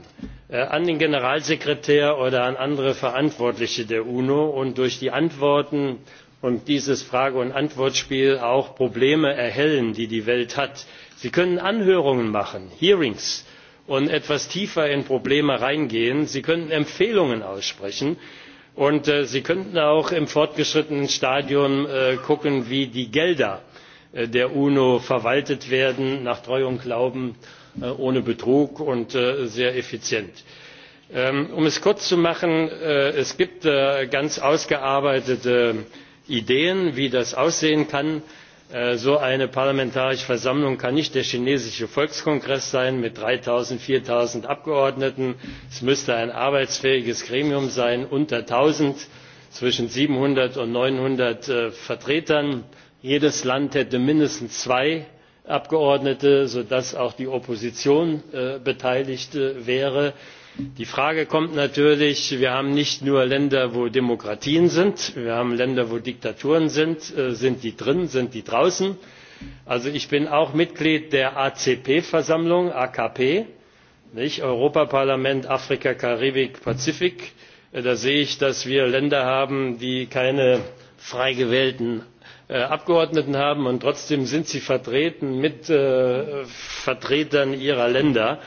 Äh, an den generalsekretär oder an andere verantwortliche der uno und durch die antworten und dieses frage und antwort spiel auch probleme erhellen die die welt hat. sie können anhörungen machen hearings und etwas tiefer in probleme hineingehen sie können empfehlungen aussprechen und äh, sie könnten auch im fortgeschrittenen stadium schauen äh, wie die gelder der uno verwaltet werden nach treu und glauben Äh, ohne betrug und äh, sehr effizient. Ähm, um es kurz zu machen äh, es gibt ganz ausgearbeitete ideen wie das aussehen kann. so eine parlamentarische versammlung kann nicht der chinesische volkskongress sein mit drei null vier null abgeordneten es müsste ein arbeitsfähiges gremium sein unter eins null zwischen siebenhundert und neunhundert vertretern jedes land hätte mindestens zwei abgeordnete sodass auch die opposition äh, beteiligt äh, wäre. die frage kommt natürlich wir haben nicht nur länder wo demokratien sind wir haben länder wo diktaturen sind äh, sind die drin sind die draußen? also ich bin auch mitglied der acp versammlung akp europäisches parlament afrika karibik pazifik da sehe ich dass wir länder haben die keine frei gewählten Äh, abgeordneten haben und trotzdem sind sie vertreten mit äh, vertretern ihrer länder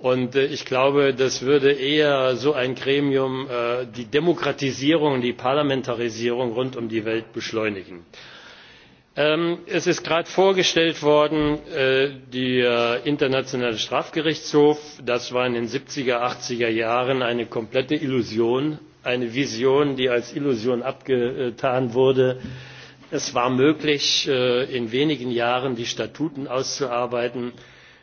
und äh, ich glaube das würde eher so ein gremium die demokratisierung und die parlamentarisierung rund um die welt beschleunigen. Ähm, es ist gerade vorgestellt worden der internationale strafgerichtshof das war in den siebzig er achtzig er jahren eine komplette illusion eine vision die als illusion abgetan wurde es war möglich äh, in wenigen jahren die statuten auszuarbeiten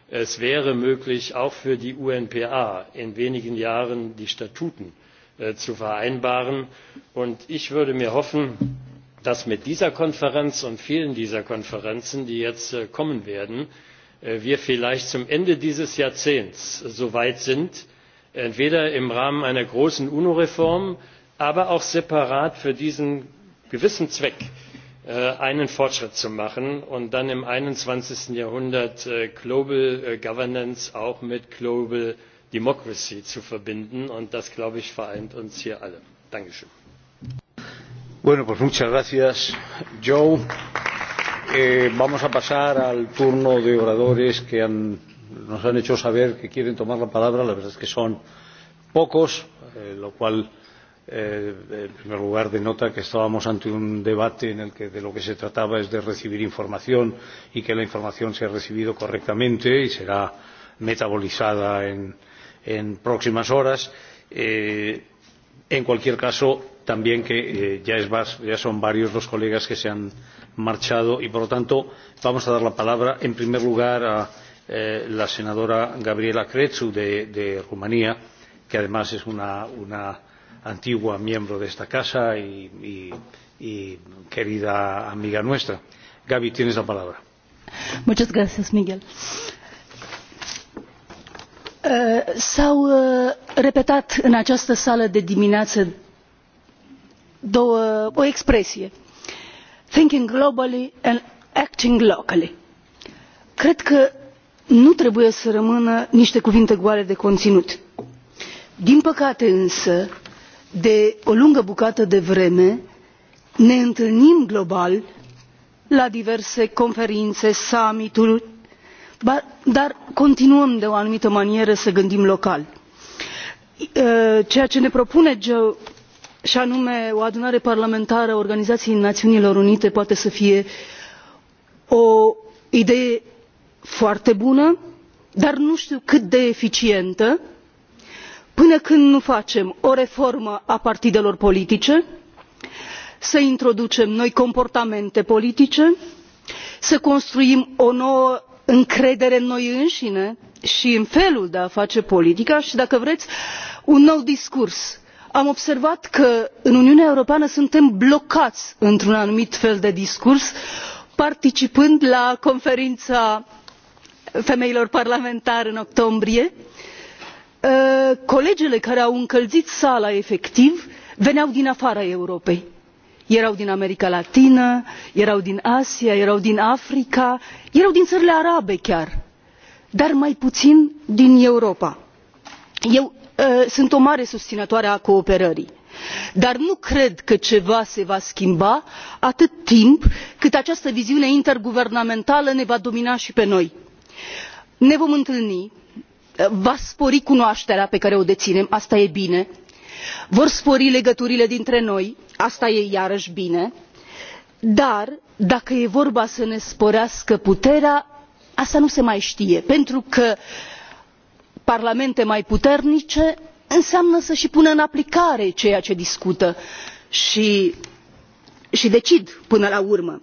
es wäre möglich auch für die unpa in wenigen jahren die statuten äh, zu vereinbaren und ich würde mir hoffen dass mit dieser konferenz und vielen dieser konferenzen die jetzt äh, kommen werden wir vielleicht zum ende dieses jahrzehnts so weit sind entweder im rahmen einer großen uno reform aber auch separat für diesen gewissen zweck Äh, einen fortschritt zu machen und dann im. einundzwanzig jahrhundert äh, global äh, governance auch mit global democracy zu verbinden und das glaube ich vereint uns hier alle. dankeschön. Eh, vamos a pasar al turno de oradores que han, nos han hecho saber que quieren tomar la palabra. La verdad es que son pocos, eh, lo cual Eh, en primer lugar denota que estábamos ante un debate en el que de lo que se trataba es de recibir información y que la información se ha recibido correctamente y será metabolizada en, en próximas horas. Eh, en cualquier caso también que eh, ya, es, ya son varios los colegas que se han marchado y por lo tanto vamos a dar la palabra en primer lugar a eh, la senadora gabriela crețu de, de rumanía que además es una, una antigua miembro de esta casa y, y, y querida amiga nuestra. Gaby, tienes la palabra. Muchas gracias, Miguel. Eh, S au eh, repetat în această sală de dimineață două, o expresie thinking globally and acting locally. Cred că nu trebuie să rămână niște cuvinte goale de conținut. Din păcate însă, de o lungă bucată de vreme ne întâlnim global la diverse conferințe summit uri dar continuăm de o anumită manieră să gândim local. E, ceea ce ne propune joe și anume o adunare parlamentară a organizației națiunilor unite poate să fie o idee foarte bună dar nu știu cât de eficientă și până când nu facem o reformă a partidelor politice să introducem noi comportamente politice să construim o nouă încredere în noi înșine și în felul de a face politică și dacă vreți un nou discurs. am observat că în uniunea europeană suntem blocați într un anumit fel de discurs participând la conferința femeilor parlamentare în octombrie și colegele care au încălzit sala efectiv veneau din afara europei erau din america latină erau din asia erau din africa erau din țările arabe chiar dar mai puțin din europa. eu sunt o mare susținătoare a cooperării dar nu cred că ceva se va schimba atât timp cât această viziune interguvernamentală ne va domina și pe noi. ne vom întâlni va spori cunoașterea pe care o deținem asta e bine vor spori legăturile dintre noi asta e iarăși bine dar dacă e vorba să ne sporească puterea asta nu se mai știe pentru că parlamente mai puternice înseamnă să și pună în aplicare ceea ce discută și, și decid până la urmă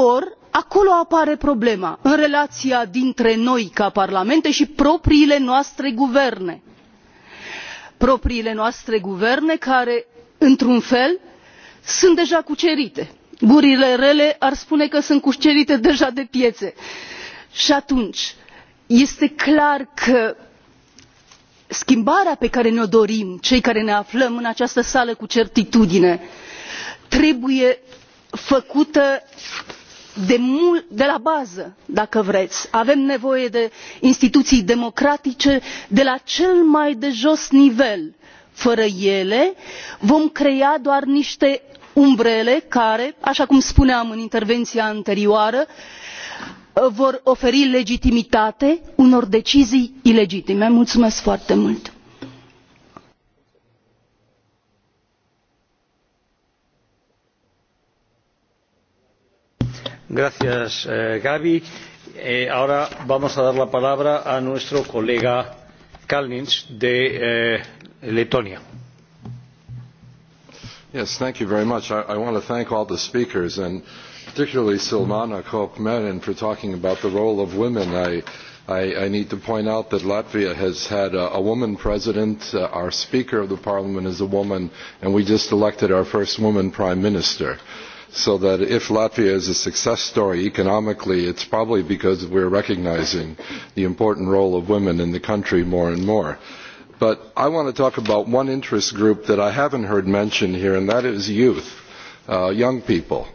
ori acolo apare problema în relația dintre noi ca parlamente și propriile noastre guverne propriile noastre guverne care într un fel sunt deja cucerite gurile rele ar spune că sunt cucerite deja de piețe și atunci este clar că schimbarea pe care ne o dorim cei care ne aflăm în această sală cu certitudine trebuie făcută de, la bază dacă vreți avem nevoie de instituții democratice de la cel mai de jos nivel fără ele vom crea doar niște umbrele care așa cum spuneam în intervenția anterioară vor oferi legitimitate unor decizii ilegitime. mulțumesc foarte mult. Gracias, eh, eh, ahora vamos a dar la palabra a nuestro colega Kalnins de eh, Letonia. Yes, thank you very much. I, I want to thank all the speakers and particularly Silvana Kopmerin for talking about the role of women. I, I, I need to point out that Latvia has had a, woman president. Uh, our Speaker of the Parliament is a woman, and we just elected our first woman Prime Minister so that if Latvia is a success story economically, it's probably because we're recognizing the important role of women in the country more and more. But I want to talk about one interest group that I haven't heard mentioned here, and that is youth, uh, young people.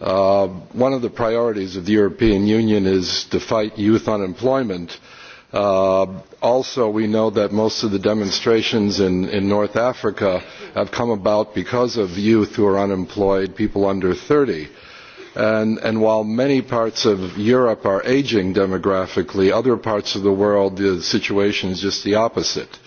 Uh, one of the priorities of the European Union is to fight youth unemployment Uh, also, we know that most of the demonstrations in, in North Africa have come about because of youth who are unemployed, people under 30. And, and while many parts of Europe are aging demographically, other parts of the world, the situation is just the opposite.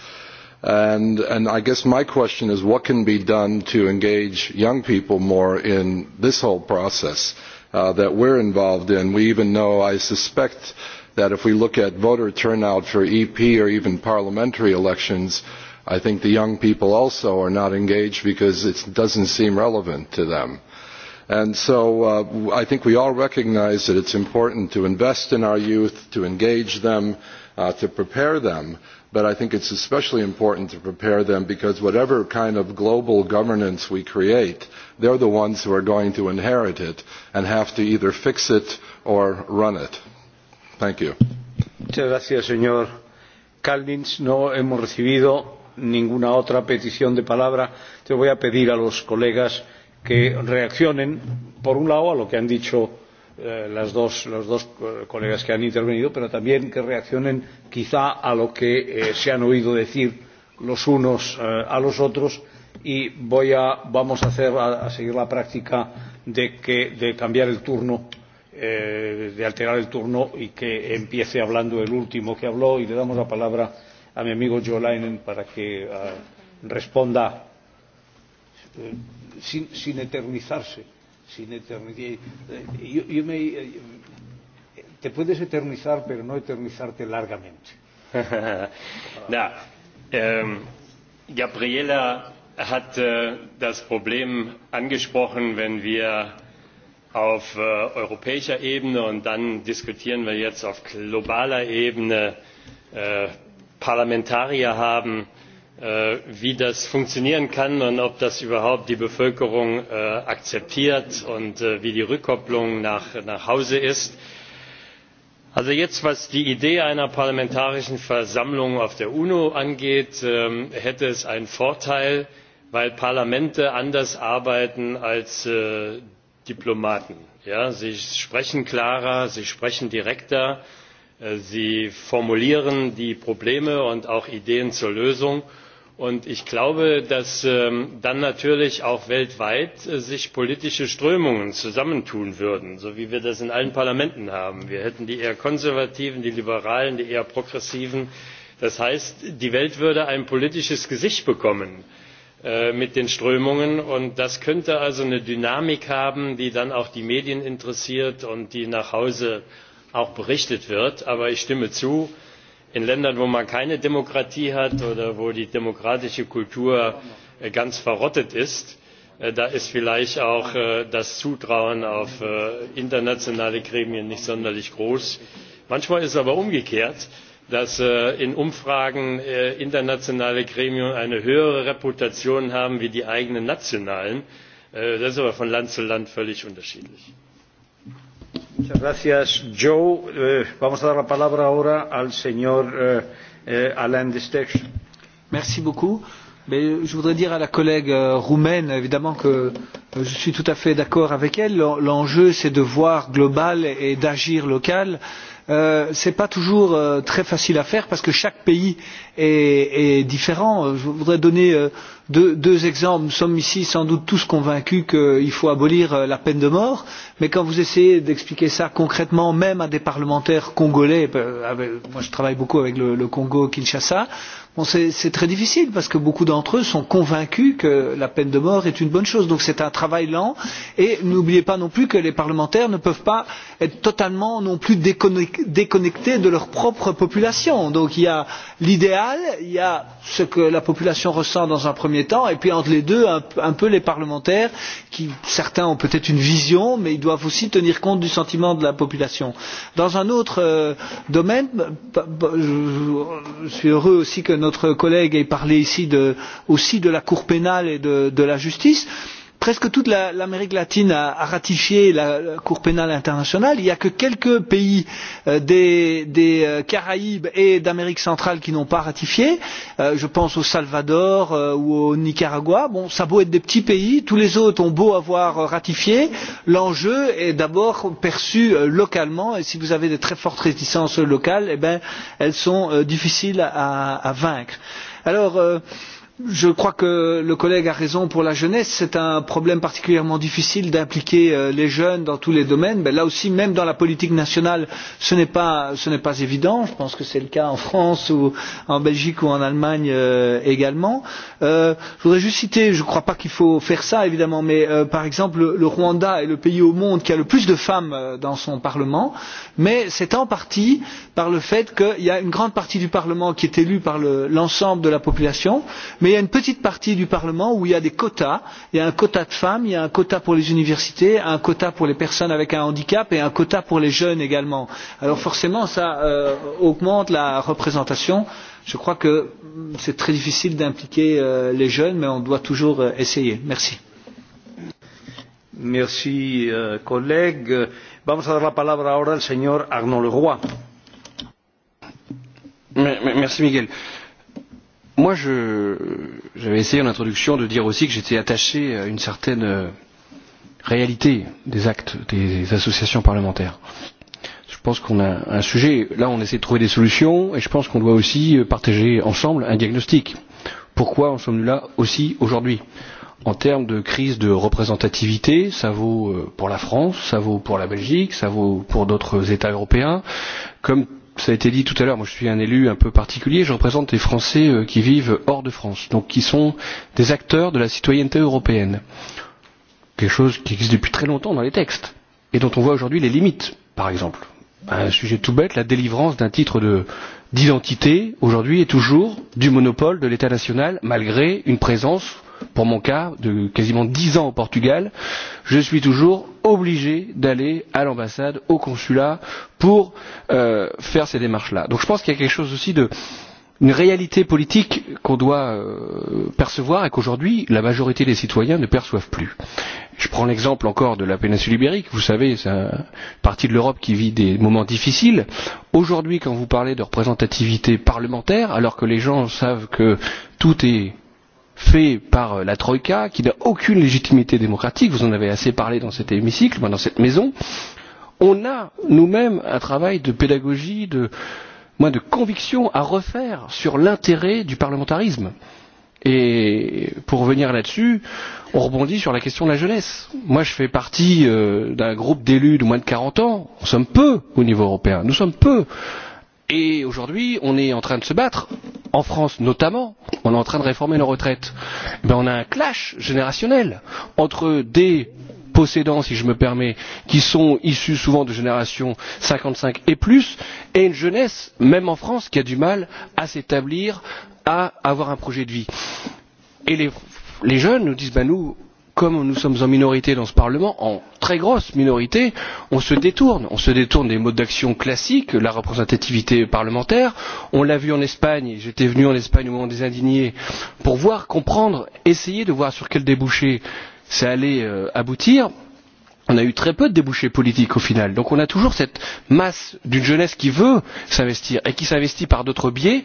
And, and I guess my question is what can be done to engage young people more in this whole process uh, that we're involved in? We even know, I suspect, that if we look at voter turnout for EP or even parliamentary elections, I think the young people also are not engaged because it doesn't seem relevant to them. And so uh, I think we all recognize that it's important to invest in our youth, to engage them, uh, to prepare them. But I think it's especially important to prepare them because whatever kind of global governance we create, they're the ones who are going to inherit it and have to either fix it or run it. Thank you. Muchas gracias, señor Kalnins. No hemos recibido ninguna otra petición de palabra. Entonces voy a pedir a los colegas que reaccionen, por un lado, a lo que han dicho eh, las dos, los dos eh, colegas que han intervenido, pero también que reaccionen quizá a lo que eh, se han oído decir los unos eh, a los otros y voy a, vamos a, hacer, a, a seguir la práctica de, que, de cambiar el turno Eh, de alterar el turno y que empiece hablando el último que habló y le damos la palabra a mi amigo Joe Leinen para que uh, responda eh, sin, sin eternizarse. Sin eternizar. Eh, yo, yo me, eh, te puedes eternizar, pero no eternizarte largamente. Na, ähm, Gabriela hat äh, das Problem angesprochen, wenn wir auf äh, europäischer ebene und dann diskutieren wir jetzt auf globaler ebene äh, parlamentarier haben äh, wie das funktionieren kann und ob das überhaupt die bevölkerung akzeptiert und wie die rückkopplung nach, hause ist. also jetzt was die idee einer parlamentarischen versammlung auf der uno angeht ähm, hätte es einen vorteil weil parlamente anders arbeiten als diplomaten. Ja, sie sprechen klarer sie sprechen direkter äh, sie formulieren die probleme und auch ideen zur lösung und ich glaube dass sich ähm, dann natürlich auch weltweit äh, politische strömungen zusammentun würden so wie wir das in allen parlamenten haben. wir hätten die eher konservativen die liberalen die eher progressiven das heißt die welt würde ein politisches gesicht bekommen Äh, mit den strömungen und das könnte also eine dynamik haben die dann auch die medien interessiert und die nach hause auch berichtet wird. aber ich stimme zu in ländern wo man keine demokratie hat oder wo die demokratische kultur äh, ganz verrottet ist äh, da ist vielleicht auch das zutrauen auf internationale gremien nicht sonderlich groß. manchmal ist es aber umgekehrt dass äh, in umfragen äh, internationale gremien eine höhere reputation haben als die eigenen nationalen. Äh, das ist aber von land zu land völlig unterschiedlich. je voudrais dire à la collègue euh, roumaine, évidemment, que euh, je suis tout à fait d'accord avec elle. L'enjeu, c'est de voir global et d'agir local. Euh, ce n'est pas toujours euh, très facile à faire parce que chaque pays est, différent. Je voudrais donner exemples. Euh, deux, deux exemples. Nous sommes ici sans doute tous convaincus qu'il faut abolir euh, la peine de mort, mais quand vous essayez d'expliquer ça concrètement, même à des parlementaires congolais, euh, avec, moi je travaille beaucoup avec le, le Congo Kinshasa, bon, c'est très difficile parce que beaucoup d'entre eux sont convaincus que la peine de mort est une bonne chose. Donc c'est un travail lent et n'oubliez pas non plus que les parlementaires ne peuvent pas être totalement non plus déconnectés de leur propre population. Donc il y a l'idéal, il y a ce que la population ressent dans un premier premier temps et puis entre les deux un, un peu les parlementaires qui certains ont peut être une vision mais ils doivent aussi tenir compte du sentiment de la population. dans un autre euh, domaine je suis heureux aussi que notre collègue ait parlé ici de, aussi de la cour pénale et de, de la justice. il presque toute l'amérique la, latine a, a ratifié la, cour pénale internationale il n'y a que quelques pays euh, des, des euh, caraïbes et d'amérique centrale qui n'ont pas ratifié euh, je pense au salvador euh, ou au nicaragua. bon ça a beau être des petits pays tous les autres ont beau avoir euh, ratifié l'enjeu est d'abord perçu localement et si vous avez de très fortes réticences locales eh ben, elles sont difficiles à, à vaincre. alors je crois que le collègue a raison pour la jeunesse. C'est un problème particulièrement difficile d'impliquer euh, les jeunes dans tous les domaines. Mais là aussi, même dans la politique nationale, ce n'est pas, pas, évident. Je pense que c'est le cas en France ou en Belgique ou en Allemagne euh, également. Euh, je voudrais juste citer, je ne crois pas qu'il faut faire ça évidemment, mais euh, par exemple, le, le Rwanda est le pays au monde qui a le plus de femmes euh, dans son Parlement. Mais c'est en partie par le fait qu'il y a une grande partie du Parlement qui est élue par l'ensemble le, de la population. Mais mais il y a une petite partie du parlement où il y a des quotas il y a un quota de femmes il y a un quota pour les universités un quota pour les personnes avec un handicap et un quota pour les jeunes également. alors forcément cela euh, augmente la représentation. je crois que c'est très difficile d'impliquer euh, les jeunes mais on doit toujours euh, essayer. merci. Merci, collègue. Vamos a dar la palabra ahora al señor Arnaud Leroy. Merci, Miguel. Moi, j'avais essayé en introduction de dire aussi que j'étais attaché à une certaine euh, réalité des actes des associations parlementaires. Je pense qu'on a un sujet, là on essaie de trouver des solutions et je pense qu'on doit aussi euh, partager ensemble un diagnostic. Pourquoi en sommes-nous là aussi aujourd'hui En termes de crise de représentativité, ça vaut euh, pour la France, ça vaut pour la Belgique, ça vaut pour d'autres États européens, comme ça a été dit tout à l'heure, moi je suis un élu un peu particulier, je représente les Français euh, qui vivent hors de France, donc qui sont des acteurs de la citoyenneté européenne. Quelque chose qui existe depuis très longtemps dans les textes et dont on voit aujourd'hui les limites, par exemple. Un sujet tout bête, la délivrance d'un titre d'identité aujourd'hui est toujours du monopole de l'État national malgré une présence pour mon cas de quasiment dix ans au Portugal, je suis toujours obligé d'aller à l'ambassade, au consulat, pour euh, faire ces démarches là. Donc je pense qu'il y a quelque chose aussi de une réalité politique qu'on doit euh, percevoir et qu'aujourd'hui la majorité des citoyens ne perçoivent plus. Je prends l'exemple encore de la péninsule ibérique, vous savez, c'est une partie de l'Europe qui vit des moments difficiles. Aujourd'hui, quand vous parlez de représentativité parlementaire, alors que les gens savent que tout est fait par euh, la troïka qui n'a aucune légitimité démocratique vous en avez assez parlé dans cet hémicycle dans cette maison on a nous mêmes un travail de pédagogie de moins de conviction à refaire sur l'intérêt du parlementarisme. Et pour revenir là-dessus, on rebondit sur la question de la jeunesse. Moi, je fais partie euh, d'un groupe d'élus de moins de quarante ans. Nous sommes peu au niveau européen. Nous sommes peu et aujourd'hui on est en train de se battre en france notamment on est en train de réformer nos retraites ben on a un clash générationnel entre des possédants si je me permets qui sont issus souvent de générations cinquante cinq et plus et une jeunesse même en france qui a du mal à s'établir à avoir un projet de vie. et les, les jeunes nous disent ben nous comme nous sommes en minorité dans ce parlement en très grosse minorité on se détourne on se détourne des modes d'action classiques la représentativité parlementaire on l'a vu en espagne j'étais venu en espagne au moment des indignés pour voir comprendre essayer de voir sur quel débouché ça allait euh, aboutir on a eu très peu de débouchés politiques au final. Donc on a toujours cette masse d'une jeunesse qui veut s'investir et qui s'investit par d'autres biais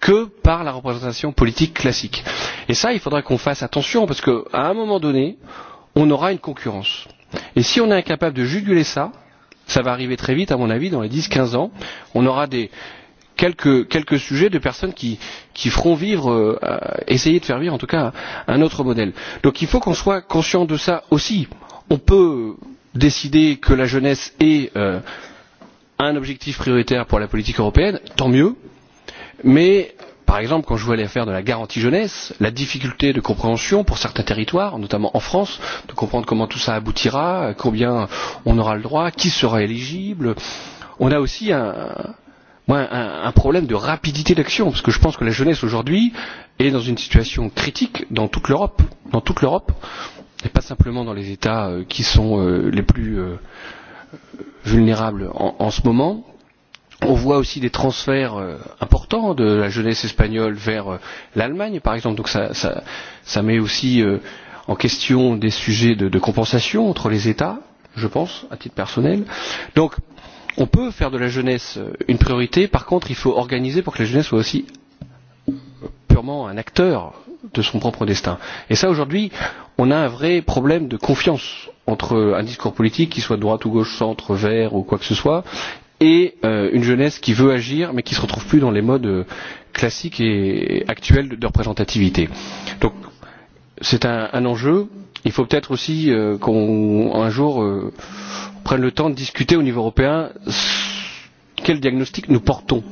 que par la représentation politique classique. Et ça, il faudra qu'on fasse attention parce qu'à un moment donné, on aura une concurrence. Et si on est incapable de juguler ça, ça va arriver très vite, à mon avis, dans les 10-15 ans, on aura des, quelques, quelques sujets de personnes qui, qui feront vivre, euh, essayer de faire vivre en tout cas un autre modèle. Donc il faut qu'on soit conscient de ça aussi. On peut décider que la jeunesse est euh, un objectif prioritaire pour la politique européenne, tant mieux, mais par exemple quand je vois l'affaire de la garantie jeunesse la difficulté de compréhension pour certains territoires notamment en france de comprendre comment tout cela aboutira combien on aura le droit qui sera éligible on a aussi un, un, un problème de rapidité d'action parce que je pense que la jeunesse aujourd'hui est dans une situation critique dans toute l'europe dans toute l'europe et pas simplement dans les états euh, qui sont euh, les plus euh, vulnérables en, en ce moment on voit aussi des transferts euh, importants de la jeunesse espagnole vers euh, l'Allemagne, par exemple. Donc ça, ça, ça met aussi euh, en question des sujets de, de compensation entre les États, je pense, à titre personnel. Donc on peut faire de la jeunesse euh, une priorité. Par contre, il faut organiser pour que la jeunesse soit aussi euh, purement un acteur de son propre destin. Et ça, aujourd'hui, on a un vrai problème de confiance entre un discours politique, qui soit de droite ou gauche, centre, vert ou quoi que ce soit, et euh, une jeunesse qui veut agir mais qui ne se retrouve plus dans les modes euh, classiques et actuels de, représentativité. Donc c'est un, un enjeu. Il faut peut-être aussi euh, qu'un jour euh, on prenne le temps de discuter au niveau européen quel diagnostic nous portons.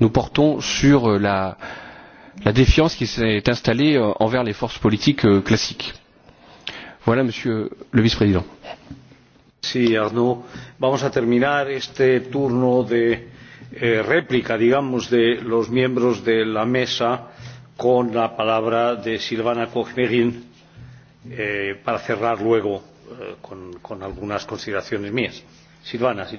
Nous portons sur euh, la, la défiance qui s'est installée euh, envers les forces politiques euh, classiques. Voilà, Monsieur le Vice-président. Merci. Arnaud. Vamos a terminar este turno de eh, réplica, digamos, de los miembros de la mesa con la palabra de Silvana Kochmerin eh, para cerrar luego eh, con, algunas consideraciones mías. Silvana, si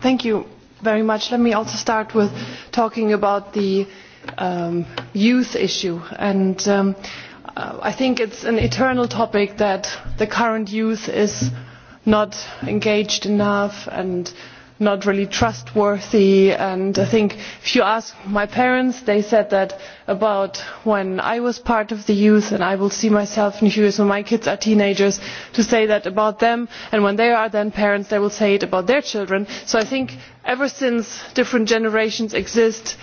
Thank you very much. Let me also start with talking about the um, youth issue. And um, uh, I think it's an eternal topic that the current youth is not engaged enough and not really trustworthy and i think if you ask my parents they said that about when i was part of the youth and i will see myself in a few years when my kids are teenagers to say that about them and when they are then parents they will say it about their children so i think ever since different generations exist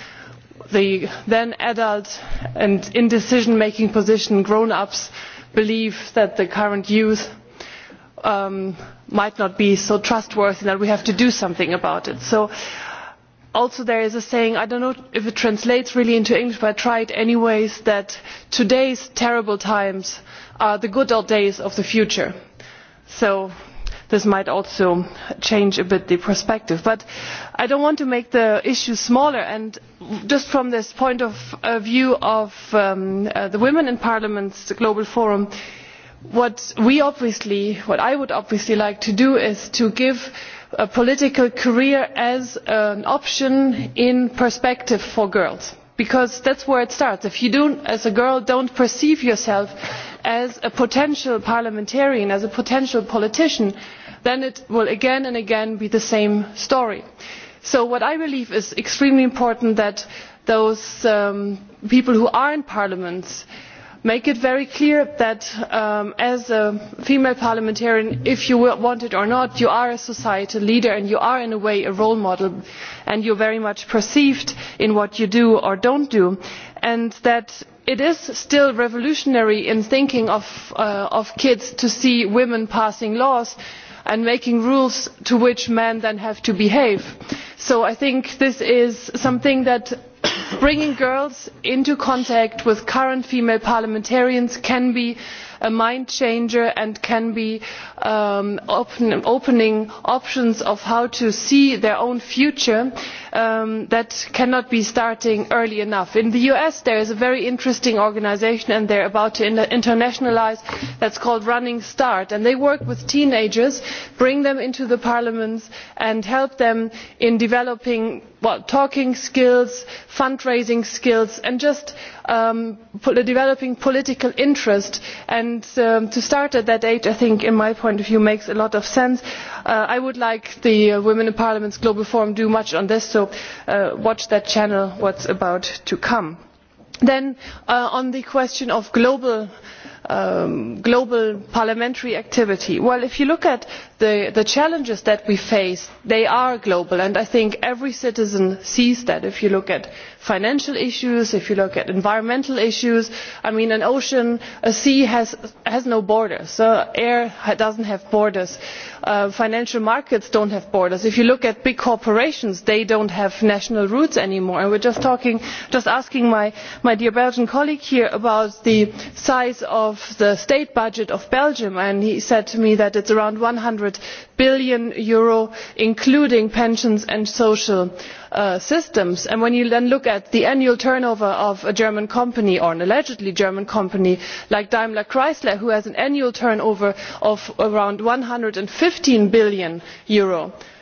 the then adult and in decision making position grown ups believe that the current youth um, might not be so trustworthy and that we have to do something about it. So, also there is a saying i do not know if it translates really into english but i try it anyway that today's terrible times are the good old days of the future so this might also change a bit the perspective but i do not want to make the issue smaller and just from this point of uh, view of um, uh, the women in parliament's global forum it what we obviously what i would obviously like to do is to give a political career as an option in perspective for girls because that is where it starts if you as a girl do not perceive yourself as a potential parliamentarian as a potential politician then it will again and again be the same story. so what i believe is extremely important is that those um, people who are in parliaments make it very clear that um, as a female parliamentarian if you want it or not you are a societal leader and you are in a way a role model and you are very much perceived in what you do or do not do and that it is still revolutionary in thinking uh, of kids to see women passing laws and making rules to which men then have to behave. so i think this is something that bringing girls into contact with current female parliamentarians can be a mind changer and can be um, open, opening options of how to see their own future and Um, that cannot be starting early enough. in the us there is a very interesting organisation and they are about to internationalise that is called running start and they work with teenagers bring them into the parliaments and help them in developing talking skills fund raising skills and just um, developing political interest and um, to start at that age i think in my point of view makes a lot of sense. Uh, i would like the uh, women in parliament's global forum to do much on this so uh, watch that channel what is about to come. then uh, on the question of um, global parliamentary activity well if you look at the the, challenges that we face are global and i think every citizen sees that if you look at financial issues if you look at environmental issues i mean an ocean a sea has, no borders so air does not have borders uh, financial markets do not have borders if you look at big corporations they do not have national roots any more and we are just, just asking my, dear belgian colleague here about the size of the state budget of belgium and he said to me that it is around eur one hundred billion including pensions and social uh, systems. And when you then look at the annual turnover of a German company or an allegedly German company like Daimler Chrysler, who has an annual turnover of around EUR one hundred and fifteen billion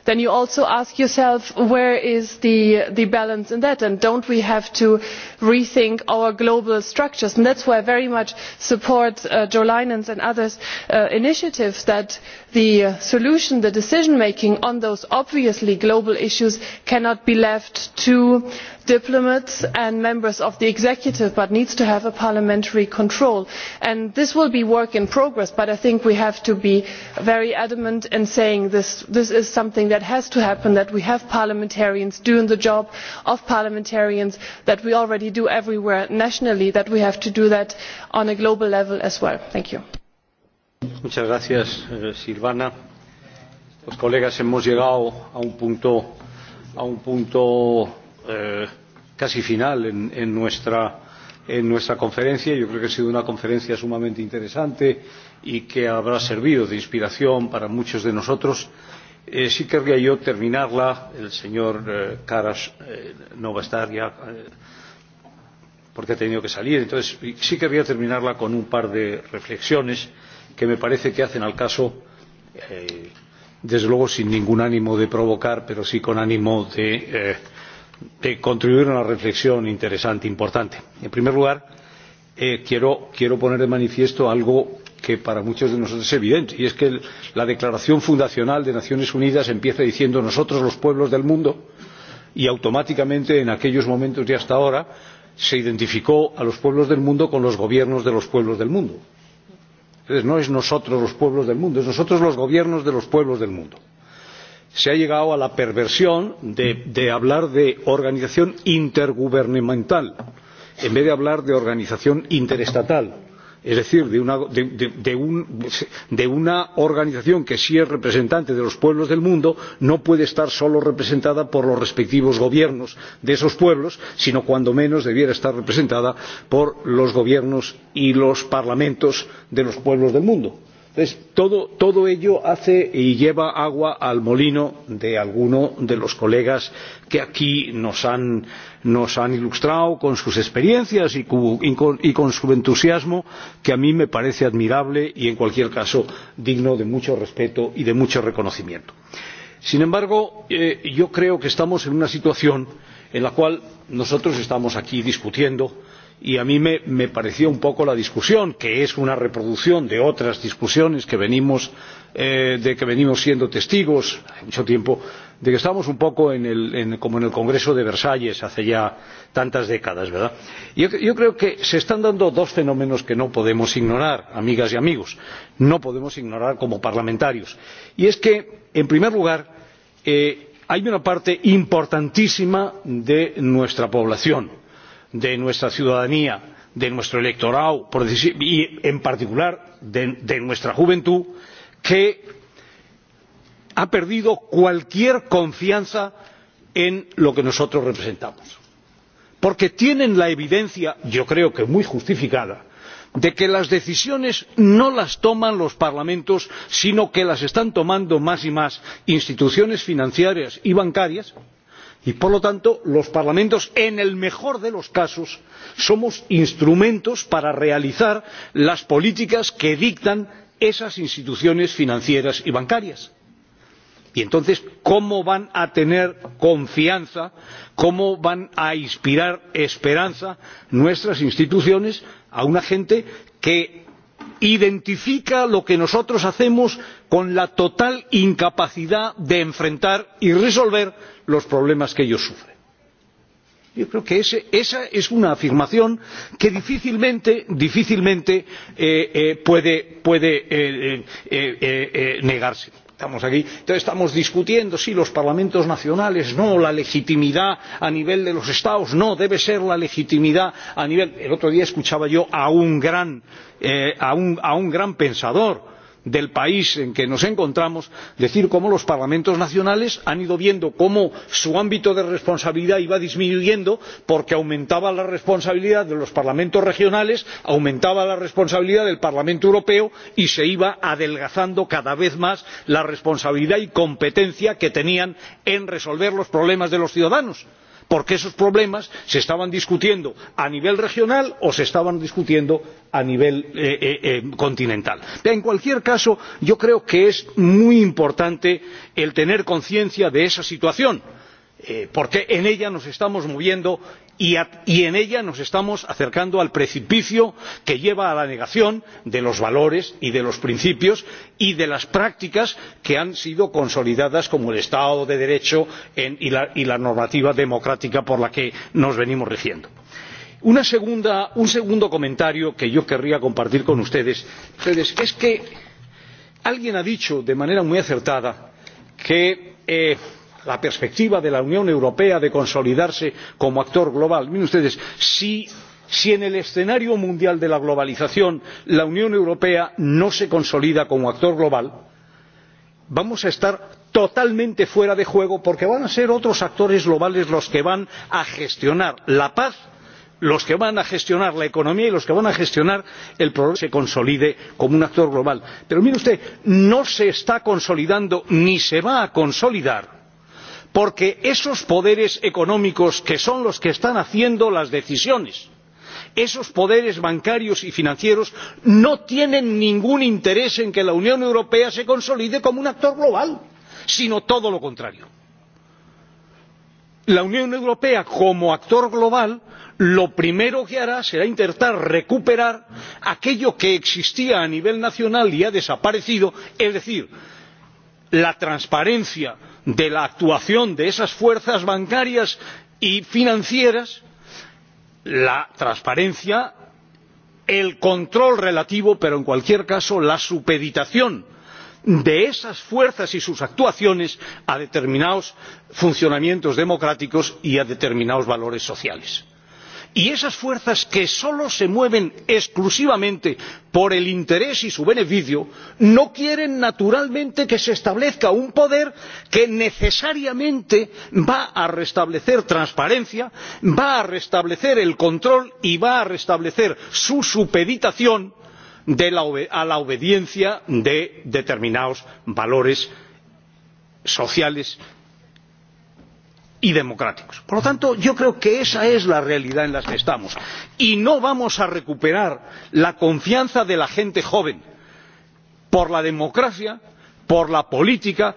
then you also ask yourself where is the, balance in that and do we not have to rethink our global structures? that is why i very much support uh, jo leinen's and others' uh, initiative that the solution the decision making on those obviously global issues cannot be left to diplomats and members of the executive but needs to have parliamentary control. And this will be work in progress but i think we have to be very adamant in saying this, this is something that has to happen that we have parliamentarians doing the job of parliamentarians that we already do everywhere nationally that we have to do that on a global level as well. Thank you. Eh, casi final en, en, nuestra, en nuestra conferencia. Yo creo que ha sido una conferencia sumamente interesante y que habrá servido de inspiración para muchos de nosotros. Eh, sí querría yo terminarla. El señor eh, Karas eh, no va a estar ya eh, porque ha tenido que salir. Entonces, sí querría terminarla con un par de reflexiones que me parece que hacen al caso desde luego sin ningún ánimo de provocar pero sí con ánimo de eh, de contribuir a una reflexión interesante e importante. en primer lugar eh, quiero, quiero poner de manifiesto algo que para muchos de nosotros es evidente y es que el, la declaración fundacional de las naciones unidas empieza diciendo nosotros los pueblos del mundo y automáticamente en aquellos momentos y hasta ahora se identificó a los pueblos del mundo con los gobiernos de los pueblos del mundo. entonces no es nosotros los pueblos del mundo es nosotros los gobiernos de los pueblos del mundo se ha llegado a la perversión de, hablar de organización intergubernamental en vez de hablar de organización interestatal es decir de una, organización que si es representante de los pueblos del mundo no puede estar solo representada por los respectivos gobiernos de esos pueblos sino cuando menos debiera estar representada por los gobiernos y los parlamentos de los pueblos del mundo. Entonces, todo, todo ello hace y lleva agua al molino de alguno de los colegas que aquí nos han, nos han ilustrado con sus experiencias y con, y con su entusiasmo, que a mí me parece admirable y, en cualquier caso, digno de mucho respeto y de mucho reconocimiento. Sin embargo, eh, yo creo que estamos en una situación en la cual nosotros estamos aquí discutiendo y a mí me, pareció un poco la discusión que es una reproducción de otras discusiones eh, de que venimos siendo testigos hace mucho tiempo de que estamos un poco como en el congreso de versalles hace ya tantas décadas verdad? Yo, yo creo que se están dando dos fenómenos que no podemos ignorar amigas y amigos no podemos ignorar como parlamentarios y es que en primer lugar eh, hay una parte importantísima de nuestra población de nuestra ciudadanía de nuestro electorado y en particular de, nuestra juventud que ha perdido cualquier confianza en lo que nosotros representamos porque tienen la evidencia yo creo que muy justificada de que las decisiones no las toman los parlamentos sino que las están tomando más y más instituciones financieras y bancarias y por lo tanto los parlamentos en el mejor de los casos somos instrumentos para realizar las políticas que dictan esas instituciones financieras y bancarias. y entonces cómo van a tener confianza cómo van a inspirar esperanza nuestras instituciones a una gente que identifica lo que nosotros hacemos con la total incapacidad de enfrentar y resolver los problemas que ellos sufren. yo creo que esa es una afirmación que difícilmente, difícilmente eh, eh, puede, puede eh, eh, eh, eh negarse estamos aquí entonces estamos discutiendo si sí, los parlamentos nacionales no la legitimidad a nivel de los estados no debe ser la legitimidad a nivel el otro día escuchaba yo a un gran, eh, a un, a un gran pensador del país en que nos encontramos decir cómo los parlamentos nacionales han ido viendo cómo su ámbito de responsabilidad iba disminuyendo porque aumentaba la responsabilidad de los parlamentos regionales aumentaba la responsabilidad del parlamento europeo y se iba adelgazando cada vez más la responsabilidad y competencia que tenían en resolver los problemas de los ciudadanos porque esos problemas se estaban discutiendo a nivel regional o se estaban discutiendo a nivel eh, eh, eh, continental. en cualquier caso yo creo que es muy importante tener conciencia de esa situación porque en ella nos estamos moviendo y y, en ella nos estamos acercando al precipicio que lleva a la negación de los valores y de los principios y de las prácticas que han sido consolidadas como el estado de derecho y, la, normativa democrática por la que nos venimos rigiendo. un segundo comentario que yo querría compartir con ustedes, es que alguien ha dicho de manera muy acertada que eh, la perspectiva de la unión europea de consolidarse como actor global. miren ustedes si en el escenario mundial de la globalización la unión europea no se consolida como actor global vamos a estar totalmente fuera de juego porque van a ser otros actores globales los que van a gestionar la paz los que van a gestionar la economía y los que van a gestionar el problema se consolide como un actor global. pero mire usted no se está consolidando ni se va a consolidar porque esos poderes económicos que son los que están tomando las decisiones esos poderes bancarios y financieros no tienen ningún interés en que la unión europea se consolide como un actor global sino todo lo contrario. la unión europea como actor global lo primero que hará será intentar recuperar aquello que existía a nivel nacional y ha desaparecido es decir la transparencia de la actuación de esas fuerzas bancarias y financieras la transparencia el control relativo pero en cualquier caso la supeditación de esas fuerzas y sus actuaciones a determinados funcionamientos democráticos y a determinados valores sociales y esas fuerzas que solo se mueven exclusivamente por el interés y su beneficio no quieren naturalmente que se establezca un poder que necesariamente va a restablecer transparencia va a restablecer el control y va a restablecer su supeditación a la obediencia de determinados valores sociales y y democráticos. por lo tanto yo creo que esa es la realidad en la que estamos y no vamos a recuperar la confianza de la gente joven por la democracia por la política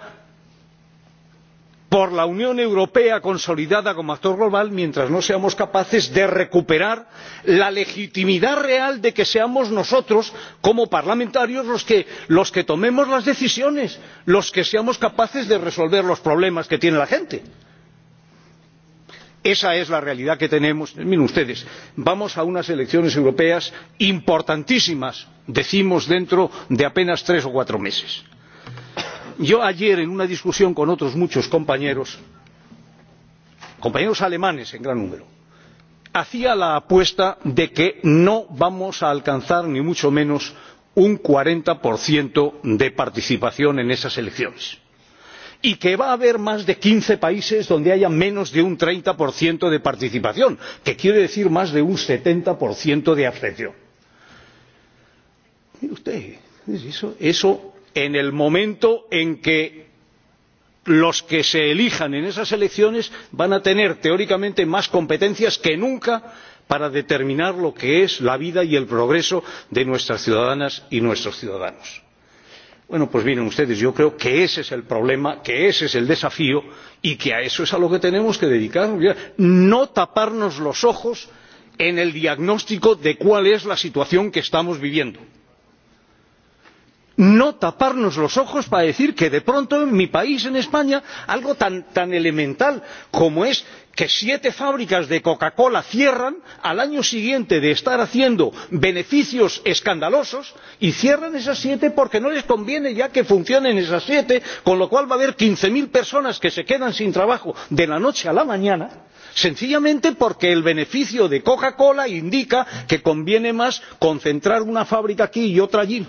por la unión europea consolidada como actor global mientras no seamos capaces de recuperar la legitimidad real de que seamos nosotros como parlamentarios los que, los que tomemos las decisiones los que seamos capaces de resolver los problemas que tiene la gente esa es la realidad que tenemos. miren ustedes vamos a unas elecciones europeas importantísimas decimos dentro de apenas tres o cuatro meses. yo ayer en una discusión con otros muchos compañeros compañeros alemanes en gran número hacía la apuesta de que no vamos a alcanzar ni mucho menos un cuarenta de participación en esas elecciones y que va a haber más de quince países donde haya menos de un treinta de participación que quiere decir más de un setenta de abstención. mire usted eso, eso en el momento en que los que se elijan en esas elecciones van a tener teóricamente más competencias que nunca para determinar lo que es la vida y el progreso de nuestras ciudadanas y nuestros ciudadanos bueno pues miren ustedes yo creo que ese es el problema que ese es el desafío y que a eso es a lo que tenemos que dedicarnos no taparnos los ojos en el diagnóstico de cuál es la situación que estamos viviendo no taparnos los ojos para decir que de pronto en mi país en españa algo tan, tan elemental como es que siete fábricas de coca cola cierran al año siguiente de estar haciendo beneficios escandalosos y cierran esas siete porque no les conviene ya que funcionen esas siete con lo cual va a haber quince mil personas que se quedan sin trabajo de la noche a la mañana sencillamente porque el beneficio de coca cola indica que conviene más concentrar una fábrica aquí y otra allí.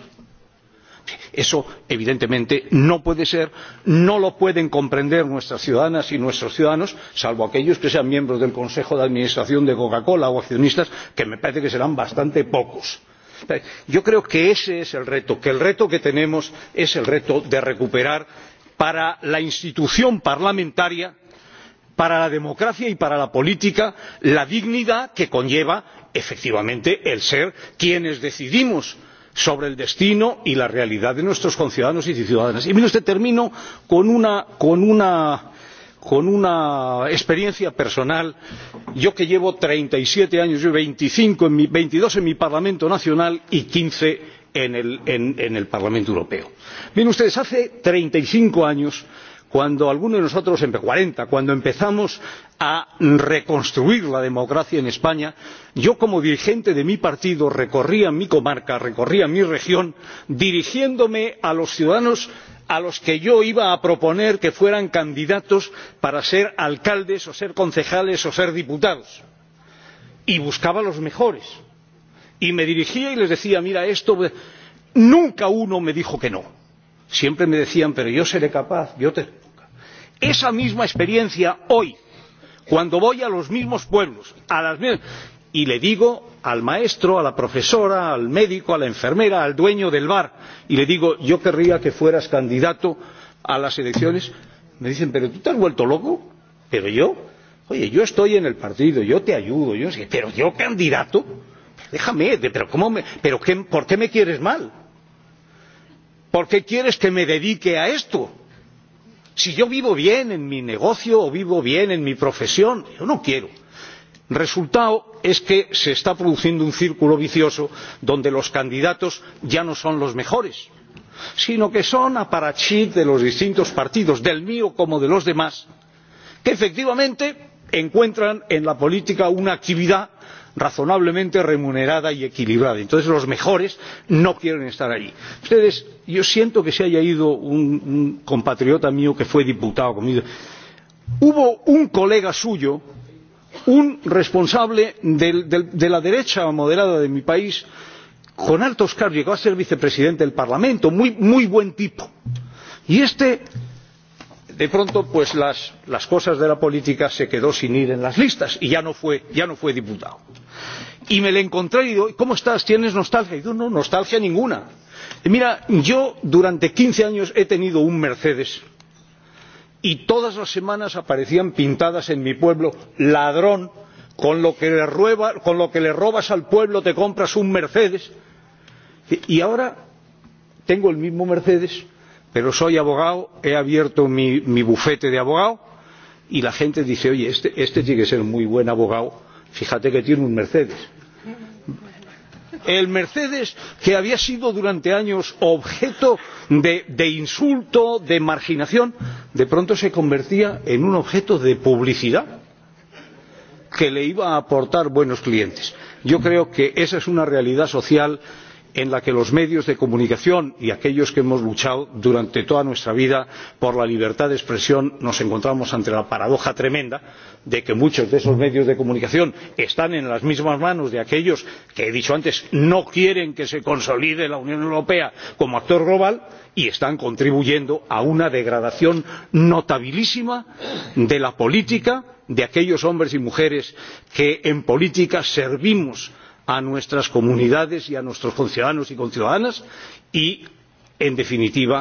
Eso, evidentemente, no puede ser, no lo pueden comprender nuestras ciudadanas y nuestros ciudadanos, salvo aquellos que sean miembros del Consejo de Administración de Coca-Cola o accionistas, que me parece que serán bastante pocos. Yo creo que ese es el reto, que el reto que tenemos es el reto de recuperar para la institución parlamentaria, para la democracia y para la política la dignidad que conlleva efectivamente el ser quienes decidimos sobre el destino y la realidad de nuestros conciudadanos y ciudadanas. y mire usted termino con una, experiencia personal yo que llevo treinta y siete años veintidós en mi parlamento nacional y quince en, en el parlamento europeo. miren ustedes hace treinta y cinco años cuando alguno de nosotros cuarenta cuando empezamos a reconstruir la democracia en españa yo como dirigente de mi partido recorría mi comarca recorría mi región dirigiéndome a los ciudadanos a los que yo iba a proponer que fueran candidatos para ser alcaldes o ser concejales o ser diputados y buscaba a los mejores y me dirigía y les decía mira esto nunca uno me dijo que no siempre me decían pero yo seré capaz yo te esa misma experiencia hoy cuando voy a los mismos pueblos y le digo al maestro a la profesora al médico a la enfermera al dueño del bar y le digo yo querría que fueras candidato a las elecciones me dicen pero tú te has vuelto loco pero yo oye yo estoy en el partido yo te ayudo yo no sé pero yo candidato déjame pero cómo me, pero qué, por qué me quieres mal por qué quieres que me dedique a esto? si yo vivo bien en mi negocio o vivo bien en mi profesión yo no quiero. el resultado es que se está produciendo un círculo vicioso donde los candidatos ya no son los mejores sino que son aparatsjik de los distintos partidos del mío como de los demás que efectivamente encuentran en la política una actividad razonablemente remunerada y equilibrada. entonces los mejores no quieren estar allí. ustedes yo siento que se haya ido un, compatriota mío que fue diputado conmigo hubo un colega suyo un responsable de la derecha moderada de mi país con altos cargos llegó a ser vicepresidente del parlamento muy buen tipo y este de pronto pues las, cosas de la política se quedó sin ir en las listas y ya no fue, no diputado. y me le encontré y digo cómo estás? tienes nostalgia? y dice no nostalgia ninguna. mira yo durante quince años he tenido un mercedes y todas las semanas aparecían pintadas en mi pueblo ladrón con lo que le, rueba, con lo que le robas al pueblo te compras un mercedes y ahora tengo el mismo mercedes pero soy abogado, he abierto mi, bufete de abogado y la gente dice, oye, este, este tiene que ser muy buen abogado, fíjate que tiene un Mercedes. El Mercedes que había sido durante años objeto de, de insulto, de marginación, de pronto se convertía en un objeto de publicidad que le iba a aportar buenos clientes. Yo creo que esa es una realidad social que en la que los medios de comunicación y aquellos que hemos luchado durante toda nuestra vida por la libertad de expresión nos encontramos ante la paradoja tremenda de que muchos de esos medios de comunicación están en las mismas manos de aquellos que he dicho antes no quieren que se consolide la unión europea como actor global y están contribuyendo a una degradación notabilísima de la política de aquellos hombres y mujeres que en política servimos a nuestras comunidades y a nuestros conciudadanos y conciudadanas y en definitiva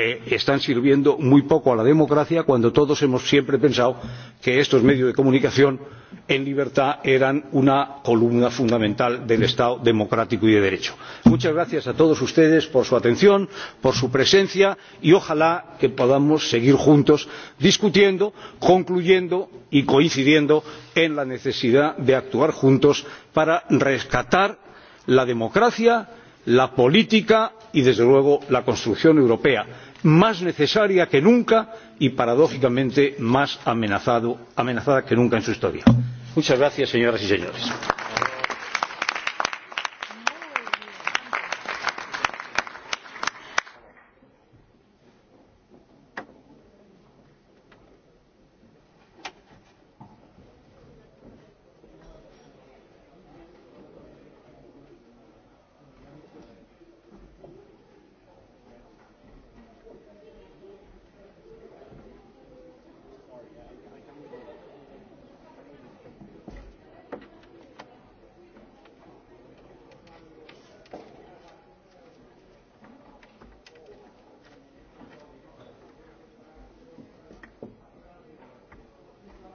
Eh, están sirviendo muy poco a la democracia cuando todos hemos siempre pensado que estos medios de comunicación en libertad eran una columna fundamental del estado democrático y de derecho. muchas gracias a todos ustedes por su atención por su presencia y ojalá que podamos seguir juntos discutiendo concluyendo y coincidiendo en la necesidad de actuar juntos para rescatar la democracia la política y desde luego la construcción europea más necesaria que nunca y paradójicamente más amenazada que nunca en su historia. muchas gracias señoras y señores.